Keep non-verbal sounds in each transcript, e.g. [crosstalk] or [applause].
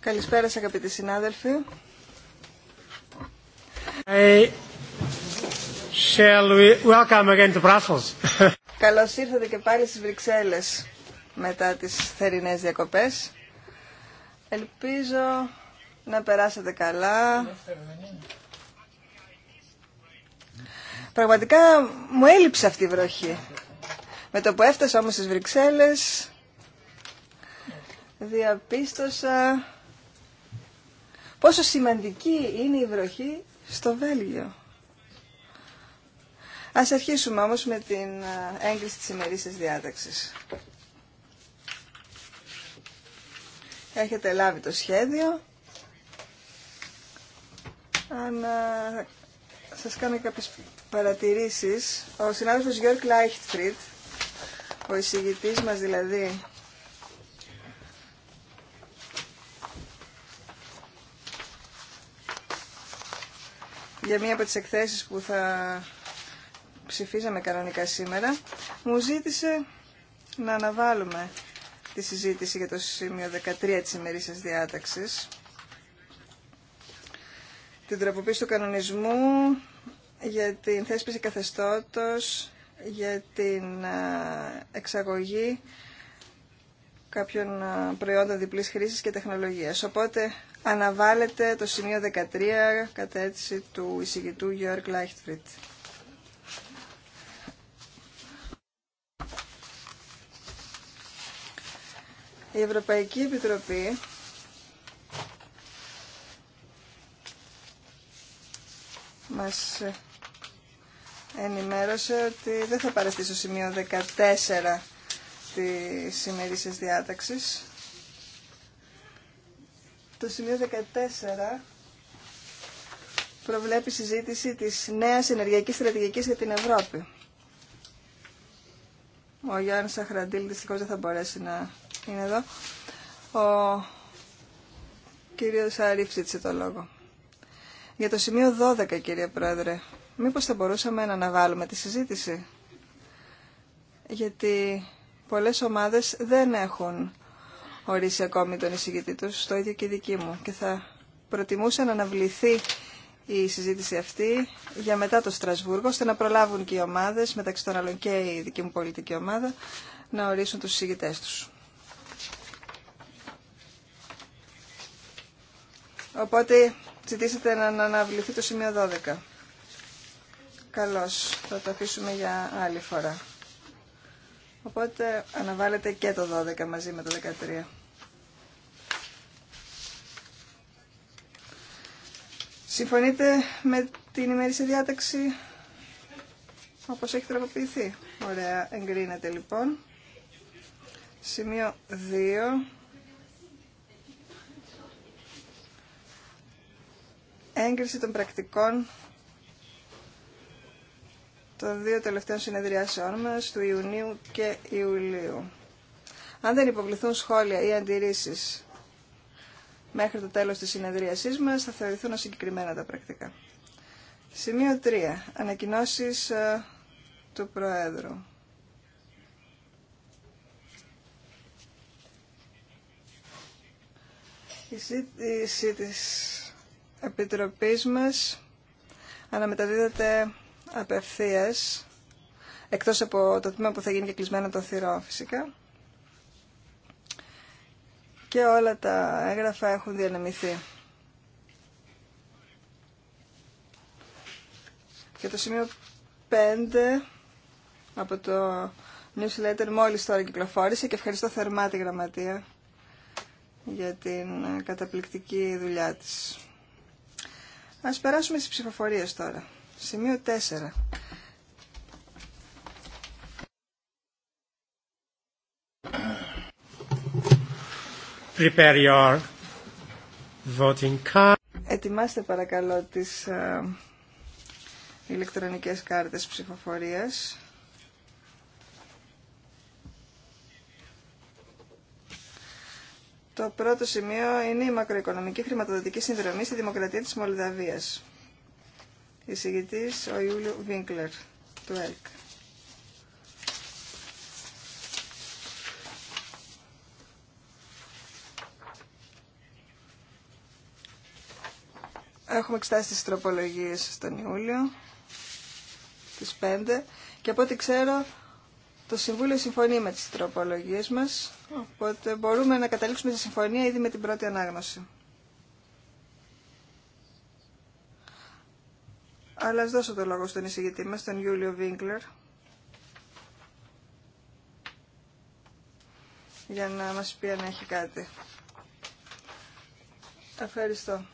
Καλησπέρα σας αγαπητοί συνάδελφοι. I welcome again to Brussels. [laughs] Καλώς ήρθατε και πάλι στις Βρυξέλλες μετά τις θερινές διακοπές. Ελπίζω να περάσατε καλά. Πραγματικά μου έλειψε αυτή η βροχή. Με το που έφτασα όμως στις Βρυξέλλες διαπίστωσα πόσο σημαντική είναι η βροχή στο Βέλγιο. Ας αρχίσουμε όμως με την έγκριση της ημερήσιας διάταξης. Έχετε λάβει το σχέδιο. Αν σας κάνω κάποιες παρατηρήσεις, ο συνάδελφος Γιώργ Λάιχτφριντ, ο εισηγητής μας δηλαδή για μία από τις εκθέσεις που θα ψηφίζαμε κανονικά σήμερα, μου ζήτησε να αναβάλουμε τη συζήτηση για το σημείο 13 της ημερήσιας διάταξης, την τροποποίηση του κανονισμού για την θέσπιση καθεστώτος, για την εξαγωγή κάποιων προϊόντων διπλής χρήσης και τεχνολογίας. Οπότε αναβάλλεται το σημείο 13 κατά έτσι του εισηγητού Γιώργ Λάιχτφριτ. Η Ευρωπαϊκή Επιτροπή μας ενημέρωσε ότι δεν θα παρεστεί στο σημείο 14 της σημερινής διάταξης. Το σημείο 14 προβλέπει συζήτηση της νέας ενεργειακής στρατηγικής για την Ευρώπη. Ο Γιάννης Σαχραντήλ δυστυχώς δεν θα μπορέσει να είναι εδώ. Ο κύριος Αρίφ ζήτησε το λόγο. Για το σημείο 12, κύριε Πρόεδρε, μήπως θα μπορούσαμε να αναβάλουμε τη συζήτηση. Γιατί πολλές ομάδες δεν έχουν ορίσει ακόμη τον εισηγητή του στο ίδιο και δική μου. Και θα προτιμούσα να αναβληθεί η συζήτηση αυτή για μετά το Στρασβούργο, ώστε να προλάβουν και οι ομάδε μεταξύ των άλλων και η δική μου πολιτική ομάδα, να ορίσουν του εισηγητέ του. Οπότε ζητήσατε να αναβληθεί το σημείο 12. Καλώς, θα το αφήσουμε για άλλη φορά. Οπότε αναβάλλεται και το 12 μαζί με το 13. Συμφωνείτε με την ημερήσια διάταξη όπως έχει τροποποιηθεί. Ωραία, εγκρίνεται λοιπόν. Σημείο 2. Έγκριση των πρακτικών των δύο τελευταίων συνεδριάσεών μας του Ιουνίου και Ιουλίου. Αν δεν υποβληθούν σχόλια ή αντιρρήσεις μέχρι το τέλος της συνεδρίασής μας, θα θεωρηθούν συγκεκριμένα τα πρακτικά. Σημείο 3. Ανακοινώσεις ε, του Προέδρου. Η σύντηση της Επιτροπής μας αναμεταδίδεται απευθείας, εκτός από το τμήμα που θα γίνει και κλεισμένο το θηρό φυσικά. Και όλα τα έγγραφα έχουν διανεμηθεί. Και το σημείο 5 από το newsletter μόλις τώρα κυκλοφόρησε και ευχαριστώ θερμά τη γραμματεία για την καταπληκτική δουλειά της. Ας περάσουμε στις ψηφοφορίες τώρα. Σημείο 4. Prepare your voting card. Ετοιμάστε παρακαλώ τις ε, ηλεκτρονικές κάρτες ψηφοφορίας. Το πρώτο σημείο είναι η μακροοικονομική χρηματοδοτική συνδρομή στη Δημοκρατία της Μολδαβίας. Εισηγητής ο Ιούλιο Βίνκλερ του ΕΛΚ. Έχουμε εξετάσει τις τροπολογίες στον Ιούλιο, τις 5, και από ό,τι ξέρω το Συμβούλιο συμφωνεί με τις τροπολογίες μας, οπότε μπορούμε να καταλήξουμε σε συμφωνία ήδη με την πρώτη ανάγνωση. Αλλά ας δώσω το λόγο στον εισηγητή μας, τον Ιούλιο Βίγκλερ, για να μας πει αν έχει κάτι. Ευχαριστώ.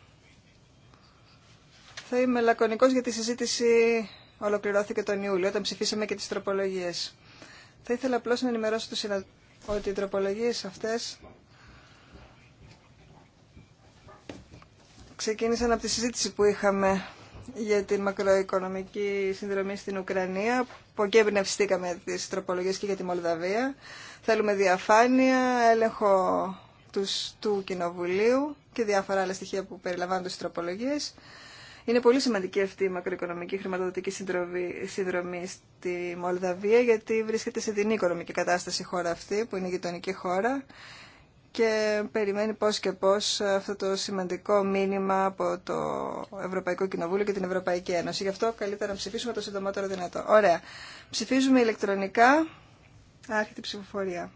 Θα είμαι λακωνικός γιατί η συζήτηση ολοκληρώθηκε τον Ιούλιο, όταν ψηφίσαμε και τις τροπολογίες. Θα ήθελα απλώς να ενημερώσω τους συνα... ότι οι τροπολογίες αυτές ξεκίνησαν από τη συζήτηση που είχαμε για την μακροοικονομική συνδρομή στην Ουκρανία, που και εμπνευστήκαμε τις τροπολογίε και για τη Μολδαβία. Θέλουμε διαφάνεια, έλεγχο τους, του Κοινοβουλίου και διάφορα άλλα στοιχεία που περιλαμβάνονται στις τροπολογίε. Είναι πολύ σημαντική αυτή η μακροοικονομική χρηματοδοτική συνδρομή στη Μολδαβία, γιατί βρίσκεται σε δινή οικονομική κατάσταση η χώρα αυτή, που είναι η γειτονική χώρα και περιμένει πώς και πώς αυτό το σημαντικό μήνυμα από το Ευρωπαϊκό Κοινοβούλιο και την Ευρωπαϊκή Ένωση. Γι' αυτό καλύτερα να ψηφίσουμε το συντομότερο δυνατό. Ωραία. Ψηφίζουμε ηλεκτρονικά. Άρχεται η ψηφοφορία.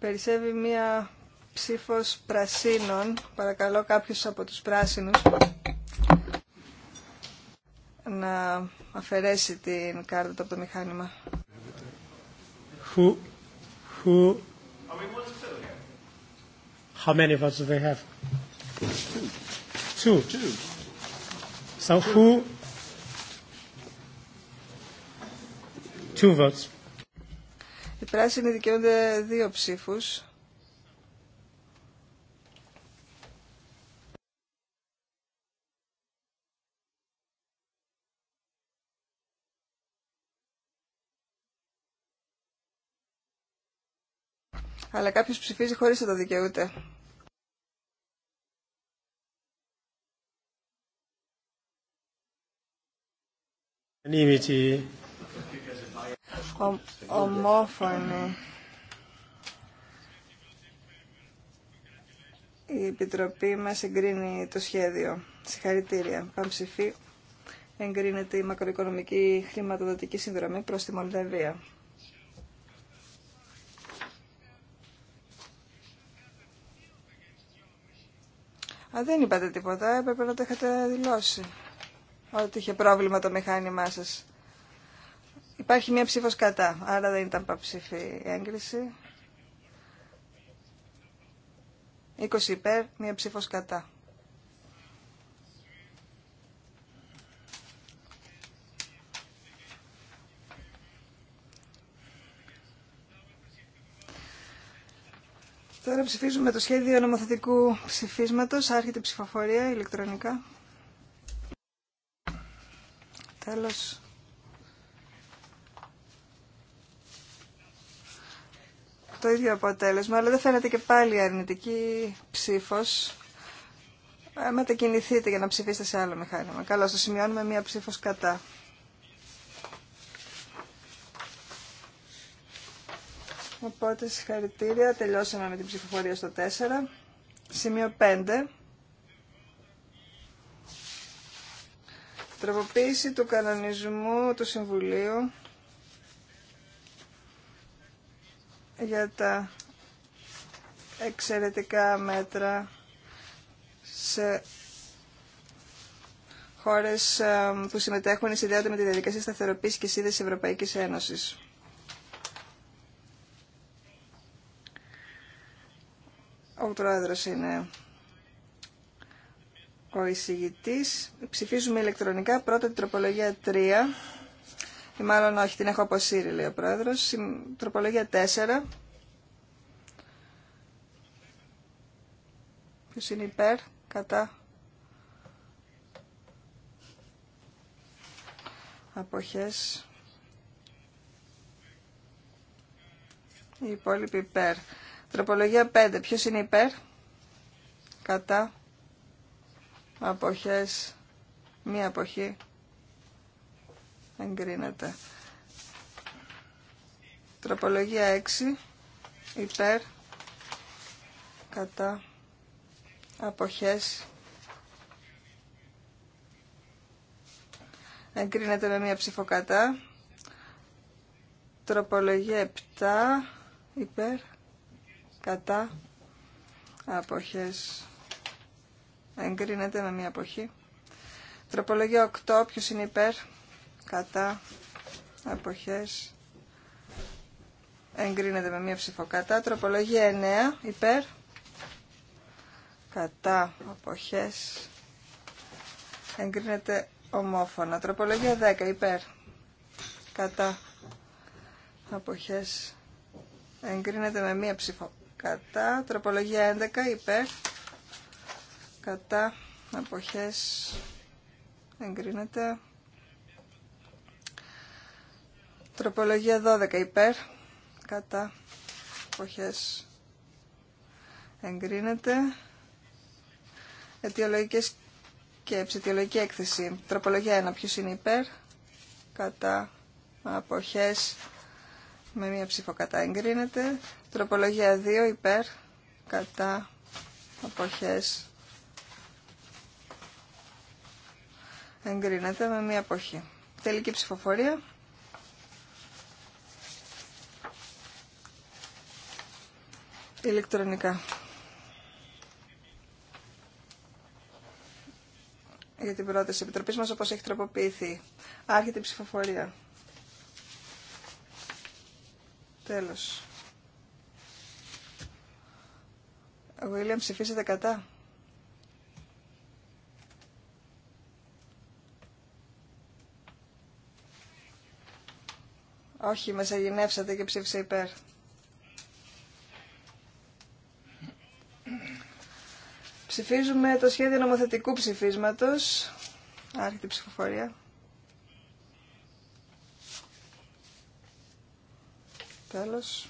Περισσεύει μία ψήφος πρασίνων. Παρακαλώ κάποιους από τους πράσινους να αφαιρέσει την κάρτα του από το μηχάνημα. Who, who, how many votes do they have? Two. Two. So who? Two votes. Οι πράσινοι δικαιούνται δύο ψήφους. αλλά κάποιος ψηφίζει χωρίς να το δικαιούται. ομόφωνη. Η Επιτροπή μας εγκρίνει το σχέδιο. Συγχαρητήρια. ψηφί. εγκρίνεται η μακροοικονομική χρηματοδοτική συνδρομή προς τη Μολδαβία. Α, δεν είπατε τίποτα, έπρεπε να το είχατε δηλώσει. Ότι είχε πρόβλημα το μηχάνημά σας. Υπάρχει μία ψήφος κατά, άρα δεν ήταν παψήφη έγκριση. 20 υπέρ, μία ψήφος κατά. Τώρα ψηφίζουμε το σχέδιο νομοθετικού ψηφίσματος. Άρχεται η ψηφοφορία ηλεκτρονικά. Τέλος. Το ίδιο αποτέλεσμα, αλλά δεν φαίνεται και πάλι αρνητική ψήφος. Ε, μετακινηθείτε για να ψηφίσετε σε άλλο μηχάνημα. Καλώς, το σημειώνουμε μία ψήφος κατά. Οπότε συγχαρητήρια. Τελειώσαμε με την ψηφοφορία στο 4. Σημείο 5. Τροποποίηση του κανονισμού του Συμβουλίου για τα εξαιρετικά μέτρα σε χώρες ε, που συμμετέχουν συνδέονται με τη διαδικασία σταθεροποίηση και σύνδεσης Ευρωπαϊκής Ένωσης. Ο πρόεδρος είναι ο εισηγητής. Ψηφίζουμε ηλεκτρονικά πρώτα την τροπολογία 3. Ή μάλλον όχι, την έχω αποσύρει, λέει ο πρόεδρος. Η μαλλον οχι την εχω αποσυρει λεει ο προεδρος τροπολογια 4. Ποιος είναι υπέρ, κατά. Αποχές. Οι υπόλοιποι υπέρ. Τροπολογία 5. Ποιος είναι υπέρ? Κατά. Αποχές. Μία αποχή. Εγκρίνεται. Τροπολογία 6. Υπέρ. Κατά. Αποχές. Εγκρίνεται με μία ψηφοκατά. Τροπολογία 7. Υπέρ κατά αποχές εγκρίνεται με μία αποχή. Τροπολογία 8, ποιος είναι υπέρ, κατά αποχές εγκρίνεται με μία ψηφο Τροπολογία 9, υπέρ, κατά αποχές εγκρίνεται ομόφωνα. Τροπολογία 10, υπέρ, κατά αποχές εγκρίνεται με μία ψηφο κατά, τροπολογία 11 υπέρ, κατά, αποχές, εγκρίνεται. Τροπολογία 12 υπέρ, κατά, αποχές, εγκρίνεται. Αιτιολογικές και ψητιολογική έκθεση. Τροπολογία 1. Ποιος είναι υπέρ, κατά, αποχές, με μία ψήφο κατά εγκρίνεται. Τροπολογία 2 υπέρ κατά αποχές εγκρίνεται με μία αποχή. Τελική ψηφοφορία. Ηλεκτρονικά. για την πρόταση επιτροπής μας όπως έχει τροποποιηθεί. Άρχεται η ψηφοφορία. Τέλος. Βίλιαμ, ψηφίσετε κατά. Όχι, μεσαγυνεύσατε και ψήφισε υπέρ. Ψηφίζουμε το σχέδιο νομοθετικού ψηφίσματος. Άρχεται η ψηφοφορία. Τέλος.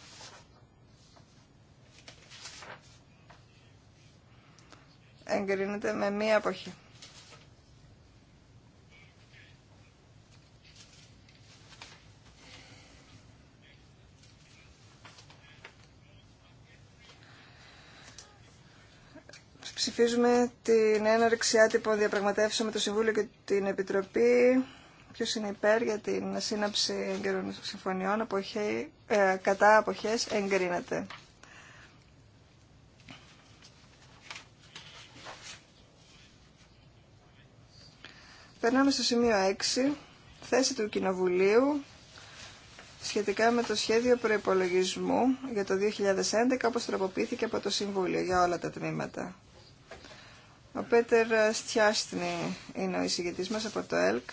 εγκρίνεται με μία αποχή. Ψηφίζουμε την έναρξη άτυπων διαπραγματεύσεων με το Συμβούλιο και την Επιτροπή. Ποιος είναι υπέρ για την σύναψη εγκαιρών συμφωνιών, αποχέ, ε, κατά αποχές εγκρίνεται. Περνάμε στο σημείο 6, θέση του Κοινοβουλίου σχετικά με το σχέδιο προϋπολογισμού για το 2011, όπως τροποποιήθηκε από το Συμβούλιο για όλα τα τμήματα. Ο Πέτερ Στιάστνη είναι ο εισηγητής μας από το ΕΛΚ.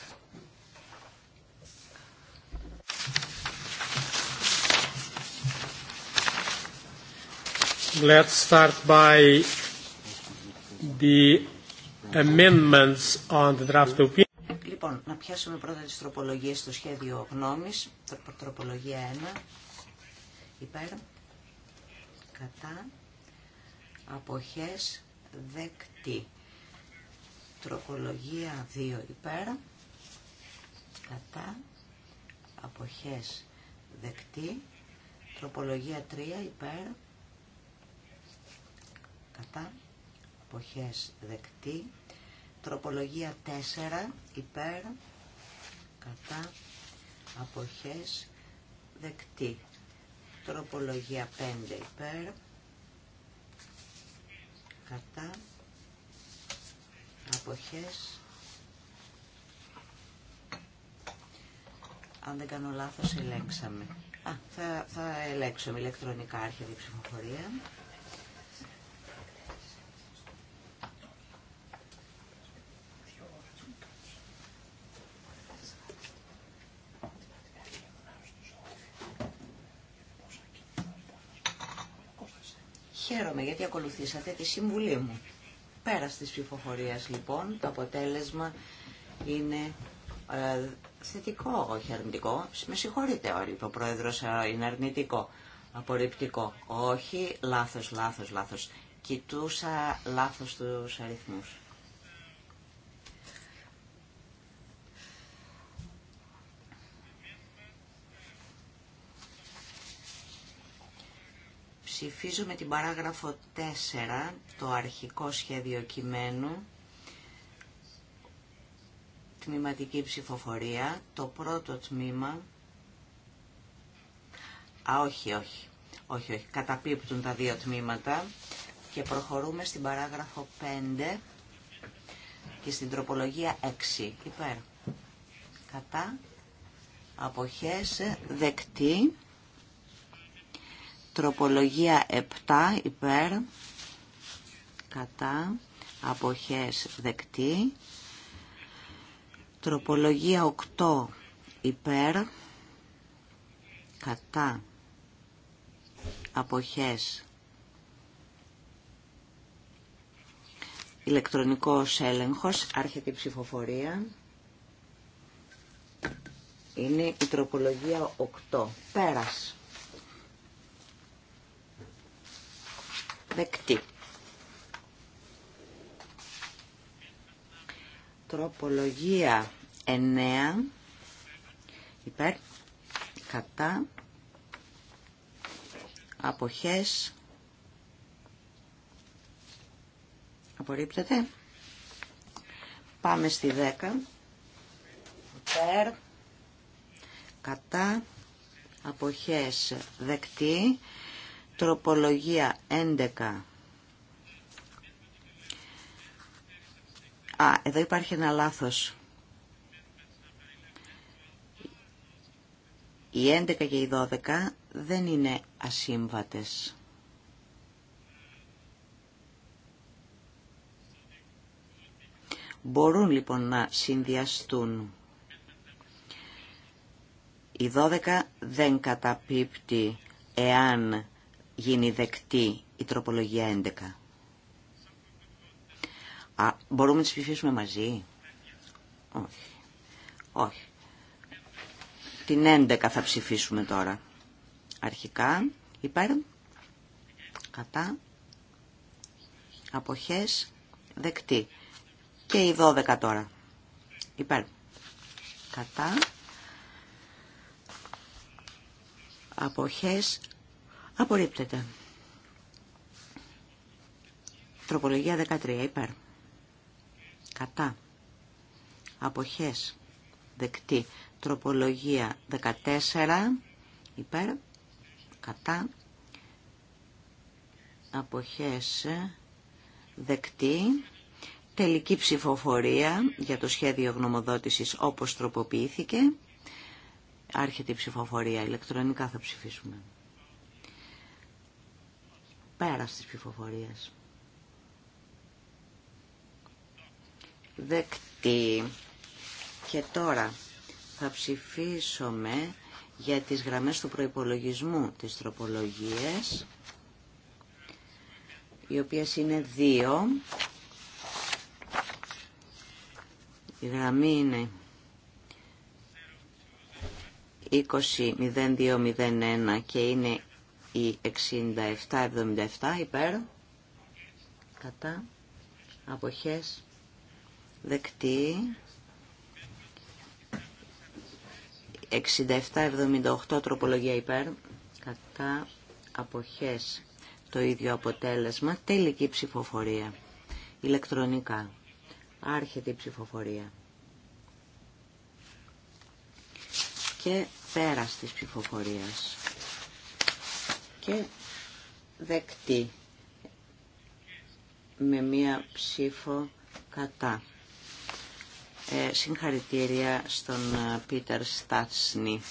Let's start by the amendments on the draft Λοιπόν, να πιάσουμε πρώτα τις τροπολογίες στο σχέδιο γνώμης. Τροπολογία 1. Υπέρ. Κατά. Αποχές. Δεκτή. Τροπολογία 2. Υπέρ. Κατά. Αποχές. Δεκτή. Τροπολογία 3. Υπέρ. Κατά. Αποχές. Δεκτή Τροπολογία 4 υπέρ κατά αποχές δεκτή. Τροπολογία 5 υπέρ κατά αποχές αν δεν κάνω λάθος ελέγξαμε. Α, θα, θα ελέγξουμε ηλεκτρονικά άρχιδη ψηφοφορία. ακολουθήσατε τη συμβουλή μου. Πέρα της ψηφοφορία, λοιπόν το αποτέλεσμα είναι ε, θετικό, όχι αρνητικό. Με συγχωρείτε όλοι, ο πρόεδρος ε, είναι αρνητικό, απορριπτικό. Όχι, λάθος, λάθος, λάθος. Κοιτούσα λάθος του αριθμούς. Αρχίζω με την παράγραφο 4, το αρχικό σχέδιο κειμένου, τμήματική ψηφοφορία, το πρώτο τμήμα. Α, όχι, όχι. Όχι, όχι. Καταπίπτουν τα δύο τμήματα και προχωρούμε στην παράγραφο 5 και στην τροπολογία 6. Υπέρ. Κατά. Αποχές δεκτή. Τροπολογία 7 υπέρ κατά αποχές δεκτή. Τροπολογία 8 υπέρ κατά αποχές ηλεκτρονικός έλεγχος, άρχεται η ψηφοφορία. Είναι η τροπολογία 8. Πέρας. Δεκτή. Τροπολογία 9 υπέρ κατά αποχές απορρίπτεται πάμε στη 10 υπέρ κατά αποχές δεκτή Τροπολογία 11. Α, εδώ υπάρχει ένα λάθος. Οι 11 και οι 12 δεν είναι ασύμβατες. Μπορούν λοιπόν να συνδυαστούν. Η 12 δεν καταπίπτει εάν γίνει δεκτή η τροπολογία 11. Α, μπορούμε να τις ψηφίσουμε μαζί. Όχι. Όχι. Την 11 θα ψηφίσουμε τώρα. Αρχικά υπέρ, κατά, αποχές, δεκτή. Και η 12 τώρα. Υπέρ, κατά, αποχές, Απορρίπτεται. Τροπολογία 13. Υπέρ. Κατά. Αποχές. Δεκτή. Τροπολογία 14. Υπέρ. Κατά. Αποχές. Δεκτή. Τελική ψηφοφορία για το σχέδιο γνωμοδότησης όπως τροποποιήθηκε. Άρχεται η ψηφοφορία. Ηλεκτρονικά θα ψηφίσουμε. Πέρα της ψηφοφορίας. Δεκτή. Και τώρα θα ψηφίσουμε για τις γραμμές του προϋπολογισμού της τροπολογίας, οι οποίες είναι δύο. Η γραμμή είναι 20.0201 και είναι η 6777 υπέρ κατά αποχές δεκτή 67-78 τροπολογία υπέρ κατά αποχές το ίδιο αποτέλεσμα τελική ψηφοφορία ηλεκτρονικά άρχεται η ψηφοφορία και πέρας της ψηφοφορίας και δεκτεί με μία ψήφο κατά. Ε, συγχαρητήρια στον ε, Πίτερ Στάτσνη.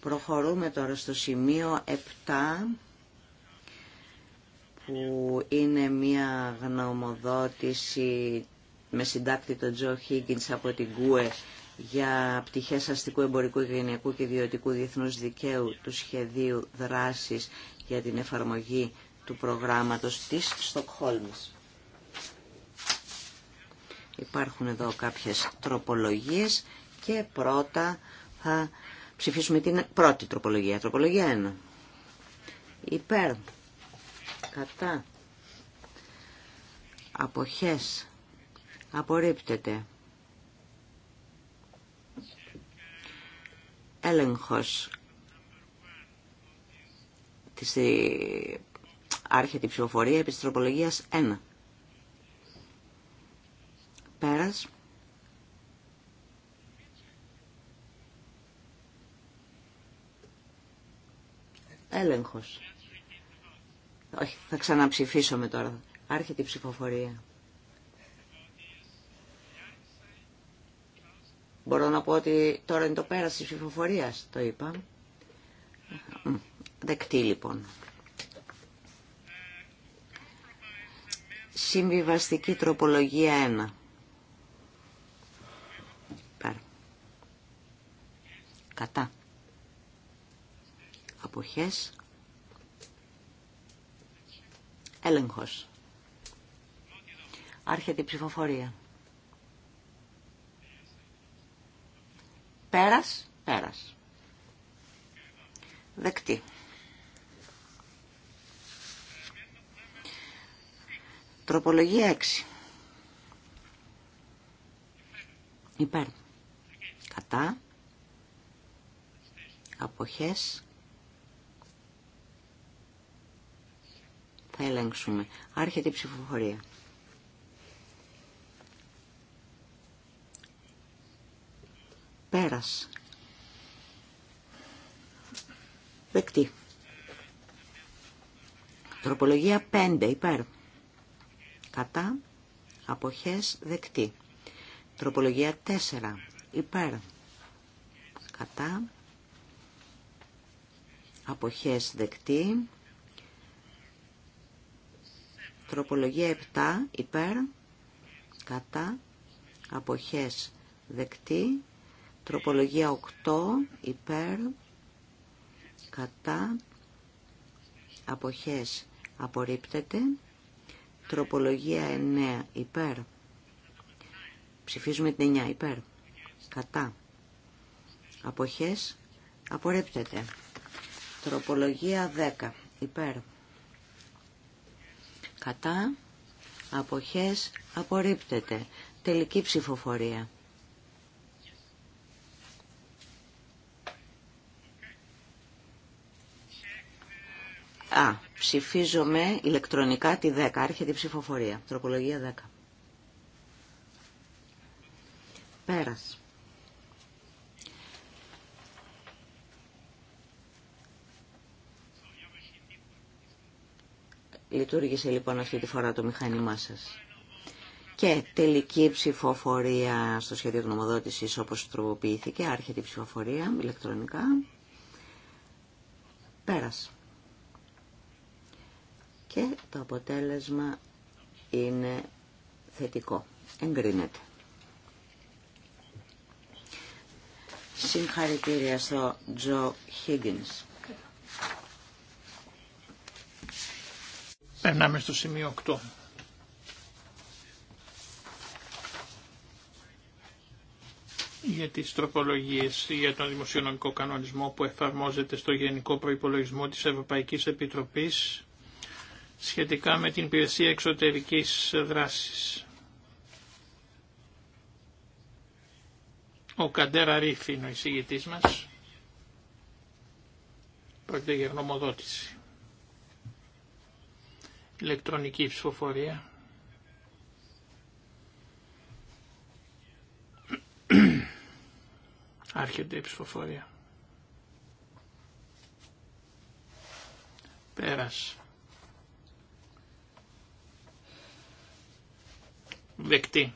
Προχωρούμε τώρα στο σημείο 7 που είναι μία γνωμοδότηση με συντάκτη τον Τζο Χίγκινς από την ΚΟΕ για πτυχές αστικού, εμπορικού, γενιακού και ιδιωτικού διεθνούς δικαίου του σχεδίου δράσης για την εφαρμογή του προγράμματος της Στοκχόλμης. Υπάρχουν εδώ κάποιες τροπολογίες και πρώτα θα ψηφίσουμε την πρώτη τροπολογία, τροπολογία 1. Υπέρ, κατά, αποχές, απορρίπτεται. έλεγχος της ε, άρχιτη ψηφοφορία επί 1. Πέρας. Έλεγχος. Όχι, θα με τώρα. Άρχεται ψηφοφορία. Μπορώ να πω ότι τώρα είναι το πέρας της ψηφοφορίας, το είπα. Δεκτή λοιπόν. Συμβιβαστική τροπολογία 1. Κατά. Αποχές. Έλεγχος. Άρχεται η ψηφοφορία. Πέρας, πέρας. Δεκτή. Τροπολογία 6. Υπέρ. Κατά. Αποχές. Θα ελέγξουμε. Άρχεται η ψηφοφορία. Πέρας. Δεκτή. Τροπολογία 5 υπέρ. Κατά. Αποχές δεκτή. Τροπολογία 4 υπέρ. Κατά. Αποχές δεκτή. Τροπολογία 7 υπέρ. Κατά. Αποχές δεκτή. Τροπολογία 8 υπέρ κατά αποχές απορρίπτεται. Τροπολογία 9 υπέρ. Ψηφίζουμε την 9 υπέρ. Κατά. Αποχές απορρίπτεται. Τροπολογία 10 υπέρ. Κατά. Αποχές απορρίπτεται. Τελική ψηφοφορία. Α, ψηφίζομαι ηλεκτρονικά τη 10. Άρχεται η ψηφοφορία. Τροπολογία 10. Πέρας. Λειτουργήσε λοιπόν αυτή τη φορά το μηχανημά σας. Και τελική ψηφοφορία στο σχέδιο γνωμοδότησης όπως τροποποιήθηκε. Άρχεται η ψηφοφορία ηλεκτρονικά. Πέρας και το αποτέλεσμα είναι θετικό. Εγκρίνεται. Συγχαρητήρια στο Τζο Higgins. Περνάμε στο σημείο 8. για τις τροπολογίες για τον δημοσιονομικό κανονισμό που εφαρμόζεται στο Γενικό Προϋπολογισμό της Ευρωπαϊκής Επιτροπής σχετικά με την υπηρεσία εξωτερικής δράσης. Ο Καντέρα Ρίφ είναι ο εισηγητής μας. Πρόκειται για γνωμοδότηση. Ηλεκτρονική ψηφοφορία. Άρχεται η ψηφοφορία. Πέρασε. Δεκτή.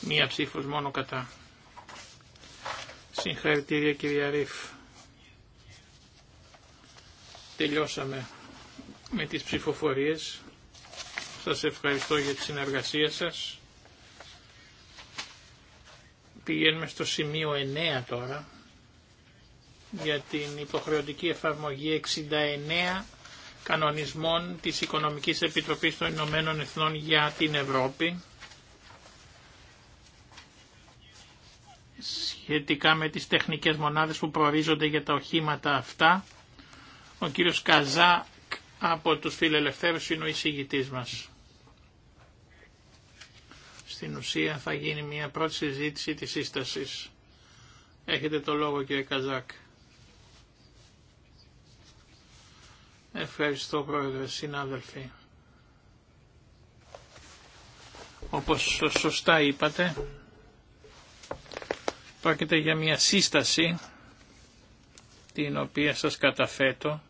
Μία ψήφος μόνο κατά. Συγχαρητήρια κυρία Ρίφ. Τελειώσαμε με τις ψηφοφορίες. Σας ευχαριστώ για τη συνεργασία σας. Πηγαίνουμε στο σημείο 9 τώρα για την υποχρεωτική εφαρμογή 69 κανονισμών της Οικονομικής Επιτροπής των Ηνωμένων Εθνών για την Ευρώπη σχετικά με τις τεχνικές μονάδες που προορίζονται για τα οχήματα αυτά. Ο κύριος Καζά από τους φιλελευθέρους είναι ο εισηγητής μας. Στην ουσία θα γίνει μια πρώτη συζήτηση της σύστασης. Έχετε το λόγο κύριε Καζάκ. Ευχαριστώ πρόεδρε, συνάδελφοι. Όπως σωστά είπατε, πρόκειται για μια σύσταση την οποία σας καταφέτω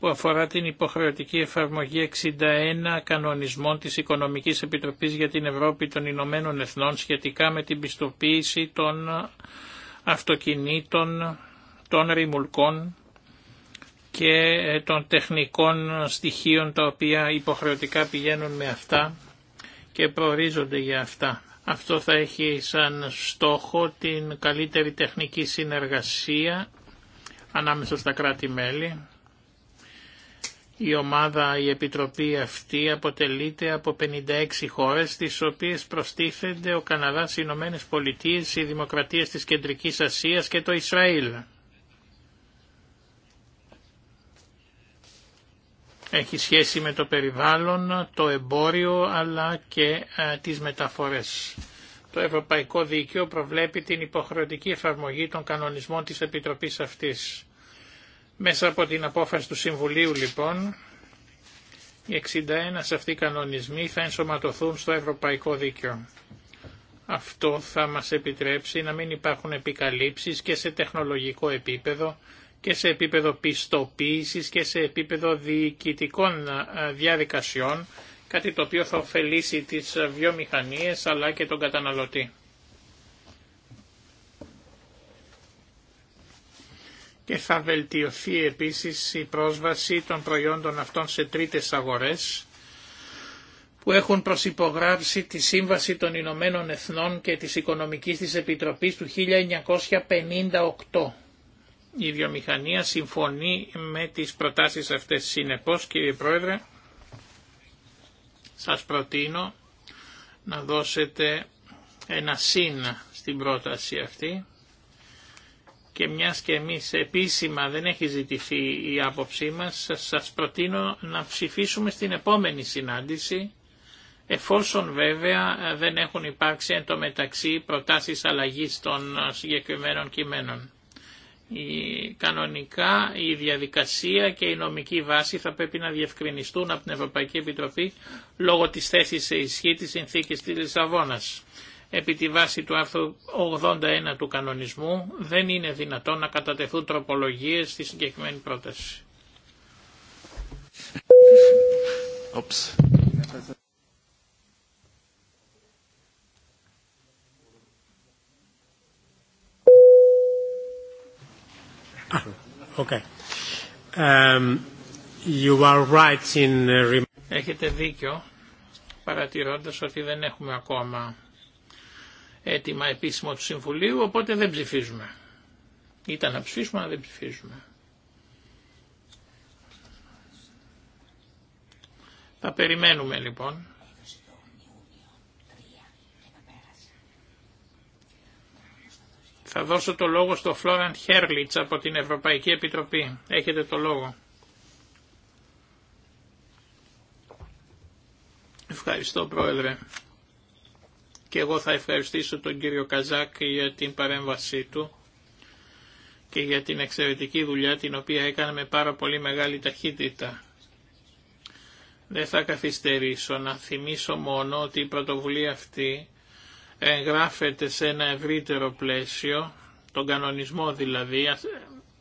που αφορά την υποχρεωτική εφαρμογή 61 κανονισμών της Οικονομικής Επιτροπής για την Ευρώπη των Ηνωμένων Εθνών σχετικά με την πιστοποίηση των αυτοκινήτων, των ρημουλκών και ε, των τεχνικών στοιχείων τα οποία υποχρεωτικά πηγαίνουν με αυτά και προορίζονται για αυτά. Αυτό θα έχει σαν στόχο την καλύτερη τεχνική συνεργασία ανάμεσα στα κράτη-μέλη. Η ομάδα, η επιτροπή αυτή αποτελείται από 56 χώρες, τις οποίες προστίθενται ο Καναδάς, οι Ηνωμένε Πολιτείες, οι Δημοκρατίες της Κεντρικής Ασίας και το Ισραήλ. Έχει σχέση με το περιβάλλον, το εμπόριο αλλά και ε, τις μεταφορές. Το Ευρωπαϊκό Δίκαιο προβλέπει την υποχρεωτική εφαρμογή των κανονισμών της Επιτροπής αυτής. Μέσα από την απόφαση του Συμβουλίου λοιπόν, οι 61 αυτοί κανονισμοί θα ενσωματωθούν στο Ευρωπαϊκό Δίκαιο. Αυτό θα μας επιτρέψει να μην υπάρχουν επικαλύψεις και σε τεχνολογικό επίπεδο και σε επίπεδο πιστοποίησης και σε επίπεδο διοικητικών διαδικασιών, κάτι το οποίο θα ωφελήσει τις βιομηχανίες αλλά και τον καταναλωτή. Και θα βελτιωθεί επίσης η πρόσβαση των προϊόντων αυτών σε τρίτες αγορές που έχουν προσυπογράψει τη Σύμβαση των Ηνωμένων Εθνών και της Οικονομικής της Επιτροπής του 1958 η βιομηχανία συμφωνεί με τις προτάσεις αυτές. Συνεπώς κύριε Πρόεδρε, σας προτείνω να δώσετε ένα συν στην πρόταση αυτή και μιας και εμείς επίσημα δεν έχει ζητηθεί η άποψή μας, σας προτείνω να ψηφίσουμε στην επόμενη συνάντηση, εφόσον βέβαια δεν έχουν υπάρξει εν μεταξύ προτάσεις αλλαγής των συγκεκριμένων κειμένων. Η, κανονικά η διαδικασία και η νομική βάση θα πρέπει να διευκρινιστούν από την Ευρωπαϊκή Επιτροπή λόγω της θέσης σε ισχύ της συνθήκης της Λισαβόνας. Επί τη βάση του άρθρου 81 του κανονισμού δεν είναι δυνατόν να κατατεθούν τροπολογίες στη συγκεκριμένη πρόταση. [laughs] Um, uh, Έχετε δίκιο παρατηρώντας ότι δεν έχουμε ακόμα έτοιμα επίσημο του Συμβουλίου, οπότε δεν ψηφίζουμε. Ήταν να ψηφίσουμε, αλλά δεν ψηφίζουμε. Θα περιμένουμε λοιπόν. Θα δώσω το λόγο στο Φλόραν Χέρλιτς από την Ευρωπαϊκή Επιτροπή. Έχετε το λόγο. Ευχαριστώ Πρόεδρε. Και εγώ θα ευχαριστήσω τον κύριο Καζάκ για την παρέμβασή του και για την εξαιρετική δουλειά την οποία έκανε με πάρα πολύ μεγάλη ταχύτητα. Δεν θα καθυστερήσω να θυμίσω μόνο ότι η πρωτοβουλία αυτή εγγράφεται σε ένα ευρύτερο πλαίσιο, τον κανονισμό δηλαδή,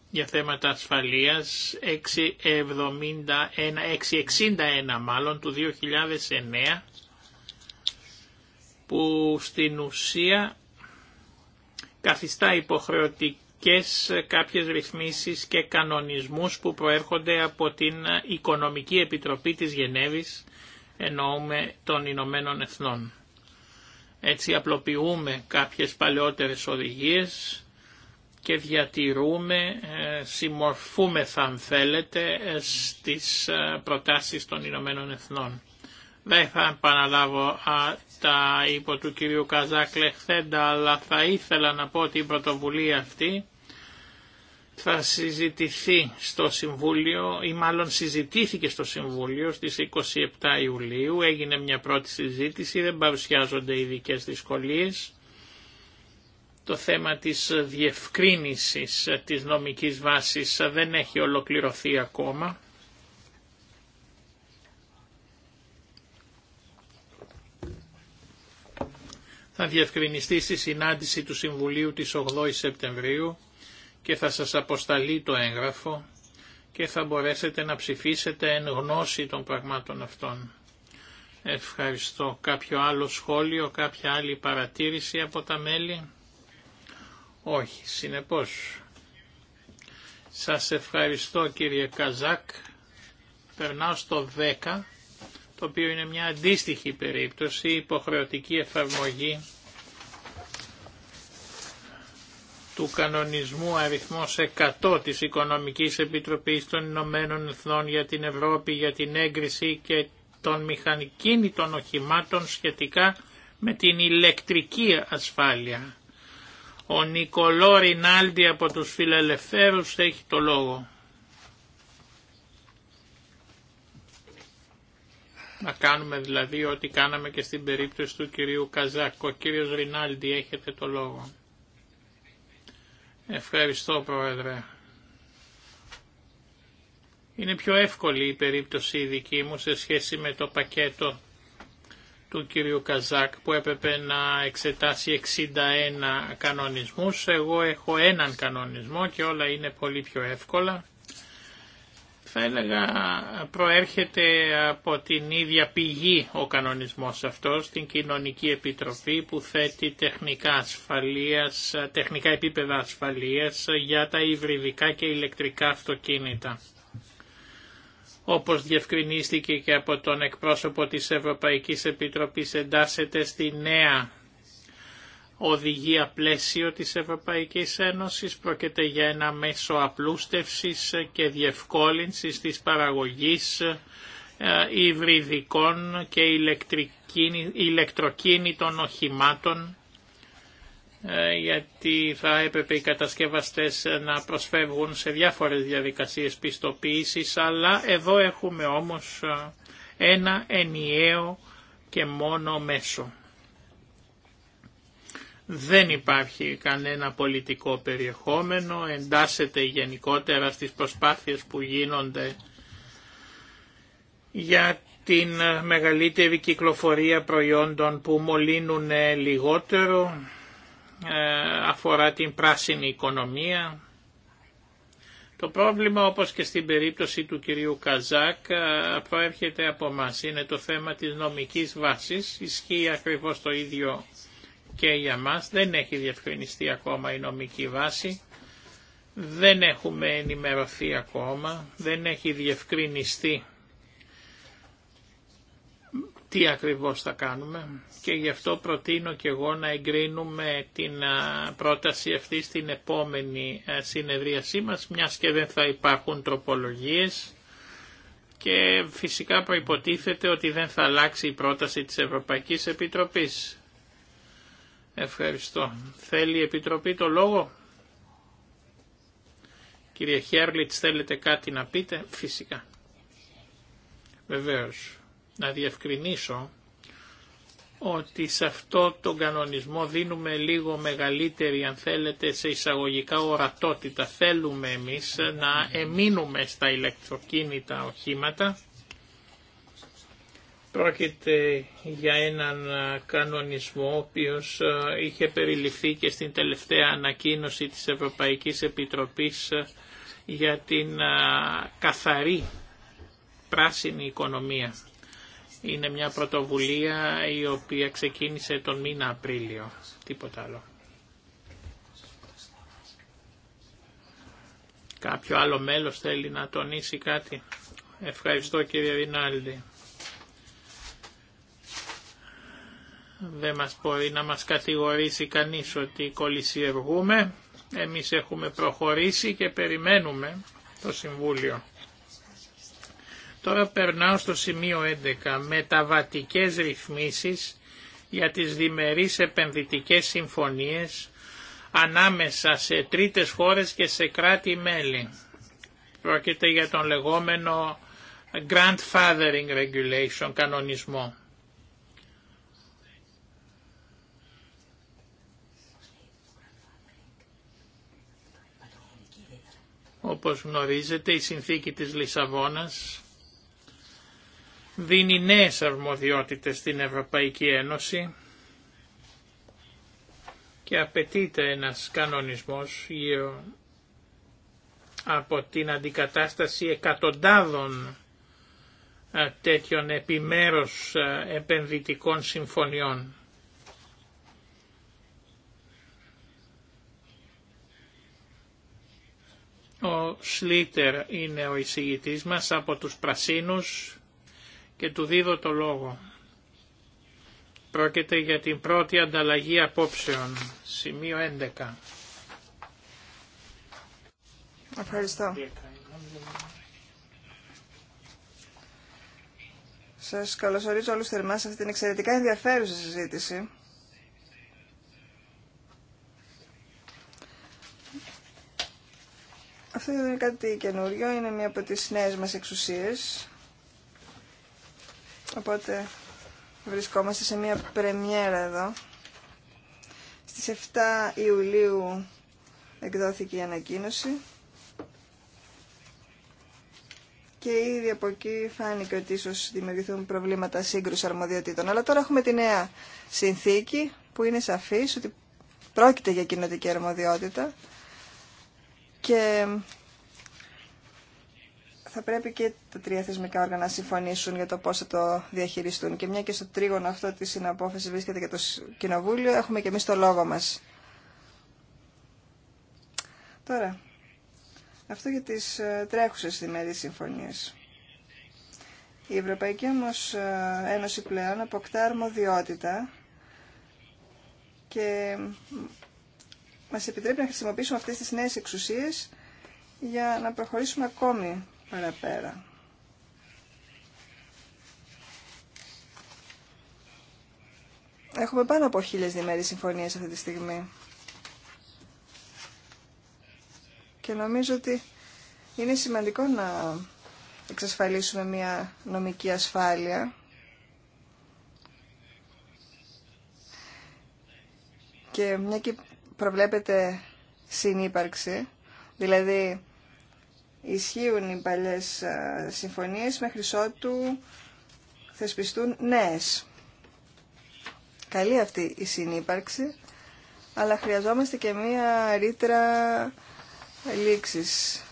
για θέματα ασφαλείας 671, 661 μάλλον του 2009 που στην ουσία καθιστά υποχρεωτικές κάποιες ρυθμίσεις και κανονισμούς που προέρχονται από την Οικονομική Επιτροπή της Γενέβης εννοούμε των Ηνωμένων Εθνών. Έτσι απλοποιούμε κάποιες παλαιότερες οδηγίες και διατηρούμε, ε, συμμορφούμε αν θέλετε, ε, στις ε, προτάσεις των Ηνωμένων Εθνών. Δεν θα επαναλάβω τα υπό του κυρίου Καζάκλεχθέντα, αλλά θα ήθελα να πω ότι η πρωτοβουλία αυτή θα συζητηθεί στο Συμβούλιο ή μάλλον συζητήθηκε στο Συμβούλιο στις 27 Ιουλίου, έγινε μια πρώτη συζήτηση, δεν παρουσιάζονται ειδικέ δυσκολίες. Το θέμα της διευκρίνησης της νομικής βάσης δεν έχει ολοκληρωθεί ακόμα. Θα διευκρινιστεί στη συνάντηση του Συμβουλίου της 8 Σεπτεμβρίου και θα σας αποσταλεί το έγγραφο και θα μπορέσετε να ψηφίσετε εν γνώση των πραγμάτων αυτών. Ευχαριστώ. Κάποιο άλλο σχόλιο, κάποια άλλη παρατήρηση από τα μέλη. Όχι, συνεπώς. Σας ευχαριστώ κύριε Καζάκ. Περνάω στο 10, το οποίο είναι μια αντίστοιχη περίπτωση, υποχρεωτική εφαρμογή του κανονισμού αριθμός 100 της Οικονομικής Επιτροπής των Ηνωμένων Εθνών για την Ευρώπη για την έγκριση και των μηχανικίνητων οχημάτων σχετικά με την ηλεκτρική ασφάλεια. Ο Νικολό Ρινάλντι από τους Φιλελευθέρους έχει το λόγο. Να κάνουμε δηλαδή ό,τι κάναμε και στην περίπτωση του κυρίου Καζάκ. Ο κύριος Ρινάλντι έχετε το λόγο. Ευχαριστώ Πρόεδρε. Είναι πιο εύκολη η περίπτωση η δική μου σε σχέση με το πακέτο του κυρίου Καζάκ που έπρεπε να εξετάσει 61 κανονισμούς. Εγώ έχω έναν κανονισμό και όλα είναι πολύ πιο εύκολα θα έλεγα προέρχεται από την ίδια πηγή ο κανονισμός αυτός, την Κοινωνική Επιτροπή που θέτει τεχνικά, ασφαλείας, τεχνικά επίπεδα ασφαλείας για τα υβριδικά και ηλεκτρικά αυτοκίνητα. Όπως διευκρινίστηκε και από τον εκπρόσωπο της Ευρωπαϊκής Επιτροπής εντάσσεται στη νέα οδηγία πλαίσιο της Ευρωπαϊκής Ένωσης, πρόκειται για ένα μέσο απλούστευσης και διευκόλυνσης της παραγωγής ε, υβριδικών και ηλεκτροκίνητων οχημάτων, ε, γιατί θα έπρεπε οι κατασκευαστές να προσφεύγουν σε διάφορες διαδικασίες πιστοποίησης, αλλά εδώ έχουμε όμως ε, ένα ενιαίο και μόνο μέσο δεν υπάρχει κανένα πολιτικό περιεχόμενο, εντάσσεται γενικότερα στις προσπάθειες που γίνονται για την μεγαλύτερη κυκλοφορία προϊόντων που μολύνουν λιγότερο, ε, αφορά την πράσινη οικονομία. Το πρόβλημα όπως και στην περίπτωση του κυρίου Καζάκ ε, προέρχεται από μας. Είναι το θέμα της νομικής βάσης, ισχύει ακριβώς το ίδιο και για μας. Δεν έχει διευκρινιστεί ακόμα η νομική βάση. Δεν έχουμε ενημερωθεί ακόμα. Δεν έχει διευκρινιστεί τι ακριβώς θα κάνουμε και γι' αυτό προτείνω και εγώ να εγκρίνουμε την πρόταση αυτή στην επόμενη συνεδρίασή μας, μιας και δεν θα υπάρχουν τροπολογίες και φυσικά προϋποτίθεται ότι δεν θα αλλάξει η πρόταση της Ευρωπαϊκής Επιτροπής. Ευχαριστώ. Θέλει η Επιτροπή το λόγο. Κύριε Χέρλιτς, θέλετε κάτι να πείτε. Φυσικά. Βεβαίως. Να διευκρινίσω ότι σε αυτό τον κανονισμό δίνουμε λίγο μεγαλύτερη, αν θέλετε, σε εισαγωγικά ορατότητα. Θέλουμε εμείς να εμείνουμε στα ηλεκτροκίνητα οχήματα Πρόκειται για έναν κανονισμό ο οποίος είχε περιληφθεί και στην τελευταία ανακοίνωση της Ευρωπαϊκής Επιτροπής για την καθαρή πράσινη οικονομία. Είναι μια πρωτοβουλία η οποία ξεκίνησε τον μήνα Απρίλιο, τίποτα άλλο. Κάποιο άλλο μέλος θέλει να τονίσει κάτι. Ευχαριστώ κύριε Ρινάλντι. Δεν μας μπορεί να μας κατηγορήσει κανείς ότι κολλησιεργούμε. Εμείς έχουμε προχωρήσει και περιμένουμε το Συμβούλιο. Τώρα περνάω στο σημείο 11. Μεταβατικές ρυθμίσεις για τις διμερείς επενδυτικές συμφωνίες ανάμεσα σε τρίτες χώρες και σε κράτη-μέλη. Πρόκειται για τον λεγόμενο grandfathering regulation, κανονισμό. Όπως γνωρίζετε η συνθήκη της Λισαβόνας δίνει νέες αρμοδιότητες στην Ευρωπαϊκή Ένωση και απαιτείται ένας κανονισμός γύρω από την αντικατάσταση εκατοντάδων ε, τέτοιων επιμέρους ε, επενδυτικών συμφωνιών. Ο Σλίτερ είναι ο εισηγητής μας από τους Πρασίνους και του δίδω το λόγο. Πρόκειται για την πρώτη ανταλλαγή απόψεων, σημείο 11. Ευχαριστώ. Σας καλωσορίζω όλους θερμά σε αυτήν την εξαιρετικά ενδιαφέρουσα συζήτηση Αυτό δεν είναι κάτι καινούριο, είναι μία από τις νέες μας εξουσίες. Οπότε βρισκόμαστε σε μία πρεμιέρα εδώ. Στις 7 Ιουλίου εκδόθηκε η ανακοίνωση και ήδη από εκεί φάνηκε ότι ίσως δημιουργηθούν προβλήματα σύγκρουση αρμοδιοτήτων. Αλλά τώρα έχουμε τη νέα συνθήκη που είναι σαφής ότι πρόκειται για κοινοτική αρμοδιότητα και θα πρέπει και τα τρία θεσμικά όργανα να συμφωνήσουν για το πώς θα το διαχειριστούν. Και μια και στο τρίγωνο αυτό της συναπόφασης βρίσκεται και το Κοινοβούλιο, έχουμε και εμείς το λόγο μας. Τώρα, αυτό για τις ε, τρέχουσες διμερείς συμφωνίες. Η Ευρωπαϊκή όμως ε, Ένωση πλέον αποκτά αρμοδιότητα και μας επιτρέπει να χρησιμοποιήσουμε αυτές τις νέες εξουσίες για να προχωρήσουμε ακόμη παραπέρα. Έχουμε πάνω από χίλιες διμέρειες συμφωνίες αυτή τη στιγμή. Και νομίζω ότι είναι σημαντικό να εξασφαλίσουμε μια νομική ασφάλεια και μια προβλέπεται συνύπαρξη, δηλαδή ισχύουν οι παλιές ε, συμφωνίες μέχρι ότου θεσπιστούν νέες. Καλή αυτή η συνύπαρξη, αλλά χρειαζόμαστε και μία ρήτρα λήξης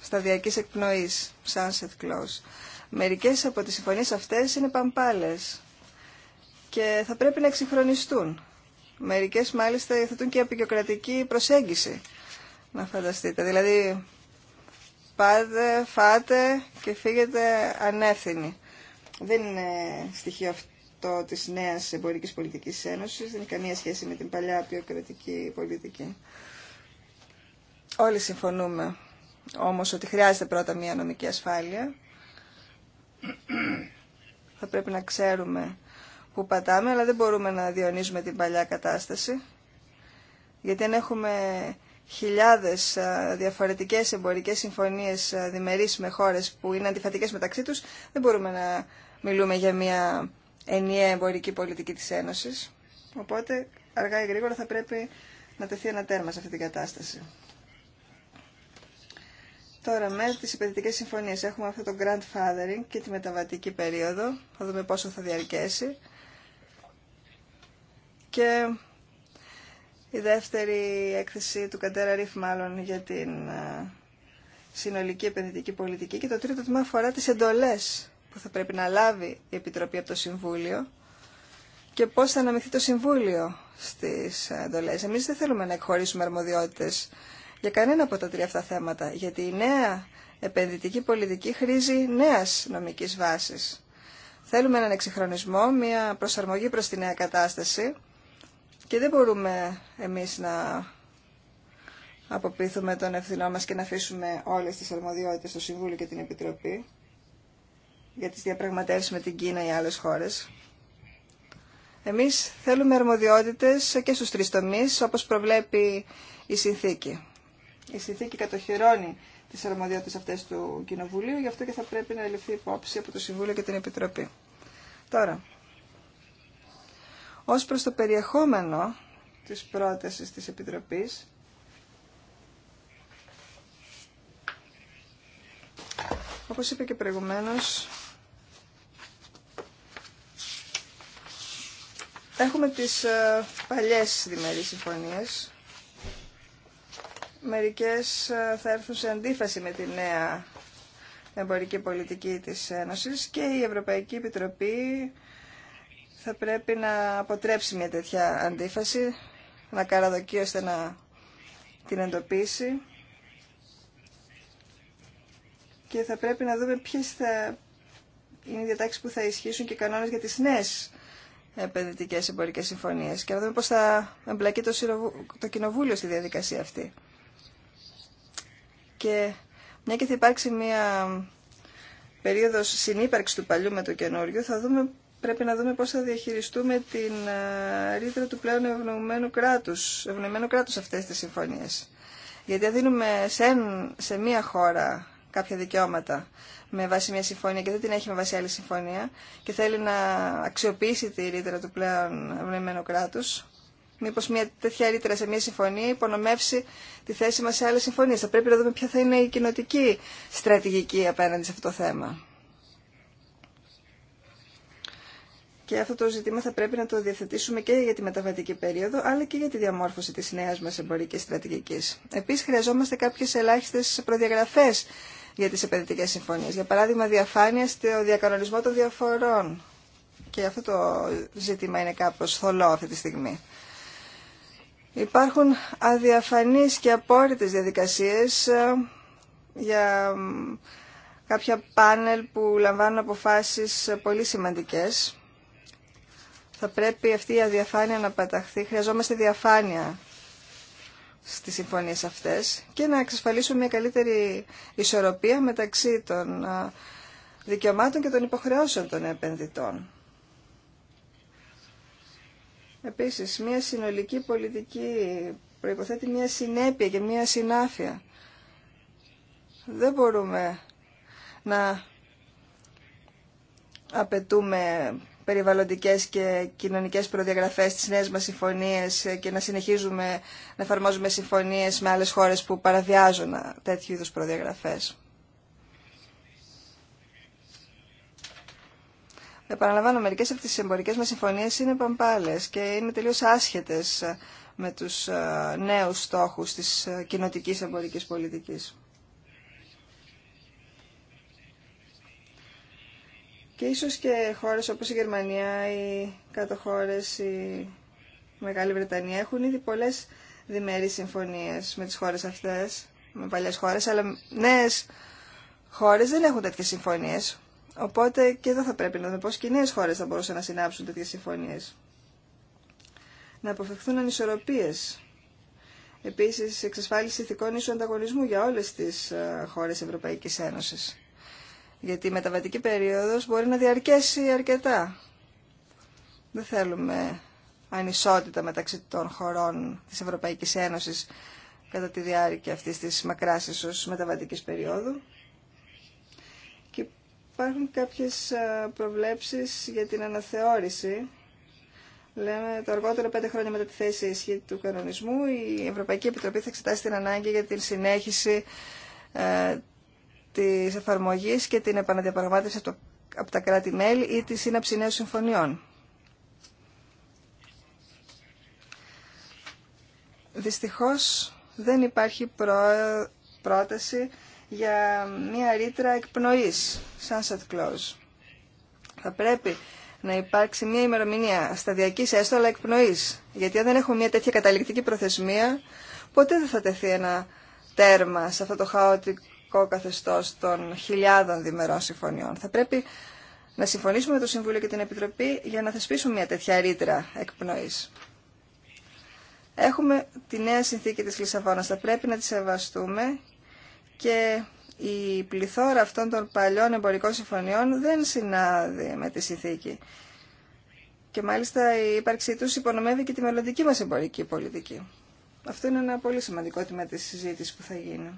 σταδιακής εκπνοής, sunset clause. Μερικές από τις συμφωνίες αυτές είναι παμπάλες και θα πρέπει να εξυγχρονιστούν. Μερικές μάλιστα υιοθετούν και απεικιοκρατική προσέγγιση. Να φανταστείτε. Δηλαδή πάτε, φάτε και φύγετε ανεύθυνοι. Δεν είναι στοιχείο αυτό της νέας εμπορικής πολιτικής ένωσης. Δεν έχει καμία σχέση με την παλιά απεικιοκρατική πολιτική. Όλοι συμφωνούμε όμως ότι χρειάζεται πρώτα μια νομική ασφάλεια. Θα πρέπει να ξέρουμε που πατάμε, αλλά δεν μπορούμε να διονύσουμε την παλιά κατάσταση. Γιατί αν έχουμε χιλιάδες διαφορετικές εμπορικές συμφωνίες διμερείς με χώρες που είναι αντιφατικές μεταξύ τους, δεν μπορούμε να μιλούμε για μια ενιαία εμπορική πολιτική της Ένωσης. Οπότε αργά ή γρήγορα θα πρέπει να τεθεί ένα τέρμα σε αυτή την κατάσταση. Τώρα με τις επενδυτικές συμφωνίες έχουμε αυτό το grandfathering και τη μεταβατική περίοδο. Θα δούμε πόσο θα διαρκέσει και η δεύτερη έκθεση του Καντέρα Ρίφ μάλλον για την ε, συνολική επενδυτική πολιτική και το τρίτο τμήμα αφορά τις εντολές που θα πρέπει να λάβει η Επιτροπή από το Συμβούλιο και πώς θα αναμειχθεί το Συμβούλιο στις εντολές. Εμείς δεν θέλουμε να εκχωρήσουμε αρμοδιότητες για κανένα από τα τρία αυτά θέματα, γιατί η νέα επενδυτική πολιτική χρήζει νέας νομικής βάσης. Θέλουμε έναν εξυγχρονισμό, μια προσαρμογή προς τη νέα κατάσταση και δεν μπορούμε εμείς να αποποιηθούμε τον ευθυνό μας και να αφήσουμε όλες τις αρμοδιότητες στο Συμβούλιο και την Επιτροπή για τις διαπραγματεύσεις με την Κίνα ή άλλες χώρες. Εμείς θέλουμε αρμοδιότητες και στους τρεις τομείς, όπως προβλέπει η συνθήκη. Η συνθήκη κατοχυρώνει τις αρμοδιότητες αυτές του Κοινοβουλίου, γι' αυτό και θα πρέπει να ληφθεί υπόψη από το Συμβούλιο και την Επιτροπή. Τώρα, ως προς το περιεχόμενο της πρότασης της Επιτροπής, όπως είπε και προηγουμένως, Έχουμε τις ε, παλιές διμερείς συμφωνίες. Μερικές ε, θα έρθουν σε αντίφαση με τη νέα εμπορική πολιτική της Ένωσης και η Ευρωπαϊκή Επιτροπή θα πρέπει να αποτρέψει μια τέτοια αντίφαση, να καραδοκεί ώστε να την εντοπίσει και θα πρέπει να δούμε ποιες θα είναι οι διατάξεις που θα ισχύσουν και οι κανόνες για τις νέες επενδυτικές εμπορικές συμφωνίες και να δούμε πώς θα εμπλακεί το, Κοινοβούλιο στη διαδικασία αυτή. Και μια και θα υπάρξει μια περίοδος συνύπαρξης του παλιού με το καινούριο, θα δούμε πρέπει να δούμε πώς θα διαχειριστούμε την ε, ρήτρα του πλέον ευνοημένου κράτους, ευνοημένου κράτους αυτές τις συμφωνίες. Γιατί αν δίνουμε σε, σε μία χώρα κάποια δικαιώματα με βάση μια συμφωνία και δεν την έχει με βάση άλλη συμφωνία και θέλει να αξιοποιήσει τη ρήτρα του πλέον ευνοημένου κράτους, Μήπω μια τέτοια ρήτρα σε μια συμφωνία υπονομεύσει τη θέση μας σε άλλες συμφωνίες. Θα πρέπει να δούμε ποια θα είναι η κοινοτική στρατηγική απέναντι σε αυτό το θέμα. Και αυτό το ζήτημα θα πρέπει να το διαθετήσουμε και για τη μεταβατική περίοδο, αλλά και για τη διαμόρφωση τη νέα μα εμπορική στρατηγική. Επίση χρειαζόμαστε κάποιε ελάχιστε προδιαγραφέ για τι επενδυτικέ συμφωνίε. Για παράδειγμα, διαφάνεια στο διακανονισμό των διαφορών. Και αυτό το ζήτημα είναι κάπω θολό αυτή τη στιγμή. Υπάρχουν αδιαφανεί και απόρριτε διαδικασίε ε, για κάποια πάνελ που λαμβάνουν αποφάσεις πολύ σημαντικές θα πρέπει αυτή η αδιαφάνεια να παταχθεί. Χρειαζόμαστε διαφάνεια στις συμφωνίες αυτές και να εξασφαλίσουμε μια καλύτερη ισορροπία μεταξύ των δικαιωμάτων και των υποχρεώσεων των επενδυτών. Επίσης, μια συνολική πολιτική προϋποθέτει μια συνέπεια και μια συνάφεια. Δεν μπορούμε να απαιτούμε περιβαλλοντικές και κοινωνικές προδιαγραφές της νέας μας συμφωνίες και να συνεχίζουμε να εφαρμόζουμε συμφωνίες με άλλες χώρες που παραβιάζουν τέτοιου είδους προδιαγραφές. Επαναλαμβάνω, μερικές από τις εμπορικές μας συμφωνίες είναι παμπάλες και είναι τελείως άσχετες με τους ε, νέους στόχους της ε, κοινοτικής εμπορικής πολιτικής. Και ίσως και χώρες όπως η Γερμανία, οι κάτω χώρες, η Μεγάλη Βρετανία έχουν ήδη πολλές διμερείς συμφωνίες με τις χώρες αυτές, με παλιές χώρες, αλλά νέες χώρες δεν έχουν τέτοιες συμφωνίες. Οπότε και εδώ θα πρέπει να δούμε πώς και οι νέες χώρες θα μπορούσαν να συνάψουν τέτοιες συμφωνίες. Να αποφευχθούν ανισορροπίες. Επίσης, εξασφάλιση ηθικών ίσου ανταγωνισμού για όλες τις ε, χώρες Ευρωπαϊκής Ένωσης γιατί η μεταβατική περίοδος μπορεί να διαρκέσει αρκετά. Δεν θέλουμε ανισότητα μεταξύ των χωρών της Ευρωπαϊκής Ένωσης κατά τη διάρκεια αυτής της μακράς ίσως μεταβατικής περίοδου. Και υπάρχουν κάποιες προβλέψεις για την αναθεώρηση. Λέμε το αργότερο πέντε χρόνια μετά τη θέση ισχύ του κανονισμού η Ευρωπαϊκή Επιτροπή θα εξετάσει την ανάγκη για την συνέχιση ε, της εφαρμογής και την επαναδιαπραγμάτευση από τα κράτη-μέλη ή τη σύναψη νέων συμφωνιών. Δυστυχώς δεν υπάρχει πρόταση για μια ρήτρα εκπνοής, sunset clause. Θα πρέπει να υπάρξει μια ημερομηνία σταδιακής έστω αλλά εκπνοής, γιατί αν δεν έχουμε μια τέτοια καταληκτική προθεσμία, ποτέ δεν θα τεθεί ένα τέρμα σε αυτό το χαοτικό δεσμευτικό καθεστώς των χιλιάδων διμερών συμφωνιών. Θα πρέπει να συμφωνήσουμε με το Συμβούλιο και την Επιτροπή για να θεσπίσουμε μια τέτοια ρήτρα εκπνοής. Έχουμε τη νέα συνθήκη της Λισαβόνα. θα πρέπει να τη σεβαστούμε και η πληθώρα αυτών των παλιών εμπορικών συμφωνιών δεν συνάδει με τη συνθήκη. Και μάλιστα η ύπαρξή του υπονομεύει και τη μελλοντική μα εμπορική πολιτική. Αυτό είναι ένα πολύ σημαντικό τμήμα τη συζήτηση που θα γίνει.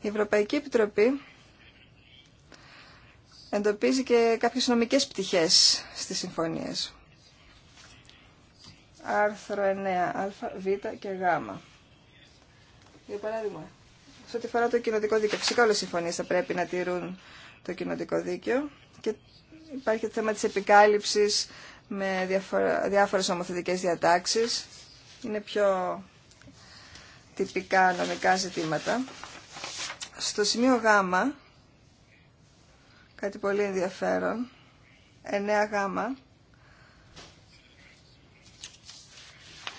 Η Ευρωπαϊκή Επιτροπή εντοπίζει και κάποιες νομικές πτυχές στις συμφωνίες. Άρθρο 9α, β και γ. Για παράδειγμα, σε ό,τι φορά το κοινοτικό δίκαιο, φυσικά όλες οι συμφωνίες θα πρέπει να τηρούν το κοινοτικό δίκαιο και υπάρχει το θέμα της επικάλυψης με διάφορε διάφορες νομοθετικές διατάξεις. Είναι πιο τυπικά νομικά ζητήματα στο σημείο Γ, κάτι πολύ ενδιαφέρον, 9 Γ,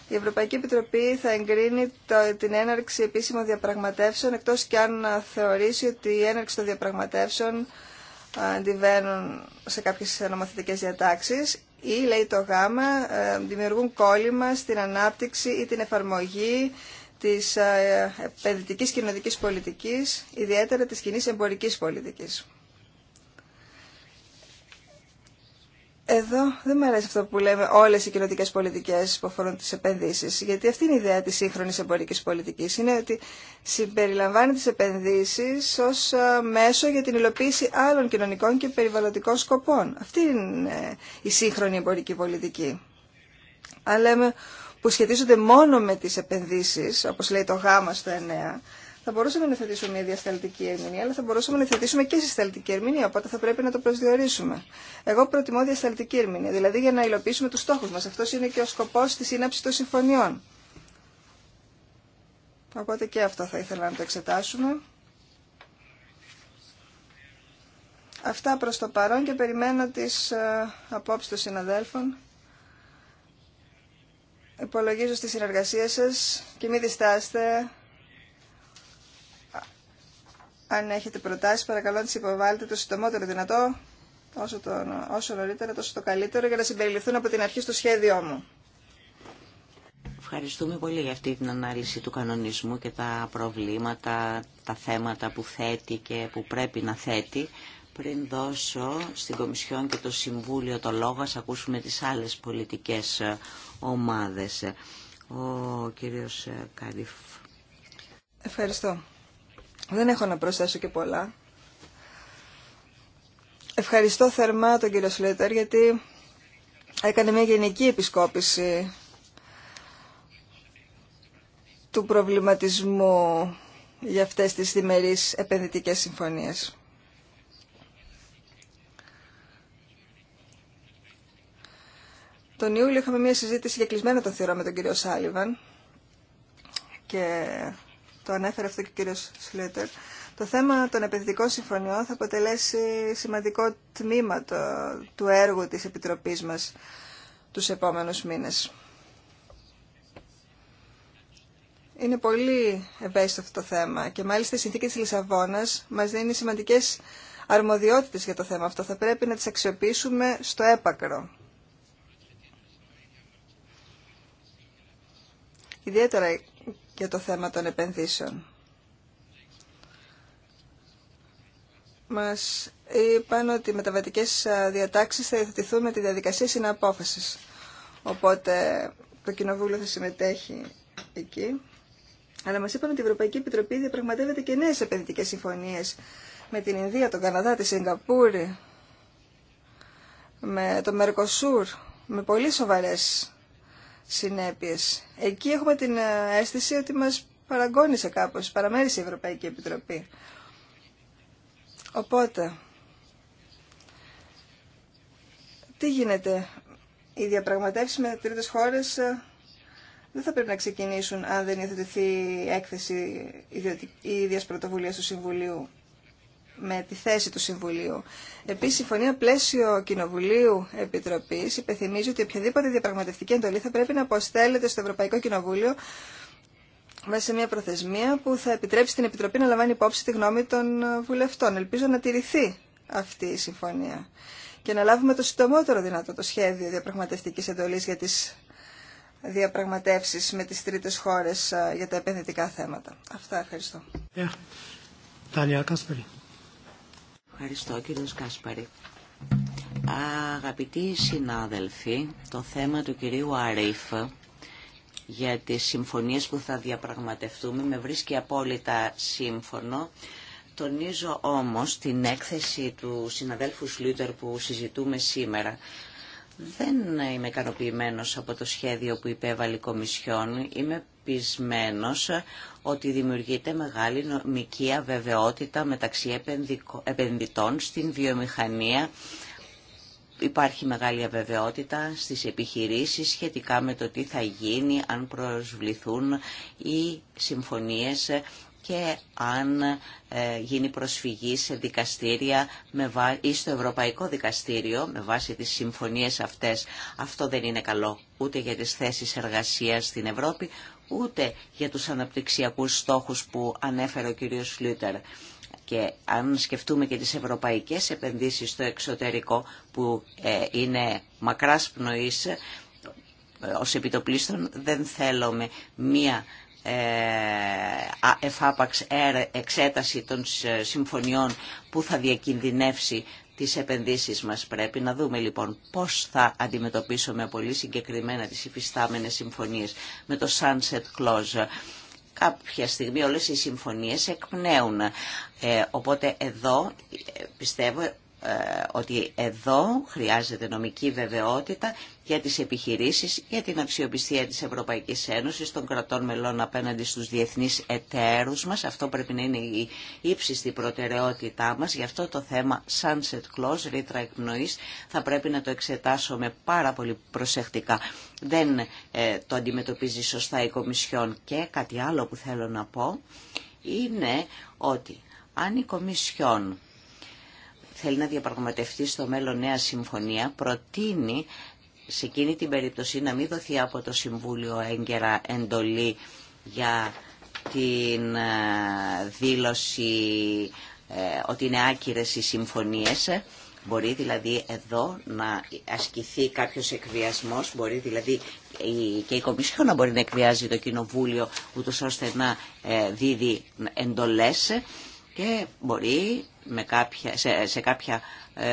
η Ευρωπαϊκή Επιτροπή θα εγκρίνει την έναρξη επίσημων διαπραγματεύσεων, εκτός και αν θεωρήσει ότι η έναρξη των διαπραγματεύσεων αντιβαίνουν σε κάποιες νομοθετικές διατάξεις ή, λέει το ΓΑΜΑ, ε, δημιουργούν κόλλημα στην ανάπτυξη ή την εφαρμογή της ε, επενδυτικής κοινωνικής πολιτικής, ιδιαίτερα της κοινή εμπορικής πολιτικής. Εδώ δεν μου αρέσει αυτό που λέμε όλες οι κοινωνικέ πολιτικές που αφορούν τις επενδύσεις, γιατί αυτή είναι η ιδέα της σύγχρονης εμπορικής πολιτικής. Είναι ότι συμπεριλαμβάνει τις επενδύσεις ως ε, μέσο για την υλοποίηση άλλων κοινωνικών και περιβαλλοντικών σκοπών. Αυτή είναι η σύγχρονη εμπορική πολιτική. Αλλά λέμε που σχετίζονται μόνο με τις επενδύσεις, όπως λέει το γάμα στο 9, θα μπορούσαμε να θετήσουμε μια διασταλτική ερμηνεία, αλλά θα μπορούσαμε να θετήσουμε και συσταλτική ερμηνεία, οπότε θα πρέπει να το προσδιορίσουμε. Εγώ προτιμώ διασταλτική ερμηνεία, δηλαδή για να υλοποιήσουμε τους στόχους μας. Αυτός είναι και ο σκοπός της σύναψης των συμφωνιών. Οπότε και αυτό θα ήθελα να το εξετάσουμε. Αυτά προς το παρόν και περιμένω τις ε, απόψεις των συναδέλφων Υπολογίζω στη συνεργασία σας και μην διστάστε. Αν έχετε προτάσεις, παρακαλώ να τις υποβάλλετε το συντομότερο δυνατό, όσο, το, όσο νωρίτερα, τόσο το καλύτερο, για να συμπεριληφθούν από την αρχή στο σχέδιό μου. Ευχαριστούμε πολύ για αυτή την ανάλυση του κανονισμού και τα προβλήματα, τα θέματα που θέτει και που πρέπει να θέτει. Πριν δώσω στην Κομισιόν και το Συμβούλιο το λόγο, ας ακούσουμε τις άλλες πολιτικές ομάδες. Ο κύριος ε, Καλύφ. Ευχαριστώ. Δεν έχω να προσθέσω και πολλά. Ευχαριστώ θερμά τον κύριο Σλέτερ γιατί έκανε μια γενική επισκόπηση του προβληματισμού για αυτές τις διμερείς επενδυτικές συμφωνίες. Τον Ιούλιο είχαμε μια συζήτηση για κλεισμένο το θηρό με τον κύριο Σάλιβαν και το ανέφερε αυτό και ο κύριος Σλέτερ. Το θέμα των επενδυτικών συμφωνιών θα αποτελέσει σημαντικό τμήμα του έργου της Επιτροπής μας τους επόμενους μήνες. Είναι πολύ ευαίσθητο αυτό το θέμα και μάλιστα η συνθήκη της Λισαβόνας μας δίνει σημαντικές αρμοδιότητες για το θέμα αυτό. Θα πρέπει να τις αξιοποιήσουμε στο έπακρο. ιδιαίτερα για το θέμα των επενδύσεων. Μας είπαν ότι οι μεταβατικές διατάξεις θα υιοθετηθούν με τη διαδικασία συναπόφασης. Οπότε το Κοινοβούλιο θα συμμετέχει εκεί. Αλλά μας είπαν ότι η Ευρωπαϊκή Επιτροπή διαπραγματεύεται και νέες επενδυτικές συμφωνίες με την Ινδία, τον Καναδά, τη Σιγκαπούρη, με το Μερκοσούρ, με πολύ σοβαρές συνέπειες. Εκεί έχουμε την ε, αίσθηση ότι μας παραγκώνησε κάπως, παραμέρισε η Ευρωπαϊκή Επιτροπή. Οπότε, τι γίνεται. Οι διαπραγματεύσεις με τρίτες χώρες ε, δεν θα πρέπει να ξεκινήσουν αν δεν υιοθετηθεί η έκθεση η πρωτοβουλία του Συμβουλίου με τη θέση του Συμβουλίου. Επίση, η Συμφωνία Πλαίσιο Κοινοβουλίου Επιτροπή υπενθυμίζει ότι οποιαδήποτε διαπραγματευτική εντολή θα πρέπει να αποστέλλεται στο Ευρωπαϊκό Κοινοβούλιο μέσα σε μια προθεσμία που θα επιτρέψει την Επιτροπή να λαμβάνει υπόψη τη γνώμη των βουλευτών. Ελπίζω να τηρηθεί αυτή η συμφωνία και να λάβουμε το συντομότερο δυνατό το σχέδιο διαπραγματευτικής εντολή για τι διαπραγματεύσεις με τις τρίτες χώρες ε, για τα επενδυτικά θέματα. Αυτά, ευχαριστώ. Yeah. Ε, Ευχαριστώ κύριο Κάσπαρη. Αγαπητοί συνάδελφοι, το θέμα του κυρίου Αρίφ για τις συμφωνίες που θα διαπραγματευτούμε με βρίσκει απόλυτα σύμφωνο. Τονίζω όμως την έκθεση του συναδέλφου Σλούτερ που συζητούμε σήμερα. Δεν είμαι ικανοποιημένο από το σχέδιο που υπέβαλε η Κομισιόν. Είμαι πεισμένο ότι δημιουργείται μεγάλη νομική αβεβαιότητα μεταξύ επενδυτών στην βιομηχανία. Υπάρχει μεγάλη αβεβαιότητα στις επιχειρήσεις σχετικά με το τι θα γίνει αν προσβληθούν οι συμφωνίες και αν ε, γίνει προσφυγή σε δικαστήρια ή στο Ευρωπαϊκό Δικαστήριο με βάση τις συμφωνίες αυτές. Αυτό δεν είναι καλό ούτε για τις θέσεις εργασίας στην Ευρώπη, ούτε για τους αναπτυξιακούς στόχους που ανέφερε ο κ. Φλούτερ. Και αν σκεφτούμε και τις ευρωπαϊκές επενδύσεις στο εξωτερικό που ε, είναι μακράς πνοής, ε, ως επιτοπλίστων δεν θέλουμε μία ε, εφάπαξ ε, εξέταση των συμφωνιών που θα διακινδυνεύσει τις επενδύσεις μας. Πρέπει να δούμε λοιπόν πώς θα αντιμετωπίσουμε πολύ συγκεκριμένα τις υφιστάμενες συμφωνίες με το Sunset Clause. Κάποια στιγμή όλες οι συμφωνίες εκπνέουν. Ε, οπότε εδώ πιστεύω ε, ότι εδώ χρειάζεται νομική βεβαιότητα για τις επιχειρήσεις, για την αξιοπιστία της Ευρωπαϊκής Ένωσης, των κρατών μελών απέναντι στους διεθνείς εταίρους μας. Αυτό πρέπει να είναι η ύψιστη προτεραιότητά μας. Γι' αυτό το θέμα sunset clause, ρήτρα εκπνοής, θα πρέπει να το εξετάσουμε πάρα πολύ προσεκτικά. Δεν ε, το αντιμετωπίζει σωστά η Κομισιόν. Και κάτι άλλο που θέλω να πω είναι ότι αν η Κομισιόν θέλει να διαπραγματευτεί στο μέλλον νέα συμφωνία, προτείνει σε εκείνη την περίπτωση να μην δοθεί από το Συμβούλιο έγκαιρα εντολή για την ε, δήλωση ε, ότι είναι άκυρες οι συμφωνίες. Μπορεί δηλαδή εδώ να ασκηθεί κάποιος εκβιασμός, μπορεί δηλαδή και η Κομισιό να μπορεί να εκβιάζει το Κοινοβούλιο ούτως ώστε να ε, δίδει εντολές και μπορεί με κάποια, σε, κάποια ε,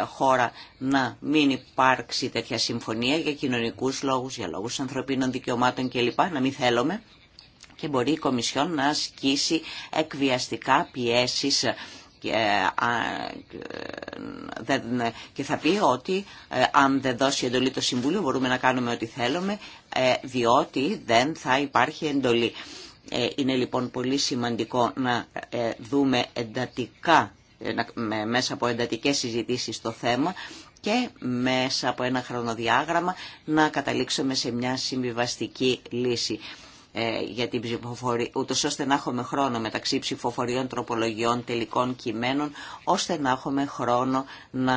χώρα να μην υπάρξει τέτοια συμφωνία για κοινωνικούς λόγους, για λόγους ανθρωπίνων δικαιωμάτων κλπ. Να μην θέλουμε και μπορεί η Κομισιόν να ασκήσει εκβιαστικά πιέσεις ε, ε, και θα πει ότι ε, αν δεν δώσει εντολή το Συμβούλιο μπορούμε να κάνουμε ό,τι θέλουμε διότι δεν θα υπάρχει εντολή. Ε, είναι λοιπόν πολύ σημαντικό να ε, δούμε εντατικά, ε, μέσα από εντατικές συζητήσεις το θέμα και μέσα από ένα χρονοδιάγραμμα να καταλήξουμε σε μια συμβιβαστική λύση για την ψηφοφορία, ούτως ώστε να έχουμε χρόνο μεταξύ ψηφοφοριών, τροπολογιών, τελικών κειμένων, ώστε να έχουμε χρόνο να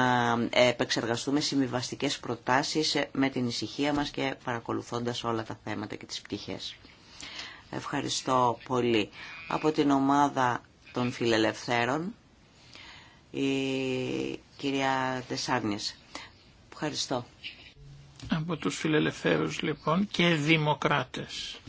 επεξεργαστούμε συμβιβαστικές προτάσεις με την ησυχία μας και παρακολουθώντας όλα τα θέματα και τις πτυχές. Ευχαριστώ πολύ. Από την ομάδα των φιλελευθέρων, η κυρία Τεσάρνης. Ευχαριστώ. Από τους φιλελευθέρους λοιπόν και δημοκράτες.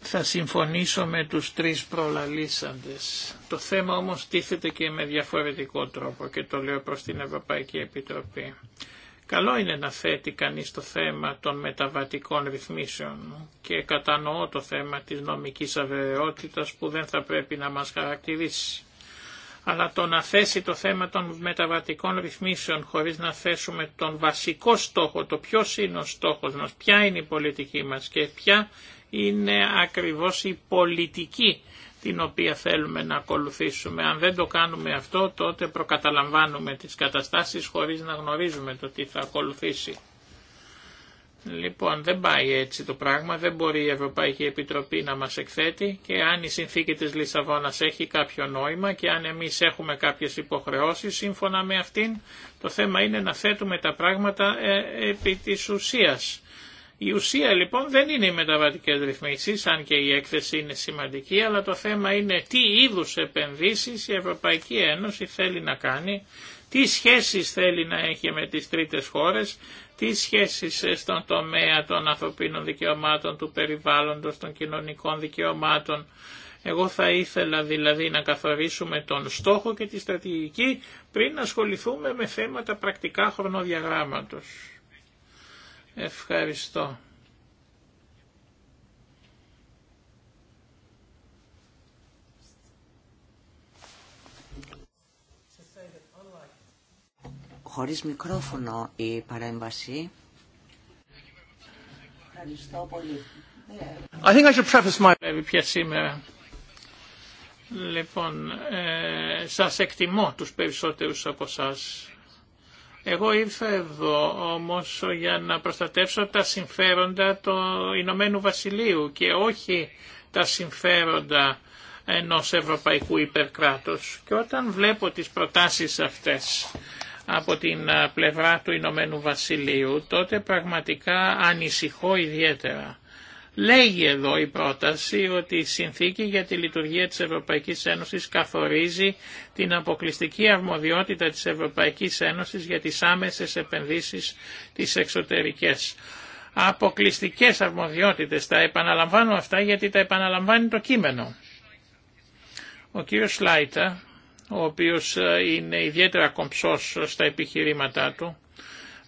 Θα συμφωνήσω με τους τρεις προλαλήσαντες. Το θέμα όμως τίθεται και με διαφορετικό τρόπο και το λέω προς την Ευρωπαϊκή Επιτροπή. Καλό είναι να θέτει κανείς το θέμα των μεταβατικών ρυθμίσεων και κατανοώ το θέμα της νομικής αβεβαιότητας που δεν θα πρέπει να μας χαρακτηρίσει. Αλλά το να θέσει το θέμα των μεταβατικών ρυθμίσεων χωρίς να θέσουμε τον βασικό στόχο, το ποιο είναι ο στόχος μας, ποια είναι η πολιτική μας και ποια είναι ακριβώς η πολιτική την οποία θέλουμε να ακολουθήσουμε. Αν δεν το κάνουμε αυτό, τότε προκαταλαμβάνουμε τις καταστάσεις χωρίς να γνωρίζουμε το τι θα ακολουθήσει. Λοιπόν, δεν πάει έτσι το πράγμα, δεν μπορεί η Ευρωπαϊκή Επιτροπή να μας εκθέτει και αν η συνθήκη της Λισαβόνας έχει κάποιο νόημα και αν εμείς έχουμε κάποιες υποχρεώσεις σύμφωνα με αυτήν, το θέμα είναι να θέτουμε τα πράγματα ε, επί της ουσίας η ουσία λοιπόν δεν είναι οι μεταβατικέ ρυθμίσει, αν και η έκθεση είναι σημαντική, αλλά το θέμα είναι τι είδου επενδύσει η Ευρωπαϊκή Ένωση θέλει να κάνει, τι σχέσει θέλει να έχει με τι τρίτε χώρε, τι σχέσει στον τομέα των ανθρωπίνων δικαιωμάτων, του περιβάλλοντο των κοινωνικών δικαιωμάτων. Εγώ θα ήθελα δηλαδή να καθορίσουμε τον στόχο και τη στρατηγική πριν ασχοληθούμε με θέματα πρακτικά χρονοδιαγράμματος. Ευχαριστώ. Χωρίς μικρόφωνο η παρέμβαση. Ευχαριστώ πολύ. I think I should preface my... Πια σήμερα. Λοιπόν, ε, σας εκτιμώ τους περισσότερους από σας εγώ ήρθα εδώ όμως για να προστατεύσω τα συμφέροντα του Ηνωμένου Βασιλείου και όχι τα συμφέροντα ενός ευρωπαϊκού υπερκράτους. Και όταν βλέπω τις προτάσεις αυτές από την πλευρά του Ηνωμένου Βασιλείου, τότε πραγματικά ανησυχώ ιδιαίτερα. Λέγει εδώ η πρόταση ότι η συνθήκη για τη λειτουργία της Ευρωπαϊκής Ένωσης καθορίζει την αποκλειστική αρμοδιότητα της Ευρωπαϊκής Ένωσης για τις άμεσες επενδύσεις τις εξωτερικές. Αποκλειστικές αρμοδιότητες, τα επαναλαμβάνω αυτά γιατί τα επαναλαμβάνει το κείμενο. Ο κύριος Σλάιτα, ο οποίος ε, είναι ιδιαίτερα κομψός στα επιχειρήματά του,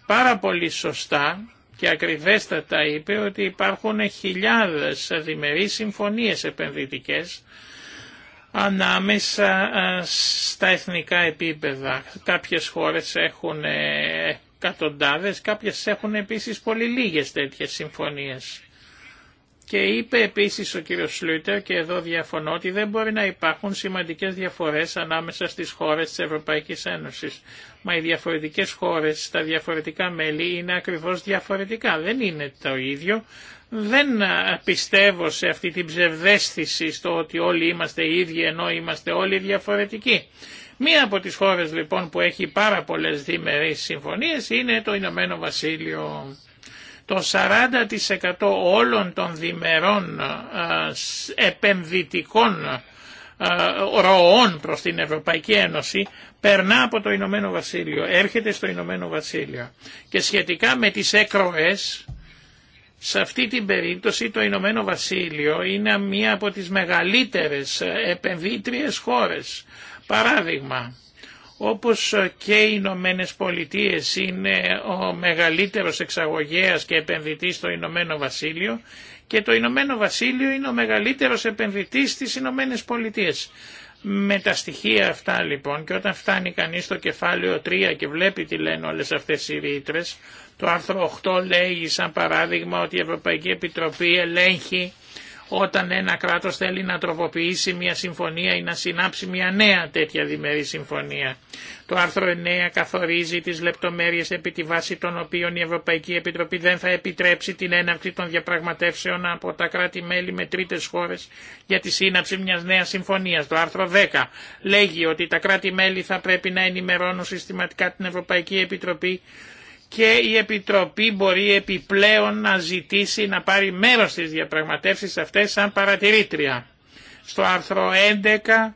πάρα πολύ σωστά και ακριβέστατα είπε ότι υπάρχουν χιλιάδες διμερείς συμφωνίες επενδυτικές ανάμεσα ε, στα εθνικά επίπεδα. Κάποιες χώρες έχουν ε, εκατοντάδες, κάποιες έχουν επίσης πολύ λίγες τέτοιες συμφωνίες. Και είπε επίσης ο κύριος Σλούτερ και εδώ διαφωνώ ότι δεν μπορεί να υπάρχουν σημαντικές διαφορές ανάμεσα στις χώρες της Ευρωπαϊκής Ένωσης. Μα οι διαφορετικές χώρες, τα διαφορετικά μέλη είναι ακριβώς διαφορετικά. Δεν είναι το ίδιο. Δεν πιστεύω σε αυτή την ψευδέστηση στο ότι όλοι είμαστε ίδιοι ενώ είμαστε όλοι διαφορετικοί. Μία από τις χώρες λοιπόν που έχει πάρα πολλές διμερείς συμφωνίες είναι το Ηνωμένο Βασίλειο. Το 40% όλων των διμερών επενδυτικών ροών προς την Ευρωπαϊκή Ένωση περνά από το Ηνωμένο Βασίλειο, έρχεται στο Ηνωμένο Βασίλειο. Και σχετικά με τις έκροες, σε αυτή την περίπτωση το Ηνωμένο Βασίλειο είναι μία από τις μεγαλύτερες επενδύτριες χώρες. Παράδειγμα, όπως και οι Ηνωμένε Πολιτείε είναι ο μεγαλύτερος εξαγωγέας και επενδυτής στο Ηνωμένο Βασίλειο και το Ηνωμένο Βασίλειο είναι ο μεγαλύτερος επενδυτής στις Ηνωμένε Πολιτείε. Με τα στοιχεία αυτά λοιπόν και όταν φτάνει κανείς στο κεφάλαιο 3 και βλέπει τι λένε όλες αυτές οι ρήτρες, το άρθρο 8 λέει σαν παράδειγμα ότι η Ευρωπαϊκή Επιτροπή ελέγχει όταν ένα κράτος θέλει να τροποποιήσει μια συμφωνία ή να συνάψει μια νέα τέτοια διμερή συμφωνία. Το άρθρο 9 καθορίζει τις λεπτομέρειες επί τη βάση των οποίων η Ευρωπαϊκή Επιτροπή δεν θα επιτρέψει την έναρξη των διαπραγματεύσεων από τα κράτη-μέλη με τρίτες χώρες για τη σύναψη μιας νέας συμφωνίας. Το άρθρο 10 λέγει ότι τα κράτη-μέλη θα πρέπει να ενημερώνουν συστηματικά την Ευρωπαϊκή Επιτροπή και η Επιτροπή μπορεί επιπλέον να ζητήσει να πάρει μέρος στις διαπραγματεύσεις αυτές σαν παρατηρήτρια. Στο άρθρο 11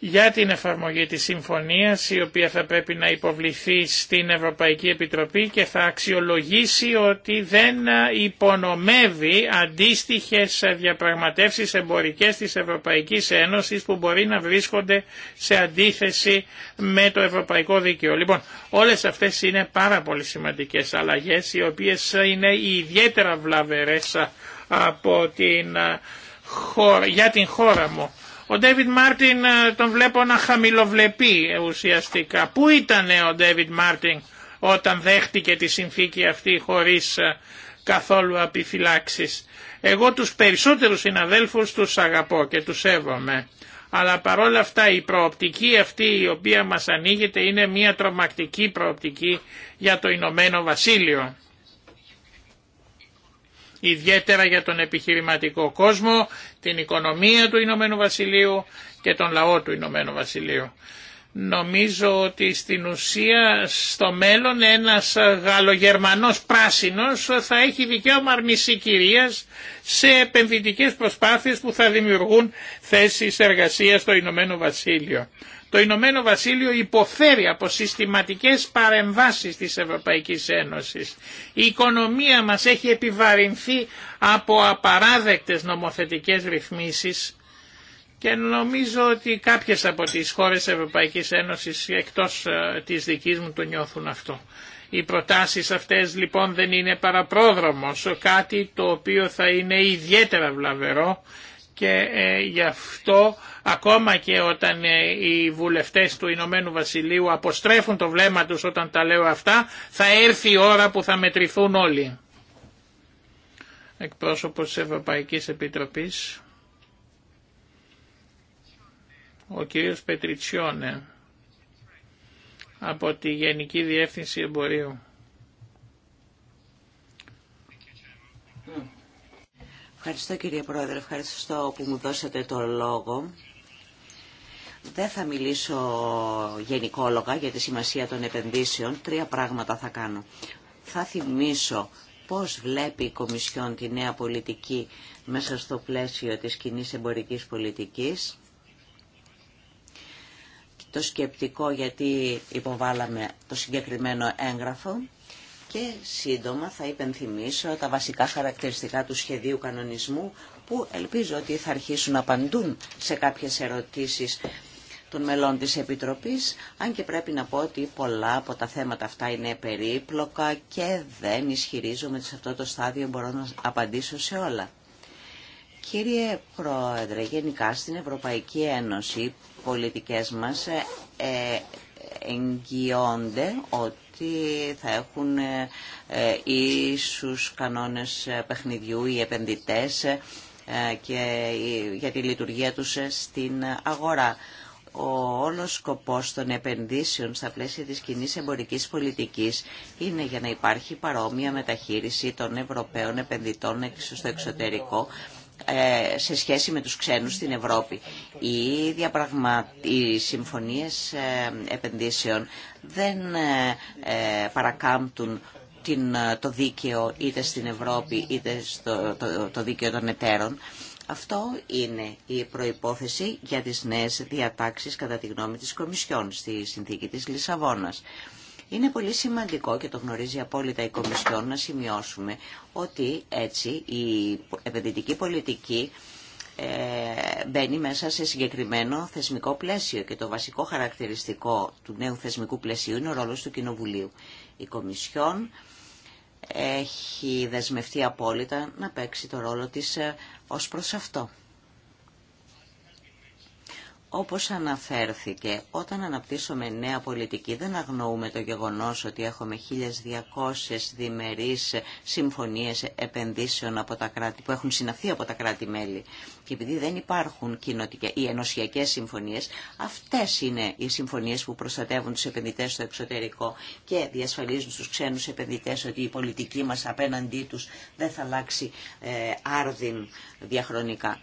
για την εφαρμογή της συμφωνίας η οποία θα πρέπει να υποβληθεί στην Ευρωπαϊκή Επιτροπή και θα αξιολογήσει ότι δεν υπονομεύει αντίστοιχες διαπραγματεύσεις εμπορικές της Ευρωπαϊκής Ένωσης που μπορεί να βρίσκονται σε αντίθεση με το Ευρωπαϊκό Δίκαιο. Λοιπόν, όλες αυτές είναι πάρα πολύ σημαντικές αλλαγές οι οποίες είναι ιδιαίτερα βλαβερές από την για την χώρα μου ο Ντέβιτ Μάρτιν ε, τον βλέπω να χαμηλοβλεπεί ουσιαστικά. Πού ήταν ο Ντέβιτ Μάρτιν όταν δέχτηκε τη συνθήκη αυτή χωρίς ε, καθόλου επιφυλάξεις. Εγώ τους περισσότερους συναδέλφους τους αγαπώ και τους σέβομαι. Αλλά παρόλα αυτά η προοπτική αυτή η οποία μας ανοίγεται είναι μια τρομακτική προοπτική για το Ηνωμένο Βασίλειο. Ιδιαίτερα για τον επιχειρηματικό κόσμο την οικονομία του Ηνωμένου Βασιλείου και τον λαό του Ηνωμένου Βασιλείου. Νομίζω ότι στην ουσία στο μέλλον ένας γαλλογερμανός πράσινος θα έχει δικαίωμα κυρίας σε επενδυτικές προσπάθειες που θα δημιουργούν θέσεις εργασίας στο Ηνωμένο Βασίλειο. Το Ηνωμένο Βασίλειο υποφέρει από συστηματικές παρεμβάσεις της Ευρωπαϊκής Ένωσης. Η οικονομία μας έχει επιβαρυνθεί από απαράδεκτες νομοθετικές ρυθμίσεις και νομίζω ότι κάποιες από τις χώρες Ευρωπαϊκής Ένωσης εκτός ε, της δικής μου το νιώθουν αυτό. Οι προτάσεις αυτές λοιπόν δεν είναι παραπρόδρομος, κάτι το οποίο θα είναι ιδιαίτερα βλαβερό και ε, γι' αυτό ακόμα και όταν ε, οι βουλευτές του Ηνωμένου Βασιλείου αποστρέφουν το βλέμμα τους όταν τα λέω αυτά, θα έρθει η ώρα που θα μετρηθούν όλοι. Εκπρόσωπος της Ευρωπαϊκής Επιτροπής, ο κύριος Πετριτσιόνε, από τη Γενική Διεύθυνση Εμπορίου. Ευχαριστώ κύριε Πρόεδρε, ευχαριστώ που μου δώσατε το λόγο. Δεν θα μιλήσω γενικόλογα για τη σημασία των επενδύσεων. Τρία πράγματα θα κάνω. Θα θυμίσω πώς βλέπει η Κομισιόν τη νέα πολιτική μέσα στο πλαίσιο της κοινή εμπορικής πολιτικής. Το σκεπτικό γιατί υποβάλαμε το συγκεκριμένο έγγραφο και σύντομα θα υπενθυμίσω τα βασικά χαρακτηριστικά του σχεδίου κανονισμού που ελπίζω ότι θα αρχίσουν να απαντούν σε κάποιες ερωτήσεις των μελών της Επιτροπής, αν και πρέπει να πω ότι πολλά από τα θέματα αυτά είναι περίπλοκα και δεν ισχυρίζομαι ότι σε αυτό το στάδιο μπορώ να απαντήσω σε όλα. Κύριε Πρόεδρε, γενικά στην Ευρωπαϊκή Ένωση οι πολιτικές μας ε, ε, εγγυώνται ότι ότι θα έχουν ε, ε, ίσους κανόνες ε, παιχνιδιού οι επενδυτές και για τη λειτουργία τους στην αγορά. Ο όλος σκοπός των επενδύσεων στα πλαίσια της κοινή εμπορικής πολιτικής είναι για να υπάρχει παρόμοια μεταχείριση των Ευρωπαίων επενδυτών στο εξωτερικό ε, σε σχέση με τους ξένους στην Ευρώπη. Οι, διαπραγμα... συμφωνίες ε, επενδύσεων δεν ε, παρακάμπτουν την... το δίκαιο είτε στην Ευρώπη είτε στο... το... το δίκαιο των εταίρων. Αυτό είναι η προϋπόθεση για τις νέες διατάξεις κατά τη γνώμη της Κομισιόν στη Συνθήκη της Λισαβόνας. Είναι πολύ σημαντικό και το γνωρίζει απόλυτα η Κομισιόν να σημειώσουμε ότι έτσι η επενδυτική πολιτική ε, μπαίνει μέσα σε συγκεκριμένο θεσμικό πλαίσιο και το βασικό χαρακτηριστικό του νέου θεσμικού πλαισίου είναι ο ρόλος του Κοινοβουλίου. Η Κομισιόν έχει δεσμευτεί απόλυτα να παίξει το ρόλο της ε, ως προς αυτό. Όπως αναφέρθηκε, όταν αναπτύσσουμε νέα πολιτική δεν αγνοούμε το γεγονός ότι έχουμε 1.200 διμερείς συμφωνίες επενδύσεων από τα κράτη, που έχουν συναυθεί από τα κράτη-μέλη. Και επειδή δεν υπάρχουν κοινοτικές ή ενωσιακές συμφωνίες, αυτές είναι οι συμφωνίες που προστατεύουν τους επενδυτές στο εξωτερικό και διασφαλίζουν στους ξένους επενδυτές ότι η πολιτική μας απέναντί τους δεν θα αλλάξει ε, άρδιν διαχρονικά.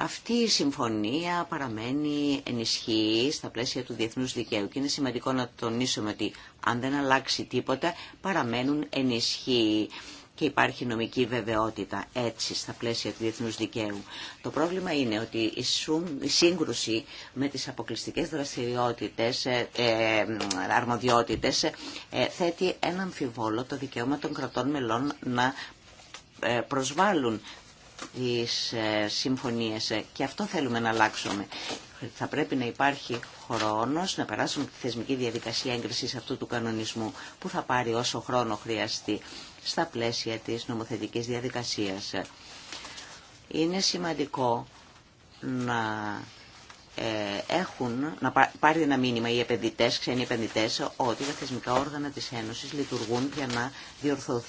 Αυτή η συμφωνία παραμένει ενισχύει στα πλαίσια του διεθνούς δικαίου και είναι σημαντικό να τονίσουμε ότι αν δεν αλλάξει τίποτα παραμένουν ενισχύει και υπάρχει νομική βεβαιότητα έτσι στα πλαίσια του διεθνούς δικαίου. Το πρόβλημα είναι ότι η σύγκρουση με τις αποκλειστικές δραστηριότητες, ε, ε, ε, θέτει ένα αμφιβόλο το δικαίωμα των κρατών μελών να ε, προσβάλλουν τις ε, συμφωνίες και αυτό θέλουμε να αλλάξουμε. Θα πρέπει να υπάρχει χρόνος να περάσουμε τη θεσμική διαδικασία έγκρισης αυτού του κανονισμού που θα πάρει όσο χρόνο χρειαστεί στα πλαίσια της νομοθετικής διαδικασίας. Είναι σημαντικό να ε, έχουν, να πάρει ένα μήνυμα οι επενδυτές, ξένοι επενδυτές, ότι τα θεσμικά όργανα της Ένωσης λειτουργούν για να διορθωθούν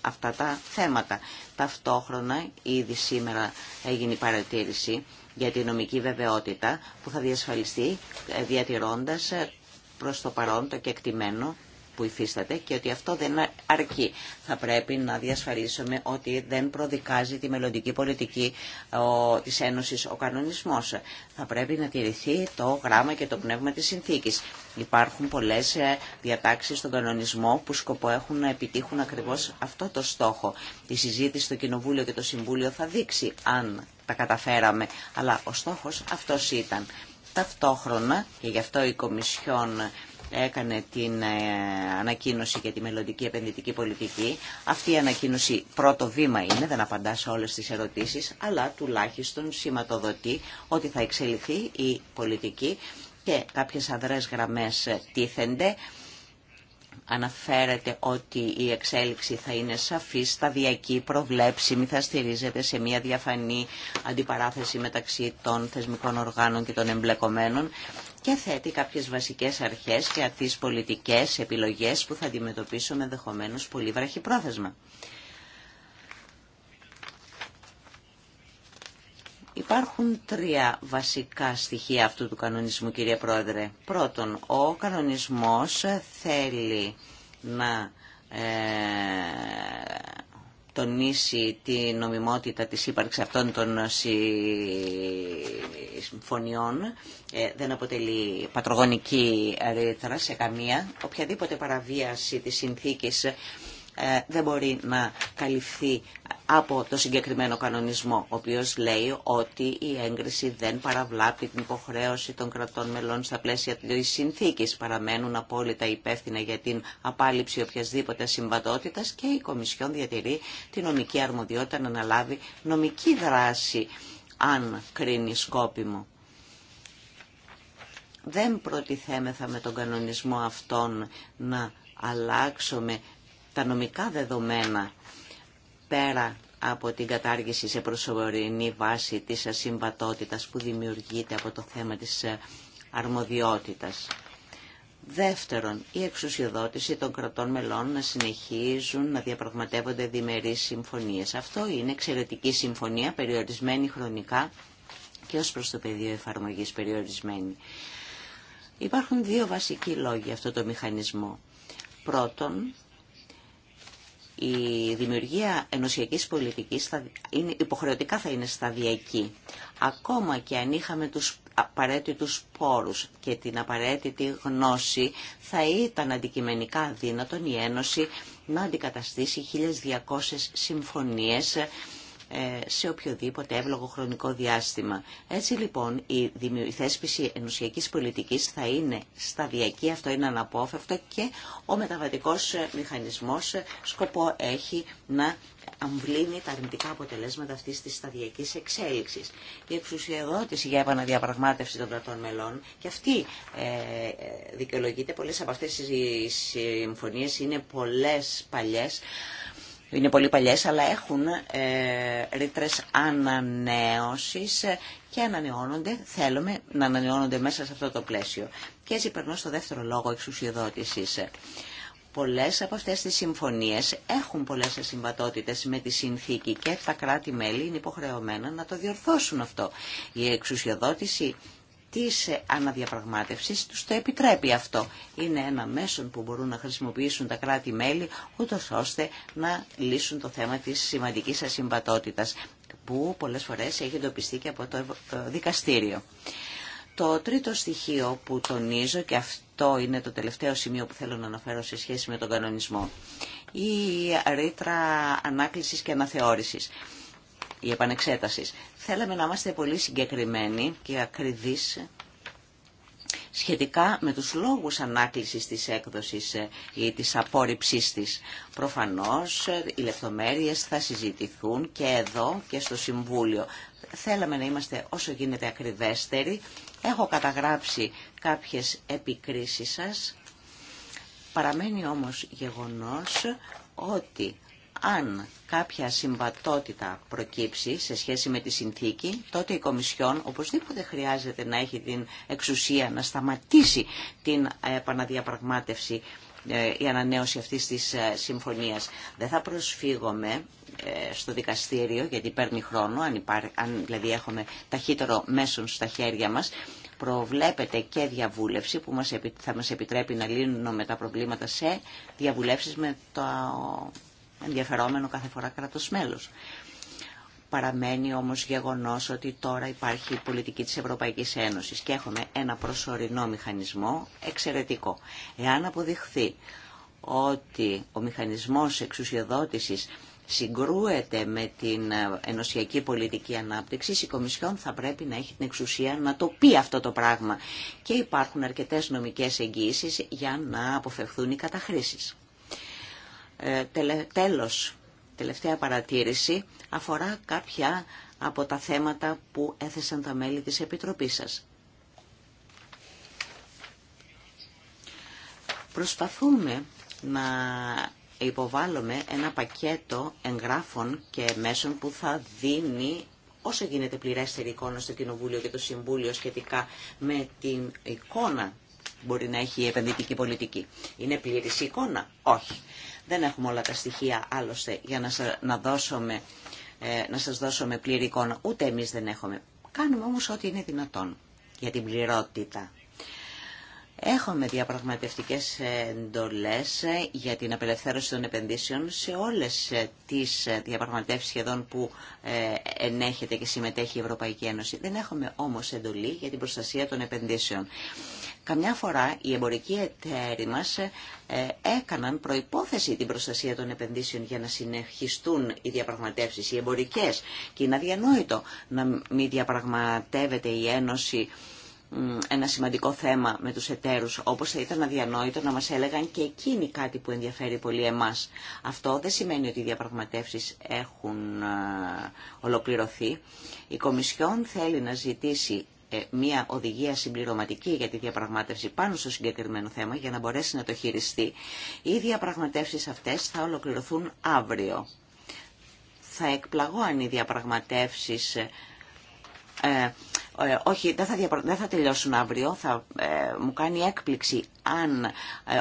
αυτά τα θέματα. Ταυτόχρονα, ήδη σήμερα έγινε η παρατήρηση για τη νομική βεβαιότητα που θα διασφαλιστεί ε, διατηρώντας ε, προς το παρόν το κεκτημένο που υφίσταται και ότι αυτό δεν αρκεί. Θα πρέπει να διασφαλίσουμε ότι δεν προδικάζει τη μελλοντική πολιτική ο, της Ένωσης ο κανονισμός. Θα πρέπει να τηρηθεί το γράμμα και το πνεύμα της συνθήκης. Υπάρχουν πολλές ε, διατάξεις στον κανονισμό που σκοπό έχουν να επιτύχουν ακριβώς αυτό το στόχο. Η συζήτηση στο Κοινοβούλιο και το Συμβούλιο θα δείξει αν τα καταφέραμε, αλλά ο στόχος αυτός ήταν. Ταυτόχρονα, και γι' αυτό η Κομισιόν έκανε την ε, ανακοίνωση για τη μελλοντική επενδυτική πολιτική. Αυτή η ανακοίνωση πρώτο βήμα είναι, δεν απαντά σε όλες τις ερωτήσεις, αλλά τουλάχιστον σηματοδοτεί ότι θα εξελιχθεί η πολιτική και κάποιες αδρές γραμμές ε, τίθενται. Αναφέρεται ότι η εξέλιξη θα είναι σαφή, σταδιακή, προβλέψιμη, θα στηρίζεται σε μια διαφανή αντιπαράθεση μεταξύ των θεσμικών οργάνων και των εμπλεκομένων και θέτει κάποιες βασικές αρχές για τις πολιτικές επιλογές που θα αντιμετωπίσουμε ενδεχομένω πολύ πρόθεσμα. Υπάρχουν τρία βασικά στοιχεία αυτού του κανονισμού, κύριε Πρόεδρε. Πρώτον, ο κανονισμός θέλει να ε, τονίσει την νομιμότητα της ύπαρξης αυτών των συμφωνιών. Ε, δεν αποτελεί πατρογονική ρήτρα σε καμία. Οποιαδήποτε παραβίαση της συνθήκης ε, δεν μπορεί να καλυφθεί από το συγκεκριμένο κανονισμό, ο οποίος λέει ότι η έγκριση δεν παραβλάπτει την υποχρέωση των κρατών μελών στα πλαίσια της συνθήκης. Παραμένουν απόλυτα υπεύθυνα για την απάλληψη οποιασδήποτε συμβατότητας και η Κομισιόν διατηρεί τη νομική αρμοδιότητα να αναλάβει νομική δράση, αν κρίνει σκόπιμο. Δεν προτιθέμεθα με τον κανονισμό αυτόν να αλλάξουμε τα νομικά δεδομένα πέρα από την κατάργηση σε προσωρινή βάση της ασυμβατότητας που δημιουργείται από το θέμα της ε, αρμοδιότητας. Δεύτερον, η εξουσιοδότηση των κρατών μελών να συνεχίζουν να διαπραγματεύονται διμερείς συμφωνίες. Αυτό είναι εξαιρετική συμφωνία, περιορισμένη χρονικά και ως προς το πεδίο εφαρμογής περιορισμένη. Υπάρχουν δύο βασικοί λόγοι αυτό το μηχανισμό. Πρώτον, η δημιουργία ενωσιακής πολιτικής θα είναι, υποχρεωτικά θα είναι σταδιακή. Ακόμα και αν είχαμε τους απαραίτητους πόρους και την απαραίτητη γνώση, θα ήταν αντικειμενικά δύνατον η Ένωση να αντικαταστήσει 1.200 συμφωνίες ε, σε οποιοδήποτε εύλογο χρονικό διάστημα. Έτσι λοιπόν η θέσπιση ενουσιακής πολιτικής θα είναι σταδιακή, αυτό είναι αναπόφευκτο και ο μεταβατικός ε, μηχανισμός ε, σκοπό έχει να αμβλύνει τα αρνητικά αποτελέσματα αυτής της σταδιακής εξέλιξης. Η εξουσιοδότηση για επαναδιαπραγμάτευση των κρατών μελών και αυτή δικαιολογείται. πολλέ από αυτέ οι συμφωνίε, είναι πολλέ παλιέ είναι πολύ παλιές, αλλά έχουν ε, ρήτρες ανανέωσης και ανανεώνονται, θέλουμε να ανανεώνονται μέσα σε αυτό το πλαίσιο. Και έτσι περνώ στο δεύτερο λόγο εξουσιοδότησης. Πολλές από αυτές τις συμφωνίες έχουν πολλές ασυμβατότητες με τη συνθήκη και τα κράτη-μέλη είναι υποχρεωμένα να το διορθώσουν αυτό. Η εξουσιοδότηση της αναδιαπραγμάτευσης τους το επιτρέπει αυτό. Είναι ένα μέσο που μπορούν να χρησιμοποιήσουν τα κράτη-μέλη ούτως ώστε να λύσουν το θέμα της σημαντικής ασυμβατότητας που πολλές φορές έχει εντοπιστεί και από το δικαστήριο. Το τρίτο στοιχείο που τονίζω και αυτό είναι το τελευταίο σημείο που θέλω να αναφέρω σε σχέση με τον κανονισμό η ρήτρα ανάκλησης και αναθεώρησης η επανεξέταση. Θέλαμε να είμαστε πολύ συγκεκριμένοι και ακριβείς σχετικά με τους λόγους ανάκλησης της έκδοσης ε, ή της απόρριψής της. Προφανώς ε, οι λεπτομέρειες θα συζητηθούν και εδώ και στο Συμβούλιο. Θέλαμε να είμαστε όσο γίνεται ακριβέστεροι. Έχω καταγράψει κάποιες επικρίσεις σας. Παραμένει όμως γεγονός ότι αν κάποια συμβατότητα προκύψει σε σχέση με τη συνθήκη, τότε η Κομισιόν οπωσδήποτε χρειάζεται να έχει την εξουσία να σταματήσει την ε, επαναδιαπραγμάτευση ε, η ανανέωση αυτής της ε, συμφωνίας. Δεν θα προσφύγομαι στο δικαστήριο, γιατί παίρνει χρόνο, αν, αν δηλαδή έχουμε ταχύτερο μέσον στα χέρια μας, προβλέπεται και διαβούλευση που μας, θα μας επιτρέπει να λύνουμε τα προβλήματα σε διαβουλεύσεις με το ενδιαφερόμενο κάθε φορά κράτος μέλος. Παραμένει όμως γεγονός ότι τώρα υπάρχει η πολιτική της Ευρωπαϊκής Ένωσης και έχουμε ένα προσωρινό μηχανισμό εξαιρετικό. Εάν αποδειχθεί ότι ο μηχανισμός εξουσιοδότησης συγκρούεται με την ενωσιακή πολιτική ανάπτυξη, η Κομισιόν θα πρέπει να έχει την εξουσία να το πει αυτό το πράγμα. Και υπάρχουν αρκετές νομικές εγγύησεις για να αποφευθούν οι καταχρήσεις. Ε, τέλος, τελευταία παρατήρηση αφορά κάποια από τα θέματα που έθεσαν τα μέλη της Επιτροπής σας. Προσπαθούμε να υποβάλλουμε ένα πακέτο εγγράφων και μέσων που θα δίνει όσο γίνεται πληρέστερη εικόνα στο Κοινοβούλιο και το Συμβούλιο σχετικά με την εικόνα που μπορεί να έχει η επενδυτική πολιτική. Είναι πλήρης εικόνα? Όχι. Δεν έχουμε όλα τα στοιχεία άλλωστε για να, σα να, δώσουμε, ε, να σας δώσουμε πλήρη εικόνα. Ούτε εμείς δεν έχουμε. Κάνουμε όμως ό,τι είναι δυνατόν για την πληρότητα Έχουμε διαπραγματευτικές εντολές για την απελευθέρωση των επενδύσεων σε όλες τις διαπραγματεύσεις σχεδόν που ε, ενέχεται και συμμετέχει η Ευρωπαϊκή Ένωση. Δεν έχουμε όμως εντολή για την προστασία των επενδύσεων. Καμιά φορά οι εμπορικοί εταίροι μας ε, έκαναν προϋπόθεση την προστασία των επενδύσεων για να συνεχιστούν οι διαπραγματεύσεις, οι εμπορικές. Και είναι αδιανόητο να μην διαπραγματεύεται η Ένωση ένα σημαντικό θέμα με τους εταίρους, όπως θα ήταν αδιανόητο να μας έλεγαν και εκείνοι κάτι που ενδιαφέρει πολύ εμάς. Αυτό δεν σημαίνει ότι οι διαπραγματεύσεις έχουν ολοκληρωθεί. Η Κομισιόν θέλει να ζητήσει ε, μια οδηγία συμπληρωματική για τη διαπραγμάτευση πάνω στο συγκεκριμένο θέμα για να μπορέσει να το χειριστεί. Οι διαπραγματεύσεις αυτές θα ολοκληρωθούν αύριο. Θα εκπλαγώ αν οι διαπραγματεύσεις ε, ε, όχι, δεν θα, θα τελειώσουν αύριο, θα ε, μου κάνει έκπληξη αν ε,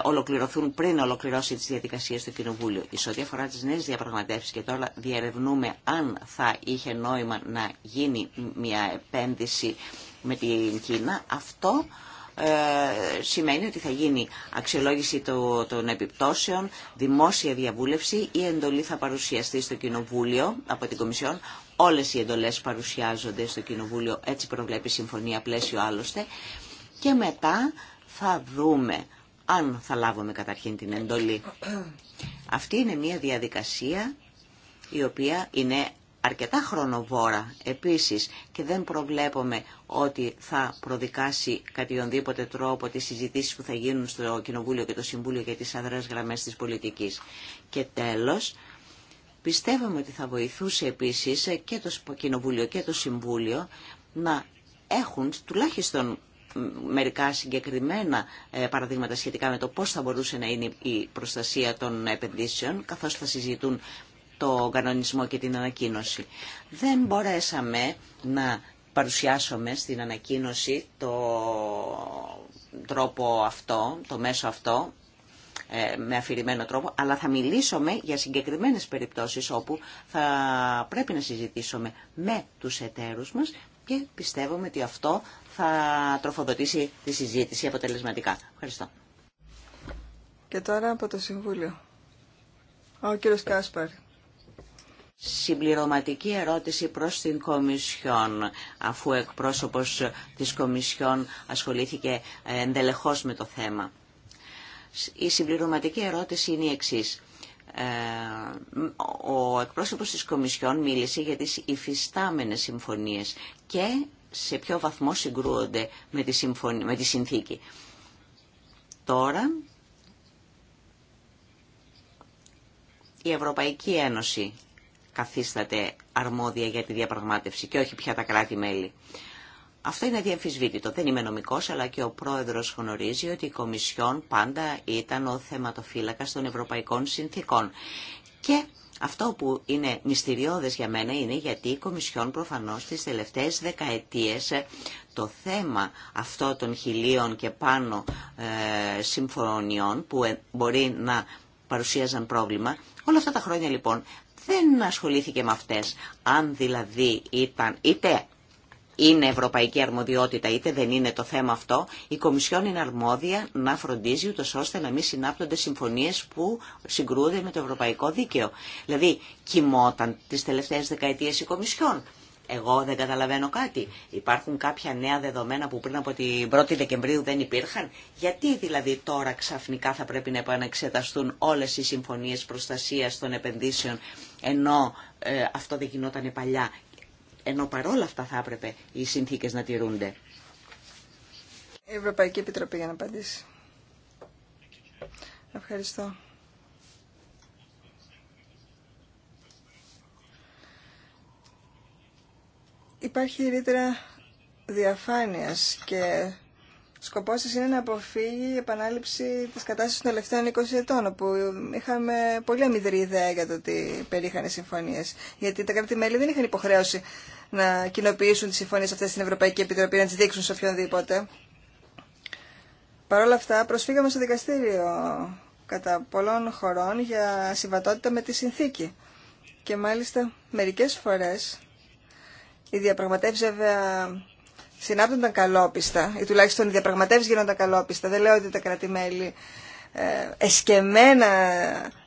ολοκληρωθούν πριν ολοκληρώσει τις διαδικασίες του Κοινοβούλιο. Η ό,τι αφορά τις νέες διαπραγματεύσεις και τώρα διερευνούμε αν θα είχε νόημα να γίνει μια επένδυση με την Κίνα, αυτό σημαίνει ότι θα γίνει αξιολόγηση το, των επιπτώσεων, δημόσια διαβούλευση, η εντολή θα παρουσιαστεί στο Κοινοβούλιο από την Κομισιόν όλες οι εντολές παρουσιάζονται στο Κοινοβούλιο, έτσι προβλέπει η Συμφωνία Πλαίσιο άλλωστε, και μετά θα δούμε αν θα λάβουμε καταρχήν την εντολή. Αυτή είναι μια διαδικασία η οποία είναι αρκετά χρονοβόρα επίσης και δεν προβλέπουμε ότι θα προδικάσει κατιονδήποτε τρόπο τις συζητήσεις που θα γίνουν στο Κοινοβούλιο και το Συμβούλιο για τις αδρές γραμμές της πολιτικής. Και τέλος, Πιστεύουμε ότι θα βοηθούσε επίσης και το Κοινοβούλιο και το Συμβούλιο να έχουν τουλάχιστον μερικά συγκεκριμένα ε, παραδείγματα σχετικά με το πώς θα μπορούσε να είναι η προστασία των επενδύσεων καθώς θα συζητούν το κανονισμό και την ανακοίνωση. Δεν μπορέσαμε να παρουσιάσουμε στην ανακοίνωση το τρόπο αυτό, το μέσο αυτό, ε, με αφηρημένο τρόπο, αλλά θα μιλήσουμε για συγκεκριμένες περιπτώσεις όπου θα πρέπει να συζητήσουμε με τους εταίρους μας και πιστεύουμε ότι αυτό θα τροφοδοτήσει τη συζήτηση αποτελεσματικά. Ευχαριστώ. Και τώρα από το Συμβούλιο. Ο κύριος Κάσπαρ. Συμπληρωματική ερώτηση προς την Κομισιόν, αφού εκπρόσωπος της Κομισιόν ασχολήθηκε ε, εντελεχώς με το θέμα. Η συμπληρωματική ερώτηση είναι η Ε, Ο εκπρόσωπος της Κομισιόν μίλησε για τις υφιστάμενες συμφωνίες και σε ποιο βαθμό συγκρούονται με τη, συμφωνία, με τη συνθήκη. Τώρα η Ευρωπαϊκή Ένωση καθίσταται αρμόδια για τη διαπραγμάτευση και όχι πια τα κράτη-μέλη. Αυτό είναι αδιαμφισβήτητο. Δεν είμαι νομικός, αλλά και ο πρόεδρος γνωρίζει ότι η Κομισιόν πάντα ήταν ο θεματοφύλακα των ευρωπαϊκών συνθήκων. Και αυτό που είναι μυστηριώδες για μένα είναι γιατί η Κομισιόν προφανώς τι τελευταίες δεκαετίες το θέμα αυτό των χιλίων και πάνω ε, συμφωνιών που ε, μπορεί να παρουσίαζαν πρόβλημα, όλα αυτά τα χρόνια λοιπόν δεν ασχολήθηκε με αυτές. Αν δηλαδή ήταν είτε είναι ευρωπαϊκή αρμοδιότητα είτε δεν είναι το θέμα αυτό, η Κομισιόν είναι αρμόδια να φροντίζει ούτως ώστε να μην συνάπτονται συμφωνίες που συγκρούνται με το ευρωπαϊκό δίκαιο. Δηλαδή, κοιμόταν τις τελευταίες δεκαετίες η Κομισιόν. Εγώ δεν καταλαβαίνω κάτι. Υπάρχουν κάποια νέα δεδομένα που πριν από την 1η Δεκεμβρίου δεν υπήρχαν. Γιατί δηλαδή τώρα ξαφνικά θα πρέπει να επαναξεταστούν όλες οι συμφωνίες προστασίας των επενδύσεων ενώ ε, αυτό δεν γινόταν παλιά ενώ παρόλα αυτά θα έπρεπε οι συνθήκες να τηρούνται. Η Ευρωπαϊκή Επιτροπή για να απαντήσει. Ευχαριστώ. Υπάρχει ρήτρα διαφάνειας και σκοπός της είναι να αποφύγει η επανάληψη της κατάστασης των τελευταίων 20 ετών, όπου είχαμε πολύ αμυδρή ιδέα για το ότι περίχανε συμφωνίες, γιατί τα κράτη-μέλη δεν είχαν υποχρέωση να κοινοποιήσουν τις συμφωνίες αυτές στην Ευρωπαϊκή Επιτροπή, να τις δείξουν σε οποιονδήποτε. Παρ' όλα αυτά προσφύγαμε στο δικαστήριο κατά πολλών χωρών για συμβατότητα με τη συνθήκη. Και μάλιστα μερικές φορές οι διαπραγματεύσεις βέβαια συνάπτονταν καλόπιστα ή τουλάχιστον οι διαπραγματεύσεις γίνονταν καλόπιστα. Δεν λέω ότι τα κρατημέλη ε, εσκεμμένα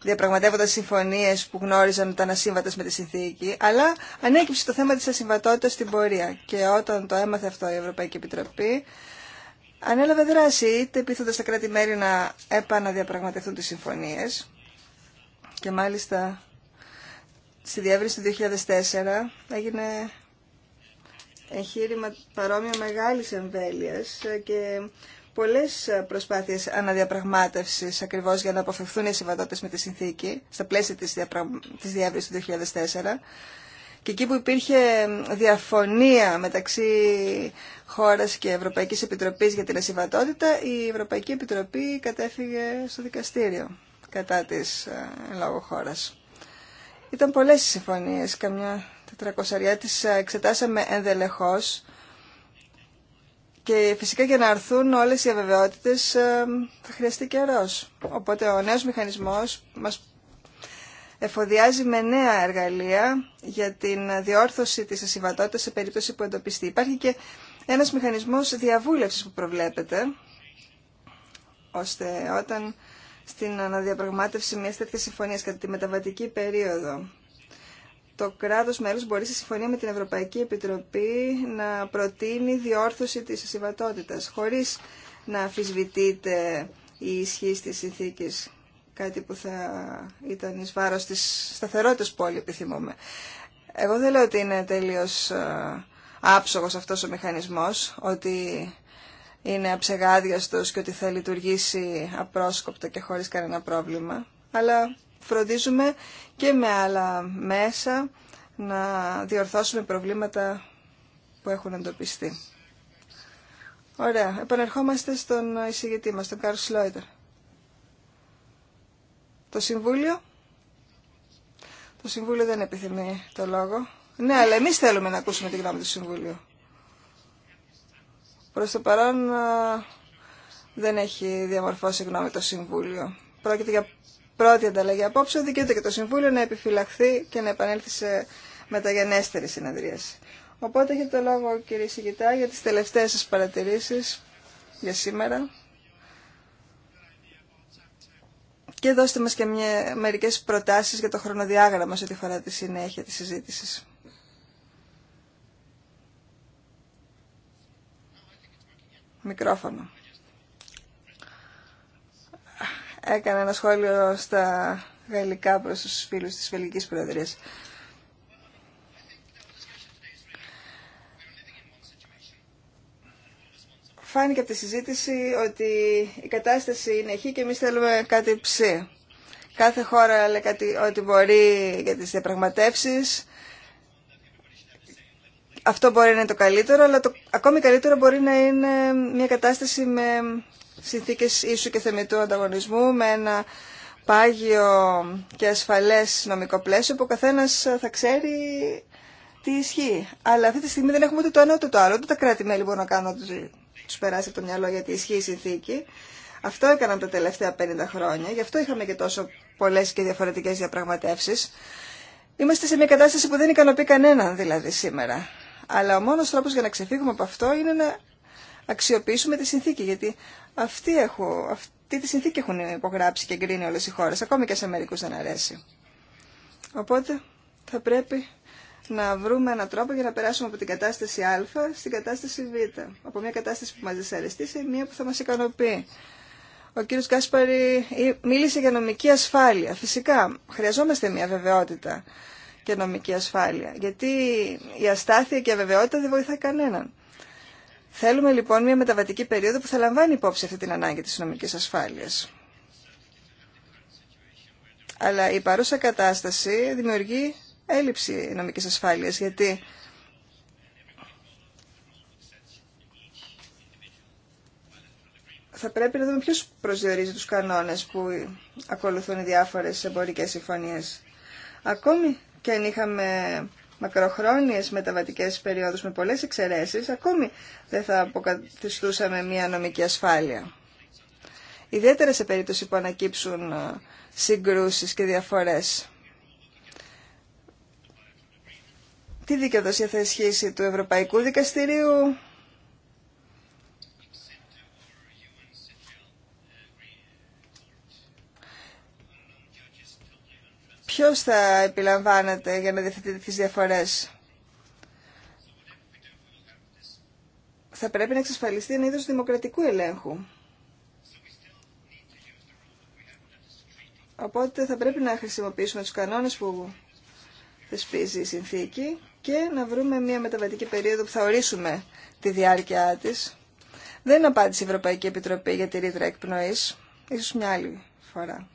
διαπραγματεύοντα συμφωνίε που γνώριζαν τα ασύμβατες με τη συνθήκη, αλλά ανέκυψε το θέμα τη ασυμβατότητα στην πορεία. Και όταν το έμαθε αυτό η Ευρωπαϊκή Επιτροπή, ανέλαβε δράση, είτε πείθοντα τα κράτη-μέρη να επαναδιαπραγματευτούν τι συμφωνίε. Και μάλιστα στη διεύρυνση του 2004 έγινε εγχείρημα παρόμοια μεγάλης εμβέλειας και πολλές προσπάθειες αναδιαπραγμάτευσης ακριβώς για να αποφευθούν οι συμβατότητες με τη συνθήκη στα πλαίσια της, διαπρα... του 2004 και εκεί που υπήρχε διαφωνία μεταξύ χώρας και Ευρωπαϊκής Επιτροπής για την ασυμβατότητα η Ευρωπαϊκή Επιτροπή κατέφυγε στο δικαστήριο κατά της ε, λόγω χώρας. Ήταν πολλές οι συμφωνίες, καμιά τετρακοσαριά Τι ε, εξετάσαμε ενδελεχώς και φυσικά για να αρθούν όλες οι αβεβαιότητες ε, θα χρειαστεί καιρό. Οπότε ο νέος μηχανισμός μας εφοδιάζει με νέα εργαλεία για την διόρθωση της ασυμβατότητας σε περίπτωση που εντοπιστεί. Υπάρχει και ένας μηχανισμός διαβούλευσης που προβλέπεται, ώστε όταν στην αναδιαπραγμάτευση μια τέτοια συμφωνία κατά τη μεταβατική περίοδο το κράτος μέλος μπορεί σε συμφωνία με την Ευρωπαϊκή Επιτροπή να προτείνει διόρθωση της ασυμβατότητας χωρίς να αφισβητείται η ισχύ της συνθήκης κάτι που θα ήταν εις βάρος της σταθερότητας που όλοι επιθυμούμε. Εγώ δεν λέω ότι είναι τελείως ε, άψογος αυτός ο μηχανισμός, ότι είναι αψεγάδιαστος και ότι θα λειτουργήσει απρόσκοπτα και χωρίς κανένα πρόβλημα, αλλά φροντίζουμε και με άλλα μέσα να διορθώσουμε προβλήματα που έχουν εντοπιστεί. Ωραία. Επανερχόμαστε στον εισηγητή μας, τον Κάρλ Σλόιτερ. Το Συμβούλιο. Το Συμβούλιο δεν επιθυμεί το λόγο. Ναι, αλλά εμείς θέλουμε να ακούσουμε τη γνώμη του Συμβούλιο. Προς το παρόν δεν έχει διαμορφώσει γνώμη το Συμβούλιο. Πρόκειται για πρώτη ανταλλαγή απόψε, δικαιούται και το Συμβούλιο να επιφυλαχθεί και να επανέλθει σε μεταγενέστερη συνεδρίαση. Οπότε έχετε το λόγο κύριε Σιγητά για τις τελευταίες σας παρατηρήσεις για σήμερα. Και δώστε μας και μια, μερικές προτάσεις για το χρονοδιάγραμμα σε ό,τι φορά τη συνέχεια της συζήτησης. Μικρόφωνο. έκανα ένα σχόλιο στα γαλλικά προς τους φίλους της Βελγικής Προεδρίας. Φάνηκε από τη συζήτηση ότι η κατάσταση είναι εκεί και εμείς θέλουμε κάτι ψή. Κάθε χώρα λέει κάτι ότι μπορεί για τις διαπραγματεύσεις. Αυτό μπορεί να είναι το καλύτερο, αλλά το ακόμη καλύτερο μπορεί να είναι μια κατάσταση με συνθήκες ίσου και θεμητού ανταγωνισμού με ένα πάγιο και ασφαλές νομικό πλαίσιο που ο καθένας θα ξέρει τι ισχύει. Αλλά αυτή τη στιγμή δεν έχουμε ούτε το ένα ούτε το άλλο. Ούτε τα κράτη-μέλη μπορούν να κάνουν ότι τους περάσει από το μυαλό γιατί ισχύει η συνθήκη. Αυτό έκαναν τα τελευταία 50 χρόνια. Γι' αυτό είχαμε και τόσο πολλές και διαφορετικές διαπραγματεύσεις. Είμαστε σε μια κατάσταση που δεν ικανοποιεί κανέναν δηλαδή σήμερα. Αλλά ο μόνος τρόπος για να ξεφύγουμε από αυτό είναι να αξιοποιήσουμε τη συνθήκη, γιατί αυτή, έχω, αυτή τη συνθήκη έχουν υπογράψει και εγκρίνει όλες οι χώρες, ακόμη και σε μερικούς δεν αρέσει. Οπότε θα πρέπει να βρούμε έναν τρόπο για να περάσουμε από την κατάσταση Α στην κατάσταση Β. Από μια κατάσταση που μας δυσαρεστεί σε μια που θα μας ικανοποιεί. Ο κύριος Κάσπαρη μίλησε για νομική ασφάλεια. Φυσικά, χρειαζόμαστε μια βεβαιότητα και νομική ασφάλεια. Γιατί η αστάθεια και η αβεβαιότητα δεν βοηθάει κανέναν. Θέλουμε λοιπόν μια μεταβατική περίοδο που θα λαμβάνει υπόψη αυτή την ανάγκη της νομικής ασφάλειας. Αλλά η παρούσα κατάσταση δημιουργεί έλλειψη νομικής ασφάλειας, γιατί θα πρέπει να δούμε ποιος προσδιορίζει τους κανόνες που ακολουθούν οι διάφορες εμπορικές συμφωνίες. Ακόμη και αν είχαμε μακροχρόνιες μεταβατικές περιόδους με πολλές εξαιρέσεις, ακόμη δεν θα αποκαθιστούσαμε μια νομική ασφάλεια. Ιδιαίτερα σε περίπτωση που ανακύψουν ε, συγκρούσεις και διαφορές. Τι δικαιοδοσία θα ισχύσει του Ευρωπαϊκού Δικαστηρίου ποιος θα επιλαμβάνεται για να διευθυνθεί τις διαφορές. Θα πρέπει να εξασφαλιστεί ένα είδος δημοκρατικού ελέγχου. Οπότε θα πρέπει να χρησιμοποιήσουμε τους κανόνες που θεσπίζει η συνθήκη και να βρούμε μια μεταβατική περίοδο που θα ορίσουμε τη διάρκεια της. Δεν απάντησε η Ευρωπαϊκή Επιτροπή για τη ρήτρα εκπνοής, ίσως μια άλλη φορά.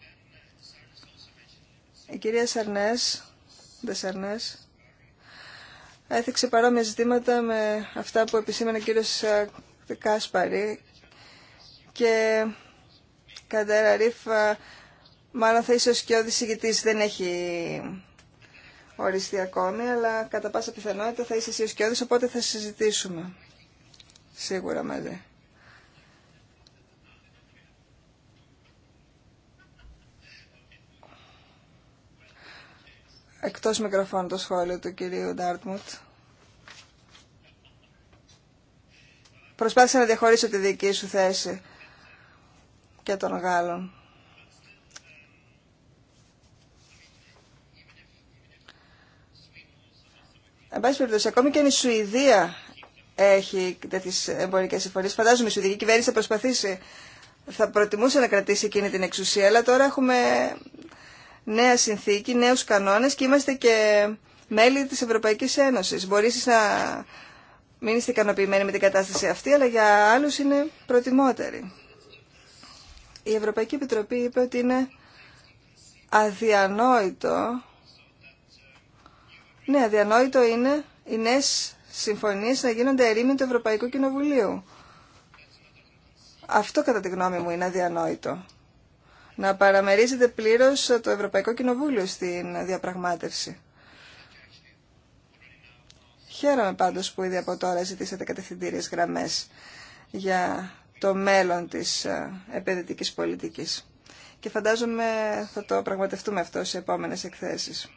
Η κυρία Σαρνές, Δεσσαρνές, έθιξε παρόμοια ζητήματα με αυτά που επισήμανε ο κύριος ε, Κάσπαρη και Καντέρα Ρίφα, μάλλον θα είσαι ο σκιώδης δεν έχει οριστεί ακόμη, αλλά κατά πάσα πιθανότητα θα είσαι εσύ ο σκιώδης, οπότε θα συζητήσουμε σίγουρα μαζί. Εκτός μικροφώνου το σχόλιο του κυρίου Ντάρτμουτ. Προσπάθησα να διαχωρίσω τη δική σου θέση και των Γάλλων. Εν πάση περιπτώσει, ακόμη και αν η Σουηδία έχει τέτοιε εμπορικέ συμφωνίε, φαντάζομαι η Σουηδική κυβέρνηση θα προσπαθήσει, θα προτιμούσε να κρατήσει εκείνη την εξουσία, αλλά τώρα έχουμε νέα συνθήκη, νέους κανόνες και είμαστε και μέλη της Ευρωπαϊκής Ένωσης. Μπορεί να μην είστε με την κατάσταση αυτή, αλλά για άλλους είναι προτιμότερη. Η Ευρωπαϊκή Επιτροπή είπε ότι είναι αδιανόητο. Ναι, αδιανόητο είναι οι νέε συμφωνίες να γίνονται ερήμην του Ευρωπαϊκού Κοινοβουλίου. Αυτό κατά τη γνώμη μου είναι αδιανόητο να παραμερίζεται πλήρως το Ευρωπαϊκό Κοινοβούλιο στην διαπραγμάτευση. Χαίρομαι πάντως που ήδη από τώρα ζητήσατε κατευθυντήριες γραμμές για το μέλλον της ε, επενδυτικής πολιτικής. Και φαντάζομαι θα το πραγματευτούμε αυτό σε επόμενες εκθέσεις.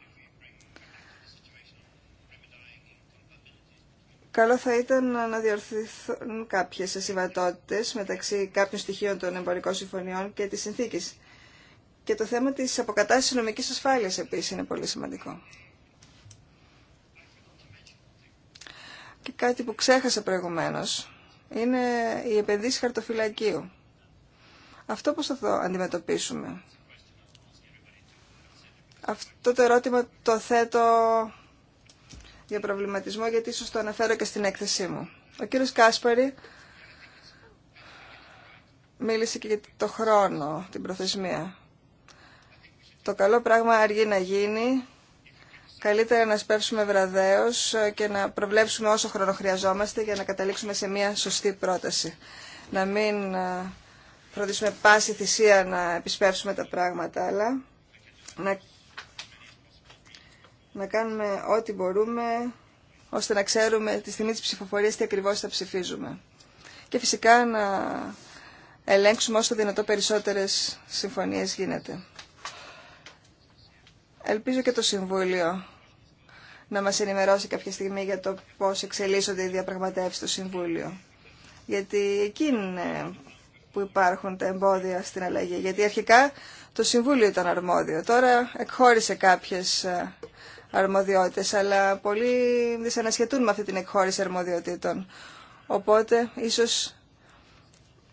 Καλό θα ήταν να διορθωθούν κάποιες ασυμβατότητες μεταξύ κάποιων στοιχείων των εμπορικών συμφωνιών και της συνθήκης και το θέμα της αποκατάστασης νομική ασφάλεια επίσης είναι πολύ σημαντικό. Και κάτι που ξέχασα προηγουμένω είναι η επενδύση χαρτοφυλακίου. Αυτό πώς θα το αντιμετωπίσουμε. Αυτό το ερώτημα το θέτω για προβληματισμό γιατί ίσως το αναφέρω και στην έκθεσή μου. Ο κύριος Κάσπαρη μίλησε και για το χρόνο, την προθεσμία. Το καλό πράγμα αργεί να γίνει. Καλύτερα να σπεύσουμε βραδέως και να προβλέψουμε όσο χρόνο χρειαζόμαστε για να καταλήξουμε σε μια σωστή πρόταση. Να μην φροντίσουμε πάση θυσία να επισπεύσουμε τα πράγματα, αλλά να, να κάνουμε ό,τι μπορούμε ώστε να ξέρουμε τη στιγμή της ψηφοφορίας τι ακριβώς θα ψηφίζουμε. Και φυσικά να ελέγξουμε όσο δυνατό περισσότερες συμφωνίες γίνεται. Ελπίζω και το Συμβούλιο να μας ενημερώσει κάποια στιγμή για το πώς εξελίσσονται οι διαπραγματεύσεις στο Συμβούλιο. Γιατί εκεί είναι που υπάρχουν τα εμπόδια στην αλλαγή. Γιατί αρχικά το Συμβούλιο ήταν αρμόδιο. Τώρα εκχώρησε κάποιες ε, αρμοδιότητες, αλλά πολλοί δυσανασχετούν με αυτή την εκχώρηση αρμοδιοτήτων. Οπότε, ίσως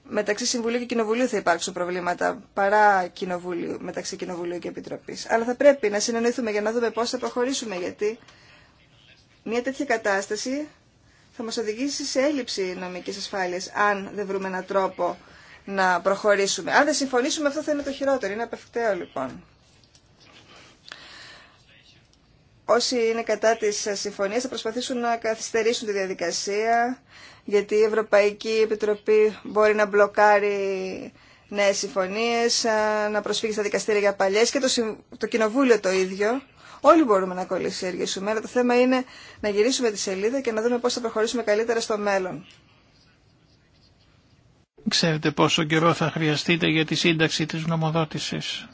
μεταξύ Συμβουλίου και Κοινοβουλίου θα υπάρξουν προβλήματα παρά κοινοβουλίου, μεταξύ Κοινοβουλίου και Επιτροπής. Αλλά θα πρέπει να συνεννοηθούμε για να δούμε πώ θα προχωρήσουμε γιατί μια τέτοια κατάσταση θα μας οδηγήσει σε έλλειψη νομική ασφάλεια αν δεν βρούμε έναν τρόπο να προχωρήσουμε. Αν δεν συμφωνήσουμε αυτό θα είναι το χειρότερο, είναι απευκταίο λοιπόν. όσοι είναι κατά της συμφωνίας θα προσπαθήσουν να καθυστερήσουν τη διαδικασία γιατί η Ευρωπαϊκή Επιτροπή μπορεί να μπλοκάρει νέες συμφωνίες, να προσφύγει στα δικαστήρια για παλιές και το, το Κοινοβούλιο το ίδιο. Όλοι μπορούμε να κολλησιεργήσουμε, αλλά το θέμα είναι να γυρίσουμε τη σελίδα και να δούμε πώς θα προχωρήσουμε καλύτερα στο μέλλον. Ξέρετε πόσο καιρό θα χρειαστείτε για τη σύνταξη της νομοδότησης.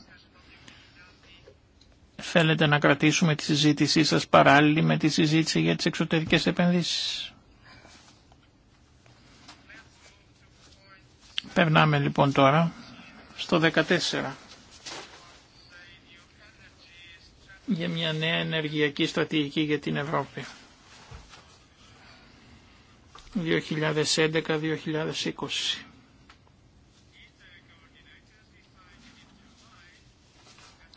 Θέλετε να κρατήσουμε τη συζήτησή σας παράλληλη με τη συζήτηση για τις εξωτερικές επενδύσεις. Περνάμε λοιπόν τώρα στο 14. για μια νέα ενεργειακή στρατηγική για την Ευρώπη. 2011-2020.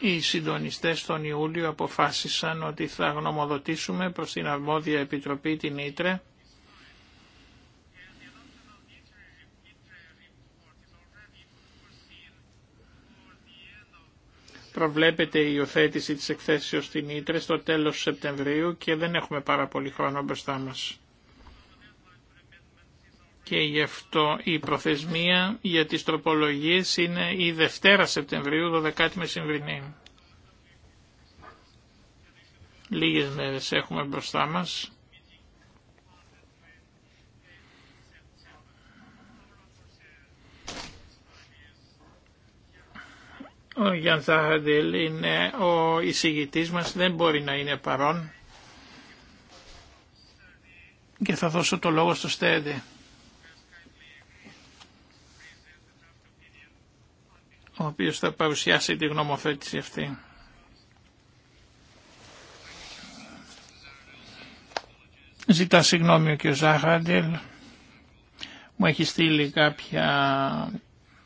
οι συντονιστές τον Ιούλιο αποφάσισαν ότι θα γνωμοδοτήσουμε προς την αρμόδια επιτροπή την Ήτρε Προβλέπεται η υιοθέτηση της εκθέσεως στην Ήτρε στο τέλος Σεπτεμβρίου και δεν έχουμε πάρα πολύ χρόνο μπροστά μας και γι' αυτό η προθεσμία για τις τροπολογίες είναι η Δευτέρα Σεπτεμβρίου 12 μεσημβρινή. Λίγες μέρες έχουμε μπροστά μας. Ο Γιάνν Θαχαντήλ είναι ο εισηγητής μας, δεν μπορεί να είναι παρόν. Και θα δώσω το λόγο στο Στέντε. ο οποίος θα παρουσιάσει τη γνωμοθέτηση αυτή. Ζητά συγγνώμη ο κ. Ζάχαντελ. Μου έχει στείλει κάποια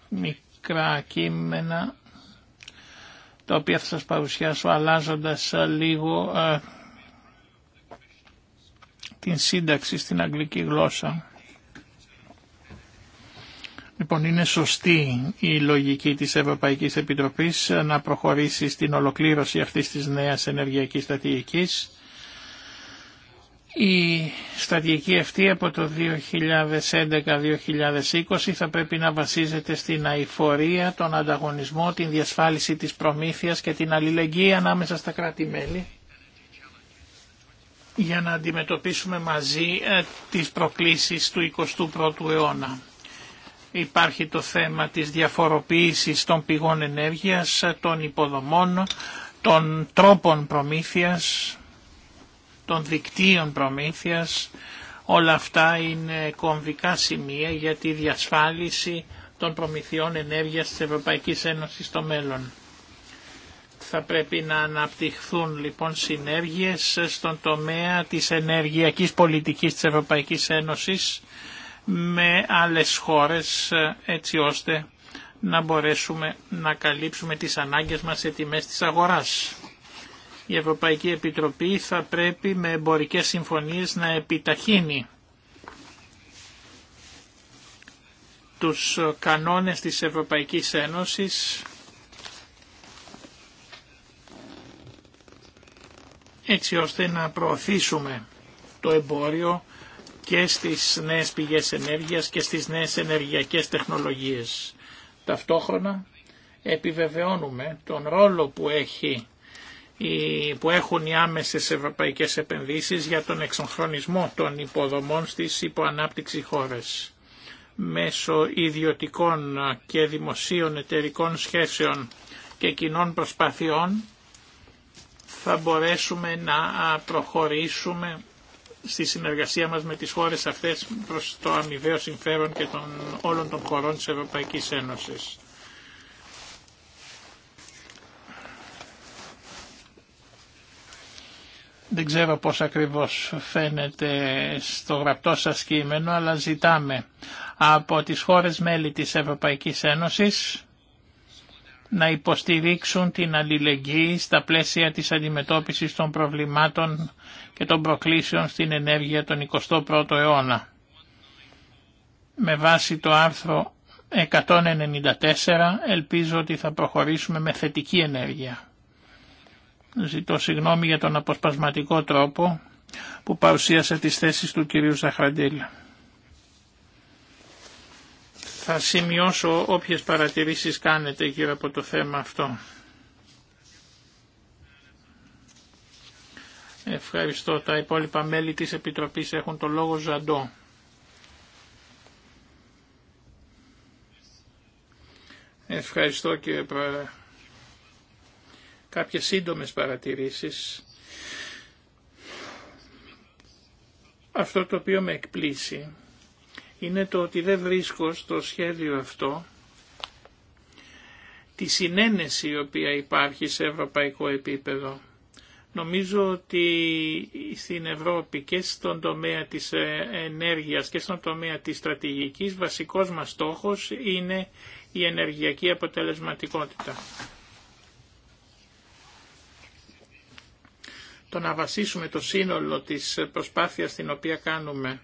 μικρά κείμενα τα οποία θα σας παρουσιάσω αλλάζοντας λίγο ε, την σύνταξη στην αγγλική γλώσσα. Λοιπόν, είναι σωστή η λογική της Ευρωπαϊκής Επιτροπής να προχωρήσει στην ολοκλήρωση αυτής της νέας ενεργειακής στρατηγικής. Η στρατηγική αυτή από το 2011-2020 θα πρέπει να βασίζεται στην αηφορία, τον ανταγωνισμό, την διασφάλιση της προμήθειας και την αλληλεγγύη ανάμεσα στα κράτη-μέλη για να αντιμετωπίσουμε μαζί ε, τις προκλήσεις του 21ου αιώνα. Υπάρχει το θέμα της διαφοροποίησης των πηγών ενέργειας, των υποδομών, των τρόπων προμήθειας, των δικτύων προμήθειας. Όλα αυτά είναι κομβικά σημεία για τη διασφάλιση των προμηθειών ενέργειας της Ευρωπαϊκής Ένωσης στο μέλλον. Θα πρέπει να αναπτυχθούν λοιπόν συνέργειες στον τομέα της ενεργειακής πολιτικής της Ευρωπαϊκής Ένωσης με άλλες χώρες ε, έτσι ώστε να μπορέσουμε να καλύψουμε τις ανάγκες μας σε τιμές της αγοράς. Η Ευρωπαϊκή Επιτροπή θα πρέπει με εμπορικές συμφωνίες να επιταχύνει τους κανόνες της Ευρωπαϊκής Ένωσης έτσι ώστε να προωθήσουμε το εμπόριο και στις νέες πηγές ενέργειας και στις νέες ενεργειακές τεχνολογίες. Ταυτόχρονα επιβεβαιώνουμε τον ρόλο που, έχει, που έχουν οι άμεσες ευρωπαϊκές επενδύσεις για τον εξοχρονισμό των υποδομών στις υποανάπτυξη χώρες. Μέσω ιδιωτικών και δημοσίων εταιρικών σχέσεων και κοινών προσπαθειών θα μπορέσουμε να προχωρήσουμε στη συνεργασία μας με τις χώρες αυτές προς το αμοιβαίο συμφέρον και των όλων των χωρών της Ευρωπαϊκής Ένωσης. Δεν ξέρω πώς ακριβώς φαίνεται στο γραπτό σας κείμενο, αλλά ζητάμε από τις χώρες μέλη της Ευρωπαϊκής Ένωσης να υποστηρίξουν την αλληλεγγύη στα πλαίσια της αντιμετώπισης των προβλημάτων και των προκλήσεων στην ενέργεια των 21ο αιώνα. Με βάση το άρθρο 194 ελπίζω ότι θα προχωρήσουμε με θετική ενέργεια. Ζητώ συγγνώμη για τον αποσπασματικό τρόπο που παρουσίασε τις θέσεις του κυρίου Ζαχραντήλ. Θα σημειώσω όποιες παρατηρήσεις κάνετε γύρω από το θέμα αυτό. Ευχαριστώ. Τα υπόλοιπα μέλη της Επιτροπής έχουν το λόγο Ζαντό. Ευχαριστώ κύριε Πρόεδρε. Κάποιες σύντομες παρατηρήσεις. Αυτό το οποίο με εκπλήσει είναι το ότι δεν βρίσκω στο σχέδιο αυτό τη συνένεση η οποία υπάρχει σε ευρωπαϊκό επίπεδο. Νομίζω ότι στην Ευρώπη και στον τομέα της ε, ενέργειας και στον τομέα της στρατηγικής βασικός μας στόχος είναι η ενεργειακή αποτελεσματικότητα. Το να βασίσουμε το σύνολο της προσπάθειας την οποία κάνουμε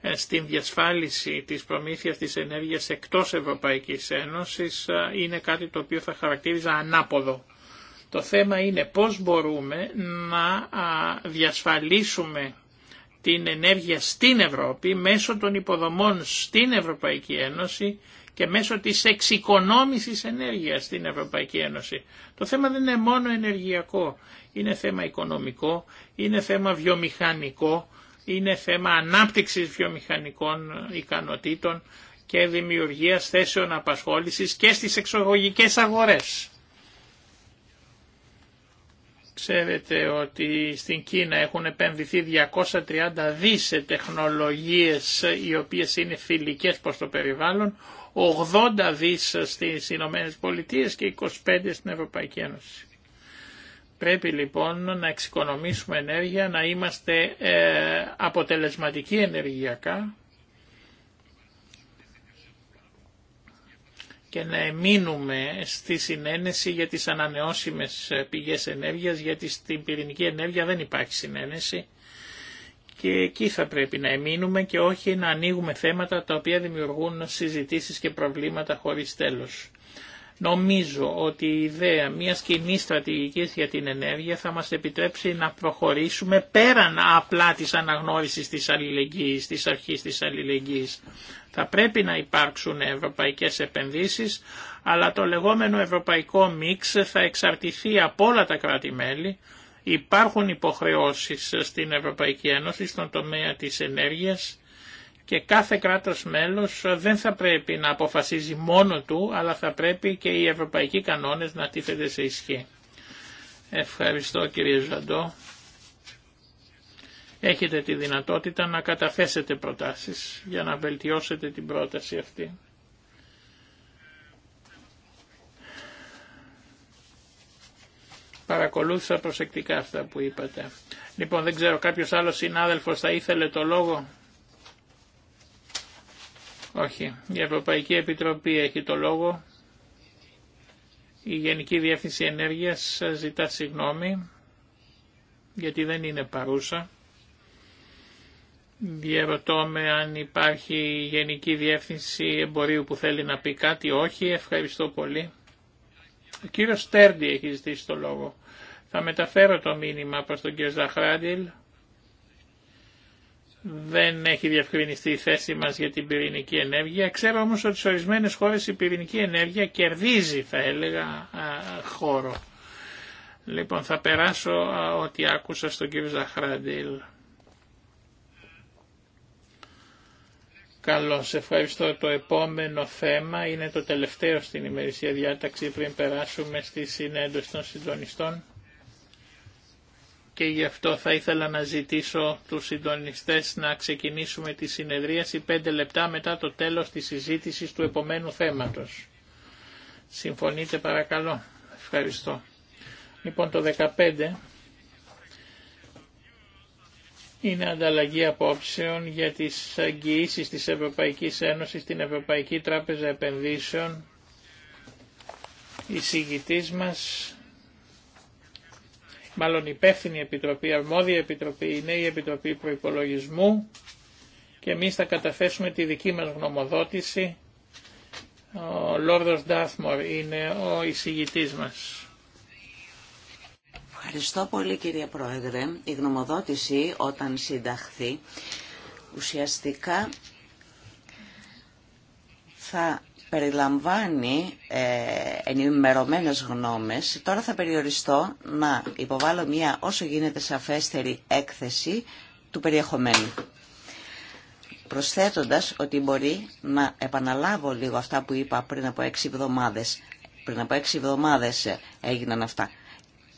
ε, στην διασφάλιση της προμήθειας της ενέργειας εκτός Ευρωπαϊκής Ένωσης ε, είναι κάτι το οποίο θα χαρακτήριζα ανάποδο. Το θέμα είναι πώς μπορούμε να διασφαλίσουμε την ενέργεια στην Ευρώπη μέσω των υποδομών στην Ευρωπαϊκή Ένωση και μέσω της εξοικονόμησης ενέργειας στην Ευρωπαϊκή Ένωση. Το θέμα δεν είναι μόνο ενεργειακό, είναι θέμα οικονομικό, είναι θέμα βιομηχανικό, είναι θέμα ανάπτυξης βιομηχανικών ικανοτήτων και δημιουργίας θέσεων απασχόλησης και στις εξωγωγικές αγορές. Ξέρετε ότι στην Κίνα έχουν επενδυθεί 230 δις σε τεχνολογίες οι οποίες είναι φιλικές προς το περιβάλλον, 80 δις στις Ηνωμένε Πολιτείες και 25 στην Ευρωπαϊκή Ένωση. Πρέπει λοιπόν να εξοικονομήσουμε ενέργεια, να είμαστε ε, αποτελεσματικοί ενεργειακά και να εμείνουμε στη συνένεση για τις ανανεώσιμες πηγές ενέργειας, γιατί στην πυρηνική ενέργεια δεν υπάρχει συνένεση και εκεί θα πρέπει να εμείνουμε και όχι να ανοίγουμε θέματα τα οποία δημιουργούν συζητήσεις και προβλήματα χωρίς τέλος. Νομίζω ότι η ιδέα μιας κοινή στρατηγικής για την ενέργεια θα μας επιτρέψει να προχωρήσουμε πέραν απλά της αναγνώρισης της αλληλεγγύης, της αρχής της αλληλεγγύης. Θα πρέπει να υπάρξουν ευρωπαϊκές επενδύσεις, αλλά το λεγόμενο ευρωπαϊκό μίξ θα εξαρτηθεί από όλα τα κράτη-μέλη. Υπάρχουν υποχρεώσεις στην Ευρωπαϊκή Ένωση στον τομέα της ενέργειας και κάθε κράτος μέλος δεν θα πρέπει να αποφασίζει μόνο του, αλλά θα πρέπει και οι ευρωπαϊκοί κανόνες να τίθεται σε ισχύ. Ευχαριστώ κύριε Ζαντό. Έχετε τη δυνατότητα να καταθέσετε προτάσεις για να βελτιώσετε την πρόταση αυτή. Παρακολούθησα προσεκτικά αυτά που είπατε. Λοιπόν, δεν ξέρω, κάποιος άλλος συνάδελφος θα ήθελε το λόγο. Όχι. Η Ευρωπαϊκή Επιτροπή έχει το λόγο. Η Γενική Διεύθυνση Ενέργειας ζητά συγγνώμη γιατί δεν είναι παρούσα. Διερωτώ με αν υπάρχει Γενική Διεύθυνση Εμπορίου που θέλει να πει κάτι. Όχι. Ευχαριστώ πολύ. Ο κύριος Στέρντι έχει ζητήσει το λόγο. Θα μεταφέρω το μήνυμα προς τον κύριο Ζαχράντιλ δεν έχει διευκρινιστεί η θέση μας για την πυρηνική ενέργεια. Ξέρω όμως ότι σε ορισμένες χώρες η πυρηνική ενέργεια κερδίζει θα έλεγα χώρο. Λοιπόν θα περάσω ό,τι άκουσα στον κύριο Ζαχράντιλ. Καλώς, ευχαριστώ. Το επόμενο θέμα είναι το τελευταίο στην ημερησία διάταξη πριν περάσουμε στη συνέντευξη των συντονιστών και γι' αυτό θα ήθελα να ζητήσω τους συντονιστές να ξεκινήσουμε τη συνεδρίαση πέντε λεπτά μετά το τέλος της συζήτησης του επομένου θέματος. Συμφωνείτε παρακαλώ. Ευχαριστώ. Λοιπόν το 15 είναι ανταλλαγή απόψεων για τις αγγιήσεις της Ευρωπαϊκής Ένωσης στην Ευρωπαϊκή Τράπεζα Επενδύσεων. Η συγκητής μας μάλλον υπεύθυνη επιτροπή, αρμόδια επιτροπή είναι η Επιτροπή Προϋπολογισμού και εμείς θα καταθέσουμε τη δική μας γνωμοδότηση. Ο Λόρδος Ντάθμορ είναι ο εισηγητής μας. Ευχαριστώ πολύ κύριε Πρόεδρε. Η γνωμοδότηση όταν συνταχθεί ουσιαστικά θα περιλαμβάνει ε, ενημερωμένες γνώμες. Τώρα θα περιοριστώ να υποβάλω μια όσο γίνεται σαφέστερη έκθεση του περιεχομένου. Προσθέτοντας ότι μπορεί να επαναλάβω λίγο αυτά που είπα πριν από έξι εβδομάδες. Πριν από έξι εβδομάδες έγιναν αυτά.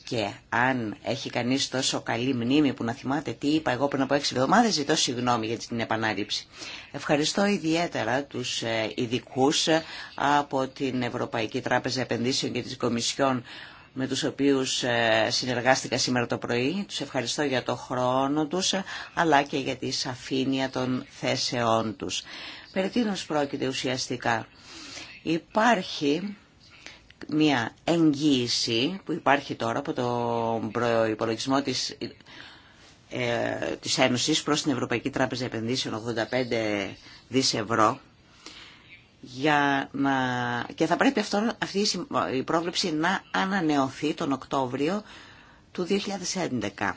Και αν έχει κανείς τόσο καλή μνήμη που να θυμάται τι είπα εγώ πριν από έξι εβδομάδες, ζητώ συγγνώμη για την επανάληψη. Ευχαριστώ ιδιαίτερα τους ε, ειδικού ε, από την Ευρωπαϊκή Τράπεζα Επενδύσεων και της Κομισιόν με τους οποίους ε, συνεργάστηκα σήμερα το πρωί. Τους ευχαριστώ για το χρόνο τους, αλλά και για τη σαφήνεια των θέσεών τους. Περί τίνος πρόκειται ουσιαστικά. Υπάρχει μια εγγύηση που υπάρχει τώρα από τον προϋπολογισμό της, ε, της Ένωσης προς την Ευρωπαϊκή Τράπεζα Επενδύσεων 85 δις ευρώ για να... και θα πρέπει αυτό, αυτή η πρόβλεψη να ανανεωθεί τον Οκτώβριο του 2011.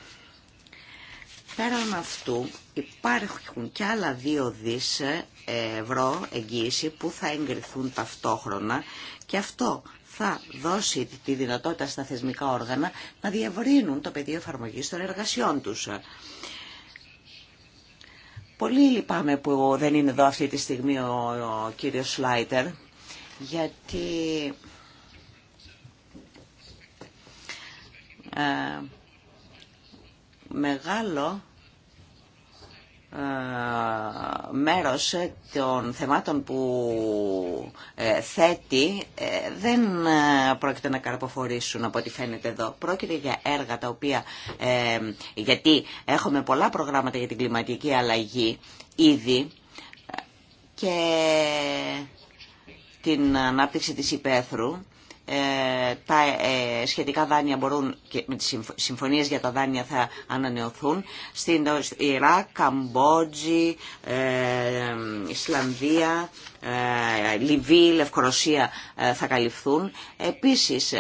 Πέραν αυτού υπάρχουν και άλλα δύο δις ευρώ εγγύηση που θα εγκριθούν ταυτόχρονα και αυτό θα δώσει τη δυνατότητα στα θεσμικά όργανα να διευρύνουν το πεδίο εφαρμογής των εργασιών τους. Πολύ λυπάμαι που δεν είναι εδώ αυτή τη στιγμή ο κύριος Σλάιτερ, γιατί ε, μεγάλο ε, μέρος των θεμάτων που ε, θέτει ε, δεν πρόκειται να καρποφορήσουν από ό,τι φαίνεται εδώ. Πρόκειται για έργα τα οποία, γιατί έχουμε πολλά προγράμματα για την κλιματική αλλαγή ήδη και την ανάπτυξη της υπαίθρου ε, τα ε, σχετικά δάνεια μπορούν και με τις συμφωνίες για τα δάνεια θα ανανεωθούν στην ε, Ιράκ, Καμπότζη, Ισλανδία, Λιβύη, Λευκορωσία θα καλυφθούν. Επίσης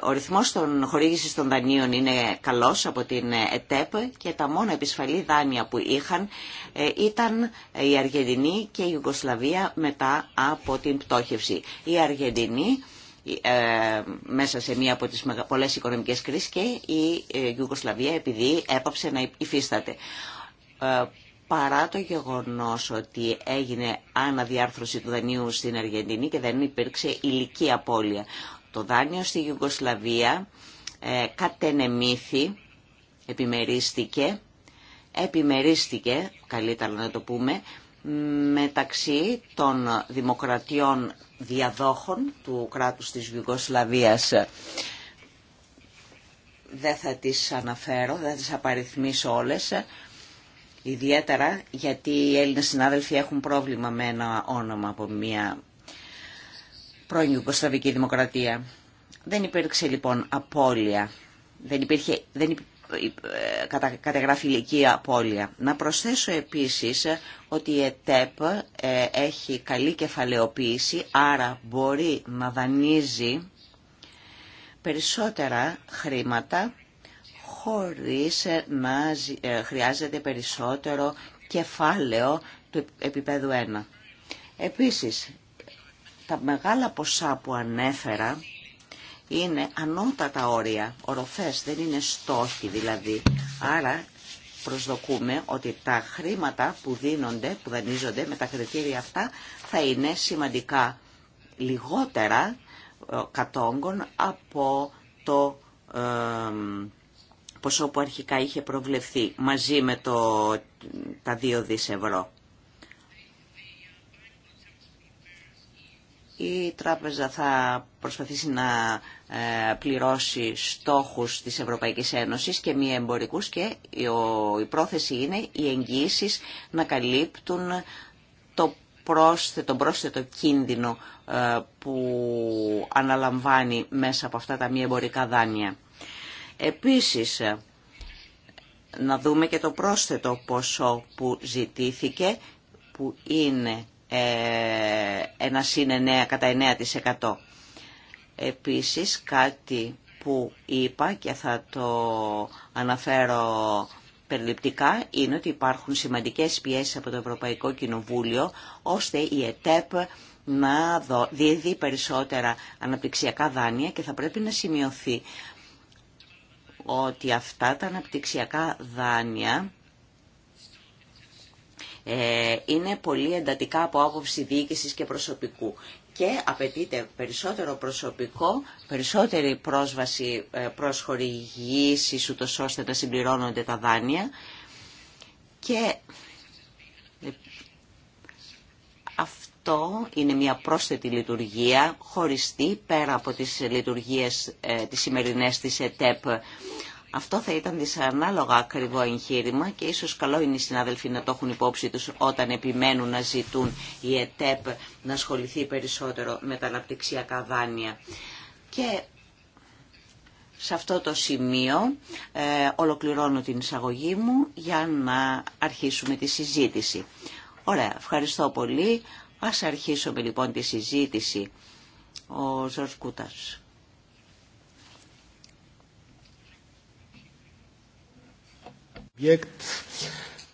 ο ρυθμός των χορήγησης των δανείων είναι καλός από την ΕΤΕΠ και τα μόνα επισφαλή δάνεια που είχαν ε, ήταν η Αργεντινή και η Ιουγκοσλαβία μετά από την πτώχευση. Η Αργεντινή ε, μέσα σε μία από τις πολλές οικονομικές κρίσεις και η ε, Ιουγκοσλαβία επειδή έπαψε να υφίσταται παρά το γεγονός ότι έγινε αναδιάρθρωση του δανείου στην Αργεντινή και δεν υπήρξε ηλική απώλεια. Το δάνειο στη Γιουγκοσλαβία ε, κατενεμήθη, επιμερίστηκε, επιμερίστηκε, καλύτερα να το πούμε, μεταξύ των δημοκρατιών διαδόχων του κράτους της Γιουγκοσλαβίας. Δεν θα τις αναφέρω, δεν θα τις απαριθμίσω όλες. Ιδιαίτερα γιατί οι Έλληνες συνάδελφοι έχουν πρόβλημα με ένα όνομα από μια πρώην Ιουγκοσταβική Δημοκρατία. Δεν υπήρξε λοιπόν απώλεια. Δεν υπήρχε, δεν ε, κατα... απώλεια. Να προσθέσω επίσης ότι η ΕΤΕΠ ε, έχει καλή κεφαλαιοποίηση, άρα μπορεί να δανείζει περισσότερα χρήματα χωρίς ε, να ε, χρειάζεται περισσότερο κεφάλαιο του επίπεδου 1. Επίσης, τα μεγάλα ποσά που ανέφερα είναι ανώτατα όρια, οροφές, δεν είναι στόχοι δηλαδή. Άρα προσδοκούμε ότι τα χρήματα που δίνονται, που δανείζονται με τα κριτήρια αυτά θα είναι σημαντικά λιγότερα ε, κατόγκων από το ποσό που αρχικά είχε προβλεφθεί μαζί με το, τα δύο δις ευρώ. Η τράπεζα θα προσπαθήσει να ε, πληρώσει στόχους της Ευρωπαϊκής Ένωσης και μη εμπορικούς και η πρόθεση είναι οι εγγύησει να καλύπτουν το πρόσθετο, τον πρόσθετο κίνδυνο ε, που αναλαμβάνει μέσα από αυτά τα μη εμπορικά δάνεια. Επίσης, να δούμε και το πρόσθετο ποσό που ζητήθηκε, που είναι ε, ένα συν 9 κατά 9%. Επίσης, κάτι που είπα και θα το αναφέρω περιληπτικά είναι ότι υπάρχουν σημαντικές πιέσεις από το Ευρωπαϊκό Κοινοβούλιο ώστε η ΕΤΕΠ να δίδει περισσότερα αναπτυξιακά δάνεια και θα πρέπει να σημειωθεί ότι αυτά τα αναπτυξιακά δάνεια ε, είναι πολύ εντατικά από άποψη διοίκηση και προσωπικού και απαιτείται περισσότερο προσωπικό, περισσότερη πρόσβαση ε, προς χορηγήσεις ούτως ώστε να συμπληρώνονται τα δάνεια και Αυτό είναι μια πρόσθετη λειτουργία, χωριστή πέρα από τις λειτουργίες ε, τις σημερινές της ΕΤΕΠ. Αυτό θα ήταν δυσανάλογα ακριβό εγχείρημα και ίσως καλό είναι οι συνάδελφοι να το έχουν υπόψη τους όταν επιμένουν να ζητούν η ΕΤΕΠ να ασχοληθεί περισσότερο με τα αναπτυξιακά δάνεια. Και σε αυτό το σημείο ε, ολοκληρώνω την εισαγωγή μου για να αρχίσουμε τη συζήτηση. Ωραία, ευχαριστώ πολύ. Ας αρχίσουμε λοιπόν τη συζήτηση. Ο Ζορς Κούτας.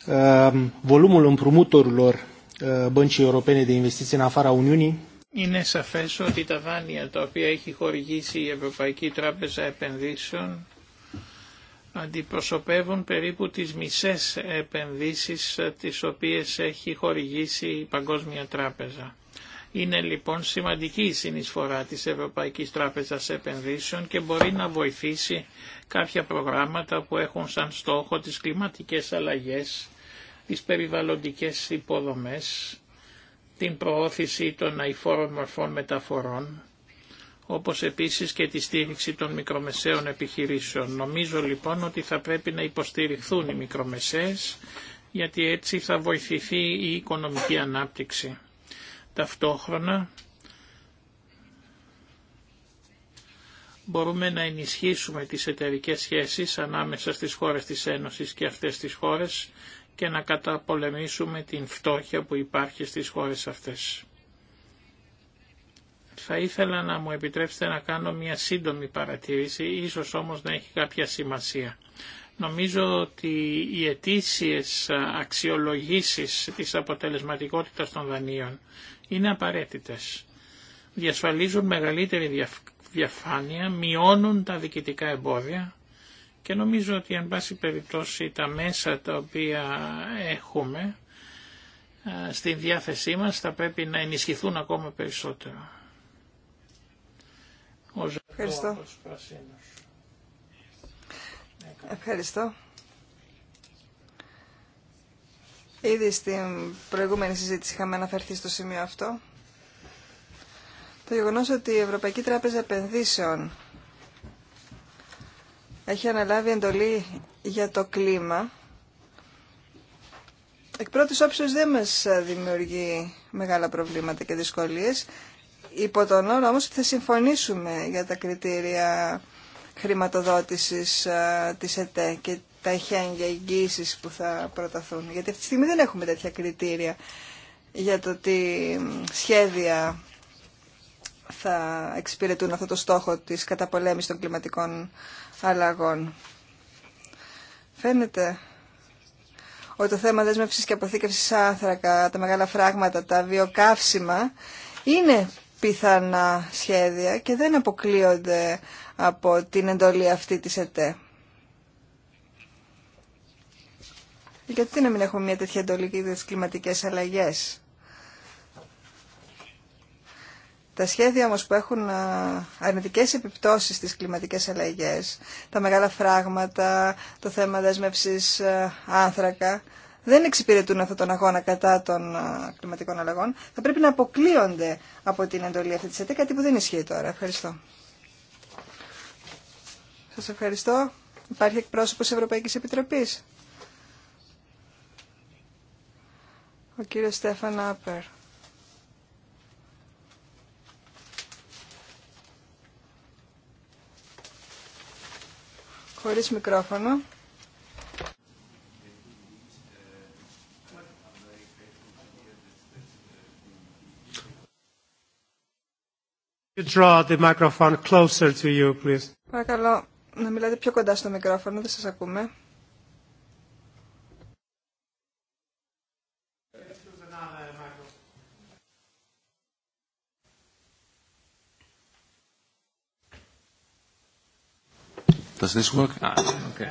Uh, uh, είναι σαφές ότι τα δάνεια τα οποία έχει χορηγήσει η Ευρωπαϊκή Τράπεζα Επενδύσεων αντιπροσωπεύουν περίπου τις μισές επενδύσεις τις οποίες έχει χορηγήσει η Παγκόσμια Τράπεζα. Είναι λοιπόν σημαντική η συνεισφορά της Ευρωπαϊκής Τράπεζας Επενδύσεων και μπορεί να βοηθήσει κάποια προγράμματα που έχουν σαν στόχο τις κλιματικές αλλαγές, τις περιβαλλοντικές υποδομές, την προώθηση των αηφόρων μορφών μεταφορών, όπως επίσης και τη στήριξη των μικρομεσαίων επιχειρήσεων. Νομίζω λοιπόν ότι θα πρέπει να υποστηριχθούν οι μικρομεσαίες, γιατί έτσι θα βοηθηθεί η οικονομική ανάπτυξη. Ταυτόχρονα μπορούμε να ενισχύσουμε τις εταιρικές σχέσεις ανάμεσα στις χώρες της Ένωσης και αυτές τις χώρες και να καταπολεμήσουμε την φτώχεια που υπάρχει στις χώρες αυτές. Θα ήθελα να μου επιτρέψετε να κάνω μια σύντομη παρατήρηση, ίσως όμως να έχει κάποια σημασία. Νομίζω ότι οι αιτήσιε αξιολογήσεις της αποτελεσματικότητας των δανείων είναι απαραίτητες. Διασφαλίζουν μεγαλύτερη διαφάνεια, μειώνουν τα διοικητικά εμπόδια και νομίζω ότι εν πάση περιπτώσει τα μέσα τα οποία έχουμε ε, στην διάθεσή μας θα πρέπει να ενισχυθούν ακόμα περισσότερο. Ευχαριστώ. Ευχαριστώ. Ήδη στην προηγούμενη συζήτηση είχαμε αναφερθεί στο σημείο αυτό. Το γεγονό ότι η Ευρωπαϊκή Τράπεζα Επενδύσεων έχει αναλάβει εντολή για το κλίμα, εκ πρώτης όψεως δεν μας δημιουργεί μεγάλα προβλήματα και δυσκολίες, Υπό τον όρο όμως θα συμφωνήσουμε για τα κριτήρια χρηματοδότησης της ΕΤΕ και τα εχέγγυα εγγύησης που θα προταθούν. Γιατί αυτή τη στιγμή δεν έχουμε τέτοια κριτήρια για το τι σχέδια θα εξυπηρετούν αυτό το στόχο της καταπολέμησης των κλιματικών αλλαγών. Φαίνεται ότι το θέμα δέσμευσης και αποθήκευσης άνθρακα, τα μεγάλα φράγματα, τα βιοκαύσιμα είναι πιθανά σχέδια και δεν αποκλείονται από την εντολή αυτή της ΕΤΕ. Γιατί να μην έχουμε μια τέτοια εντολή για τις κλιματικές αλλαγές. Τα σχέδια όμως που έχουν αρνητικές επιπτώσεις στις κλιματικές αλλαγές, τα μεγάλα φράγματα, το θέμα δέσμευσης άνθρακα, δεν εξυπηρετούν αυτόν τον αγώνα κατά των κλιματικών αλλαγών, θα πρέπει να αποκλείονται από την εντολή αυτή τη ΕΤΕ, κάτι που δεν ισχύει τώρα. Ευχαριστώ. Σα ευχαριστώ. Υπάρχει εκπρόσωπο Ευρωπαϊκή Επιτροπή. Ο κύριος Στέφαν Άπερ. Χωρίς μικρόφωνο. draw the microphone closer to you, please. Παρακαλώ, να μιλάτε πιο κοντά στο μικρόφωνο, δεν σας ακούμε. Does this work? Ah, okay.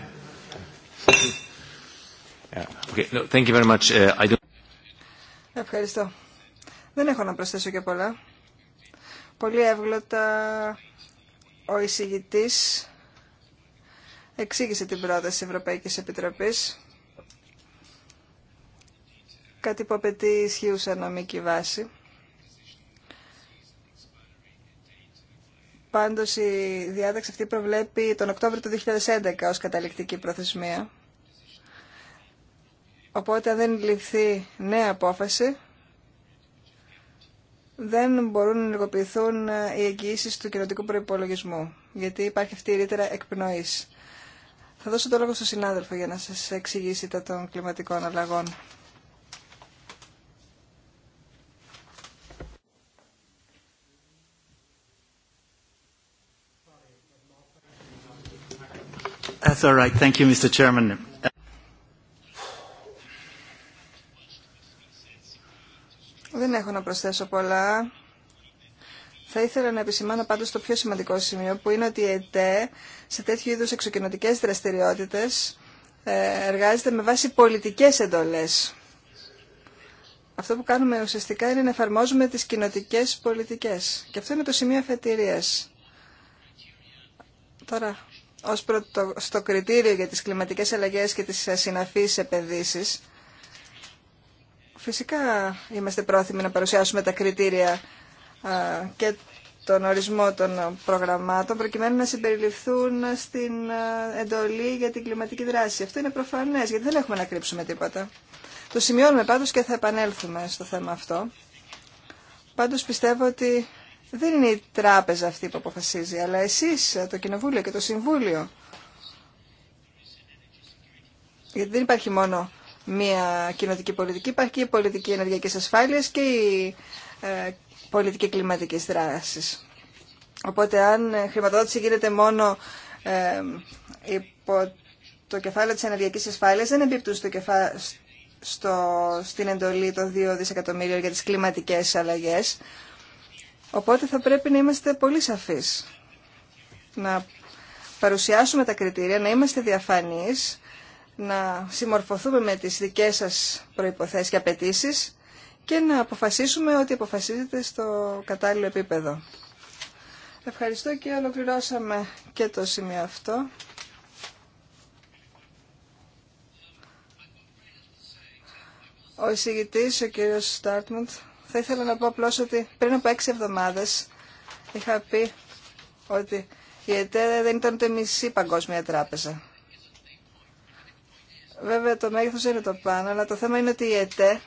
okay. No, thank you very much. Uh, I don't... Ευχαριστώ. Δεν έχω να προσθέσω και πολλά. Πολύ εύγλωτα ο εισηγητής εξήγησε την πρόταση Ευρωπαϊκής Επιτροπής, κάτι που απαιτεί ισχύουσα νομική βάση. Πάντως η διάταξη αυτή προβλέπει τον Οκτώβριο του 2011 ως καταληκτική προθεσμία. Οπότε αν δεν ληφθεί νέα απόφαση, δεν μπορούν να ενεργοποιηθούν ε, οι εγγυήσει του κοινοτικού προπολογισμού, γιατί υπάρχει αυτή η ρήτρα εκπνοή. Θα δώσω το λόγο στον συνάδελφο για να σα εξηγήσει τα των κλιματικών αλλαγών. That's all right. Thank you, Mr. Chairman. Δεν έχω να προσθέσω πολλά. Θα ήθελα να επισημάνω πάντως το πιο σημαντικό σημείο που είναι ότι η ΕΤΕ σε τέτοιου είδους εξοκοινωτικές δραστηριότητες ε, εργάζεται με βάση πολιτικές εντολές. Αυτό που κάνουμε ουσιαστικά είναι να εφαρμόζουμε τις κοινοτικέ πολιτικές. Και αυτό είναι το σημείο αφετηρίας. Τώρα, ως προ το, στο κριτήριο για τι κλιματικέ αλλαγέ και τι ασυναφεί επενδύσει. Φυσικά είμαστε πρόθυμοι να παρουσιάσουμε τα κριτήρια και τον ορισμό των προγραμμάτων προκειμένου να συμπεριληφθούν στην εντολή για την κλιματική δράση. Αυτό είναι προφανές γιατί δεν έχουμε να κρύψουμε τίποτα. Το σημειώνουμε πάντως και θα επανέλθουμε στο θέμα αυτό. Πάντως πιστεύω ότι δεν είναι η τράπεζα αυτή που αποφασίζει, αλλά εσείς, το Κοινοβούλιο και το Συμβούλιο. Γιατί δεν υπάρχει μόνο μια κοινοτική πολιτική, υπάρχει και η πολιτική ενεργειακής ασφάλειας και η ε, πολιτική κλιματικής δράσης. Οπότε αν χρηματοδότηση γίνεται μόνο ε, υπό το κεφάλαιο της ενεργειακής ασφάλειας, δεν εμπίπτουν στο στο... στην εντολή των 2 δισεκατομμύριων για τις κλιματικές αλλαγές. Οπότε θα πρέπει να είμαστε πολύ σαφείς. Να παρουσιάσουμε τα κριτήρια, να είμαστε διαφανείς, να συμμορφωθούμε με τις δικές σας προϋποθέσεις και απαιτήσεις και να αποφασίσουμε ότι αποφασίζεται στο κατάλληλο επίπεδο. Ευχαριστώ και ολοκληρώσαμε και το σημείο αυτό. Ο εισηγητής, ο κύριος Στάρτμουντ, θα ήθελα να πω απλώς ότι πριν από έξι εβδομάδες είχα πει ότι η ΕΤΕ δεν ήταν ούτε μισή παγκόσμια τράπεζα. Βέβαια το μέγεθος είναι το πάνω, αλλά το θέμα είναι ότι η ΕΤΕ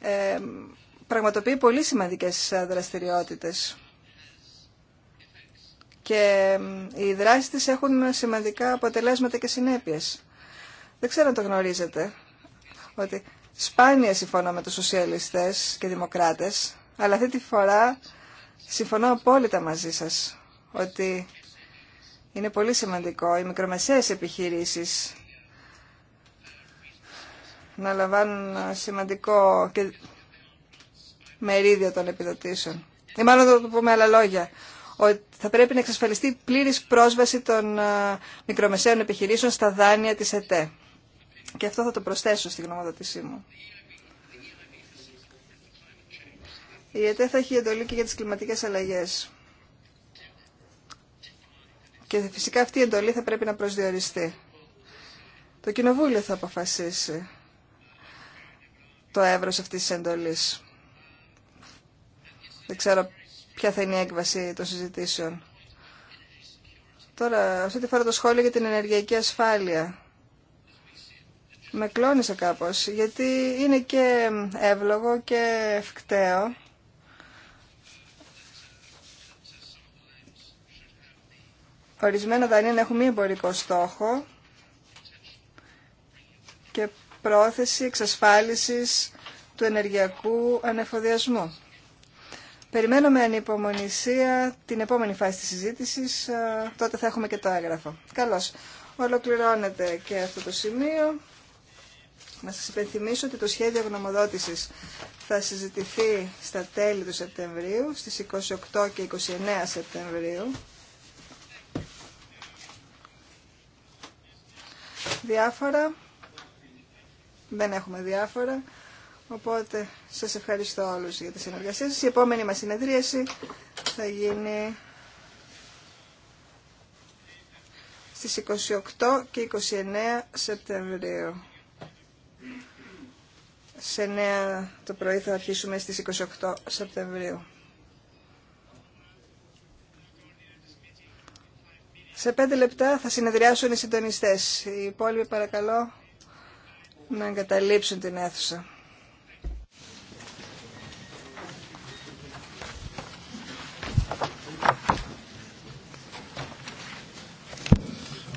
ε, πραγματοποιεί πολύ σημαντικές δραστηριότητες και οι δράσεις της έχουν σημαντικά αποτελέσματα και συνέπειες. Δεν ξέρω αν το γνωρίζετε, ότι σπάνια συμφωνώ με τους σοσιαλιστές και δημοκράτες, αλλά αυτή τη φορά συμφωνώ απόλυτα μαζί σας, ότι είναι πολύ σημαντικό οι μικρομεσαίες επιχειρήσεις να λαμβάνουν σημαντικό και μερίδιο των επιδοτήσεων. Ή μάλλον θα το πω με άλλα λόγια, ότι θα πρέπει να εξασφαλιστεί πλήρης πρόσβαση των ε, μικρομεσαίων επιχειρήσεων στα δάνεια της ΕΤΕ. Και αυτό θα το προσθέσω στη γνωμοδότησή μου. Η ΕΤΕ θα έχει εντολή και για τις κλιματικές αλλαγές. Και φυσικά αυτή η εντολή θα πρέπει να προσδιοριστεί. Το Κοινοβούλιο θα αποφασίσει το εύρος αυτής της εντολής. Δεν ξέρω ποια θα είναι η έκβαση των συζητήσεων. Τώρα, αυτή τη φορά το σχόλιο για την ενεργειακή ασφάλεια. Με κλώνησε κάπως, γιατί είναι και εύλογο και ευκταίο. Ορισμένα δανεία έχουν μη εμπορικό στόχο και πρόθεση εξασφάλισης του ενεργειακού ανεφοδιασμού. περιμένουμε με ανυπομονησία την επόμενη φάση της συζήτησης, ε, τότε θα έχουμε και το έγγραφο. Καλώς. Ολοκληρώνεται και αυτό το σημείο. Να σας υπενθυμίσω ότι το σχέδιο γνωμοδότησης θα συζητηθεί στα τέλη του Σεπτεμβρίου, στις 28 και 29 Σεπτεμβρίου. Διάφορα. Δεν έχουμε διάφορα. Οπότε σας ευχαριστώ όλους για τη συνεργασία σας. Η επόμενη μας συνεδρίαση θα γίνει στις 28 και 29 Σεπτεμβρίου. Σε 9 το πρωί θα αρχίσουμε στις 28 Σεπτεμβρίου. Σε 5 λεπτά θα συνεδριάσουν οι συντονιστές. Οι υπόλοιποι παρακαλώ να εγκαταλείψουν την αίθουσα.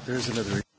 There's another...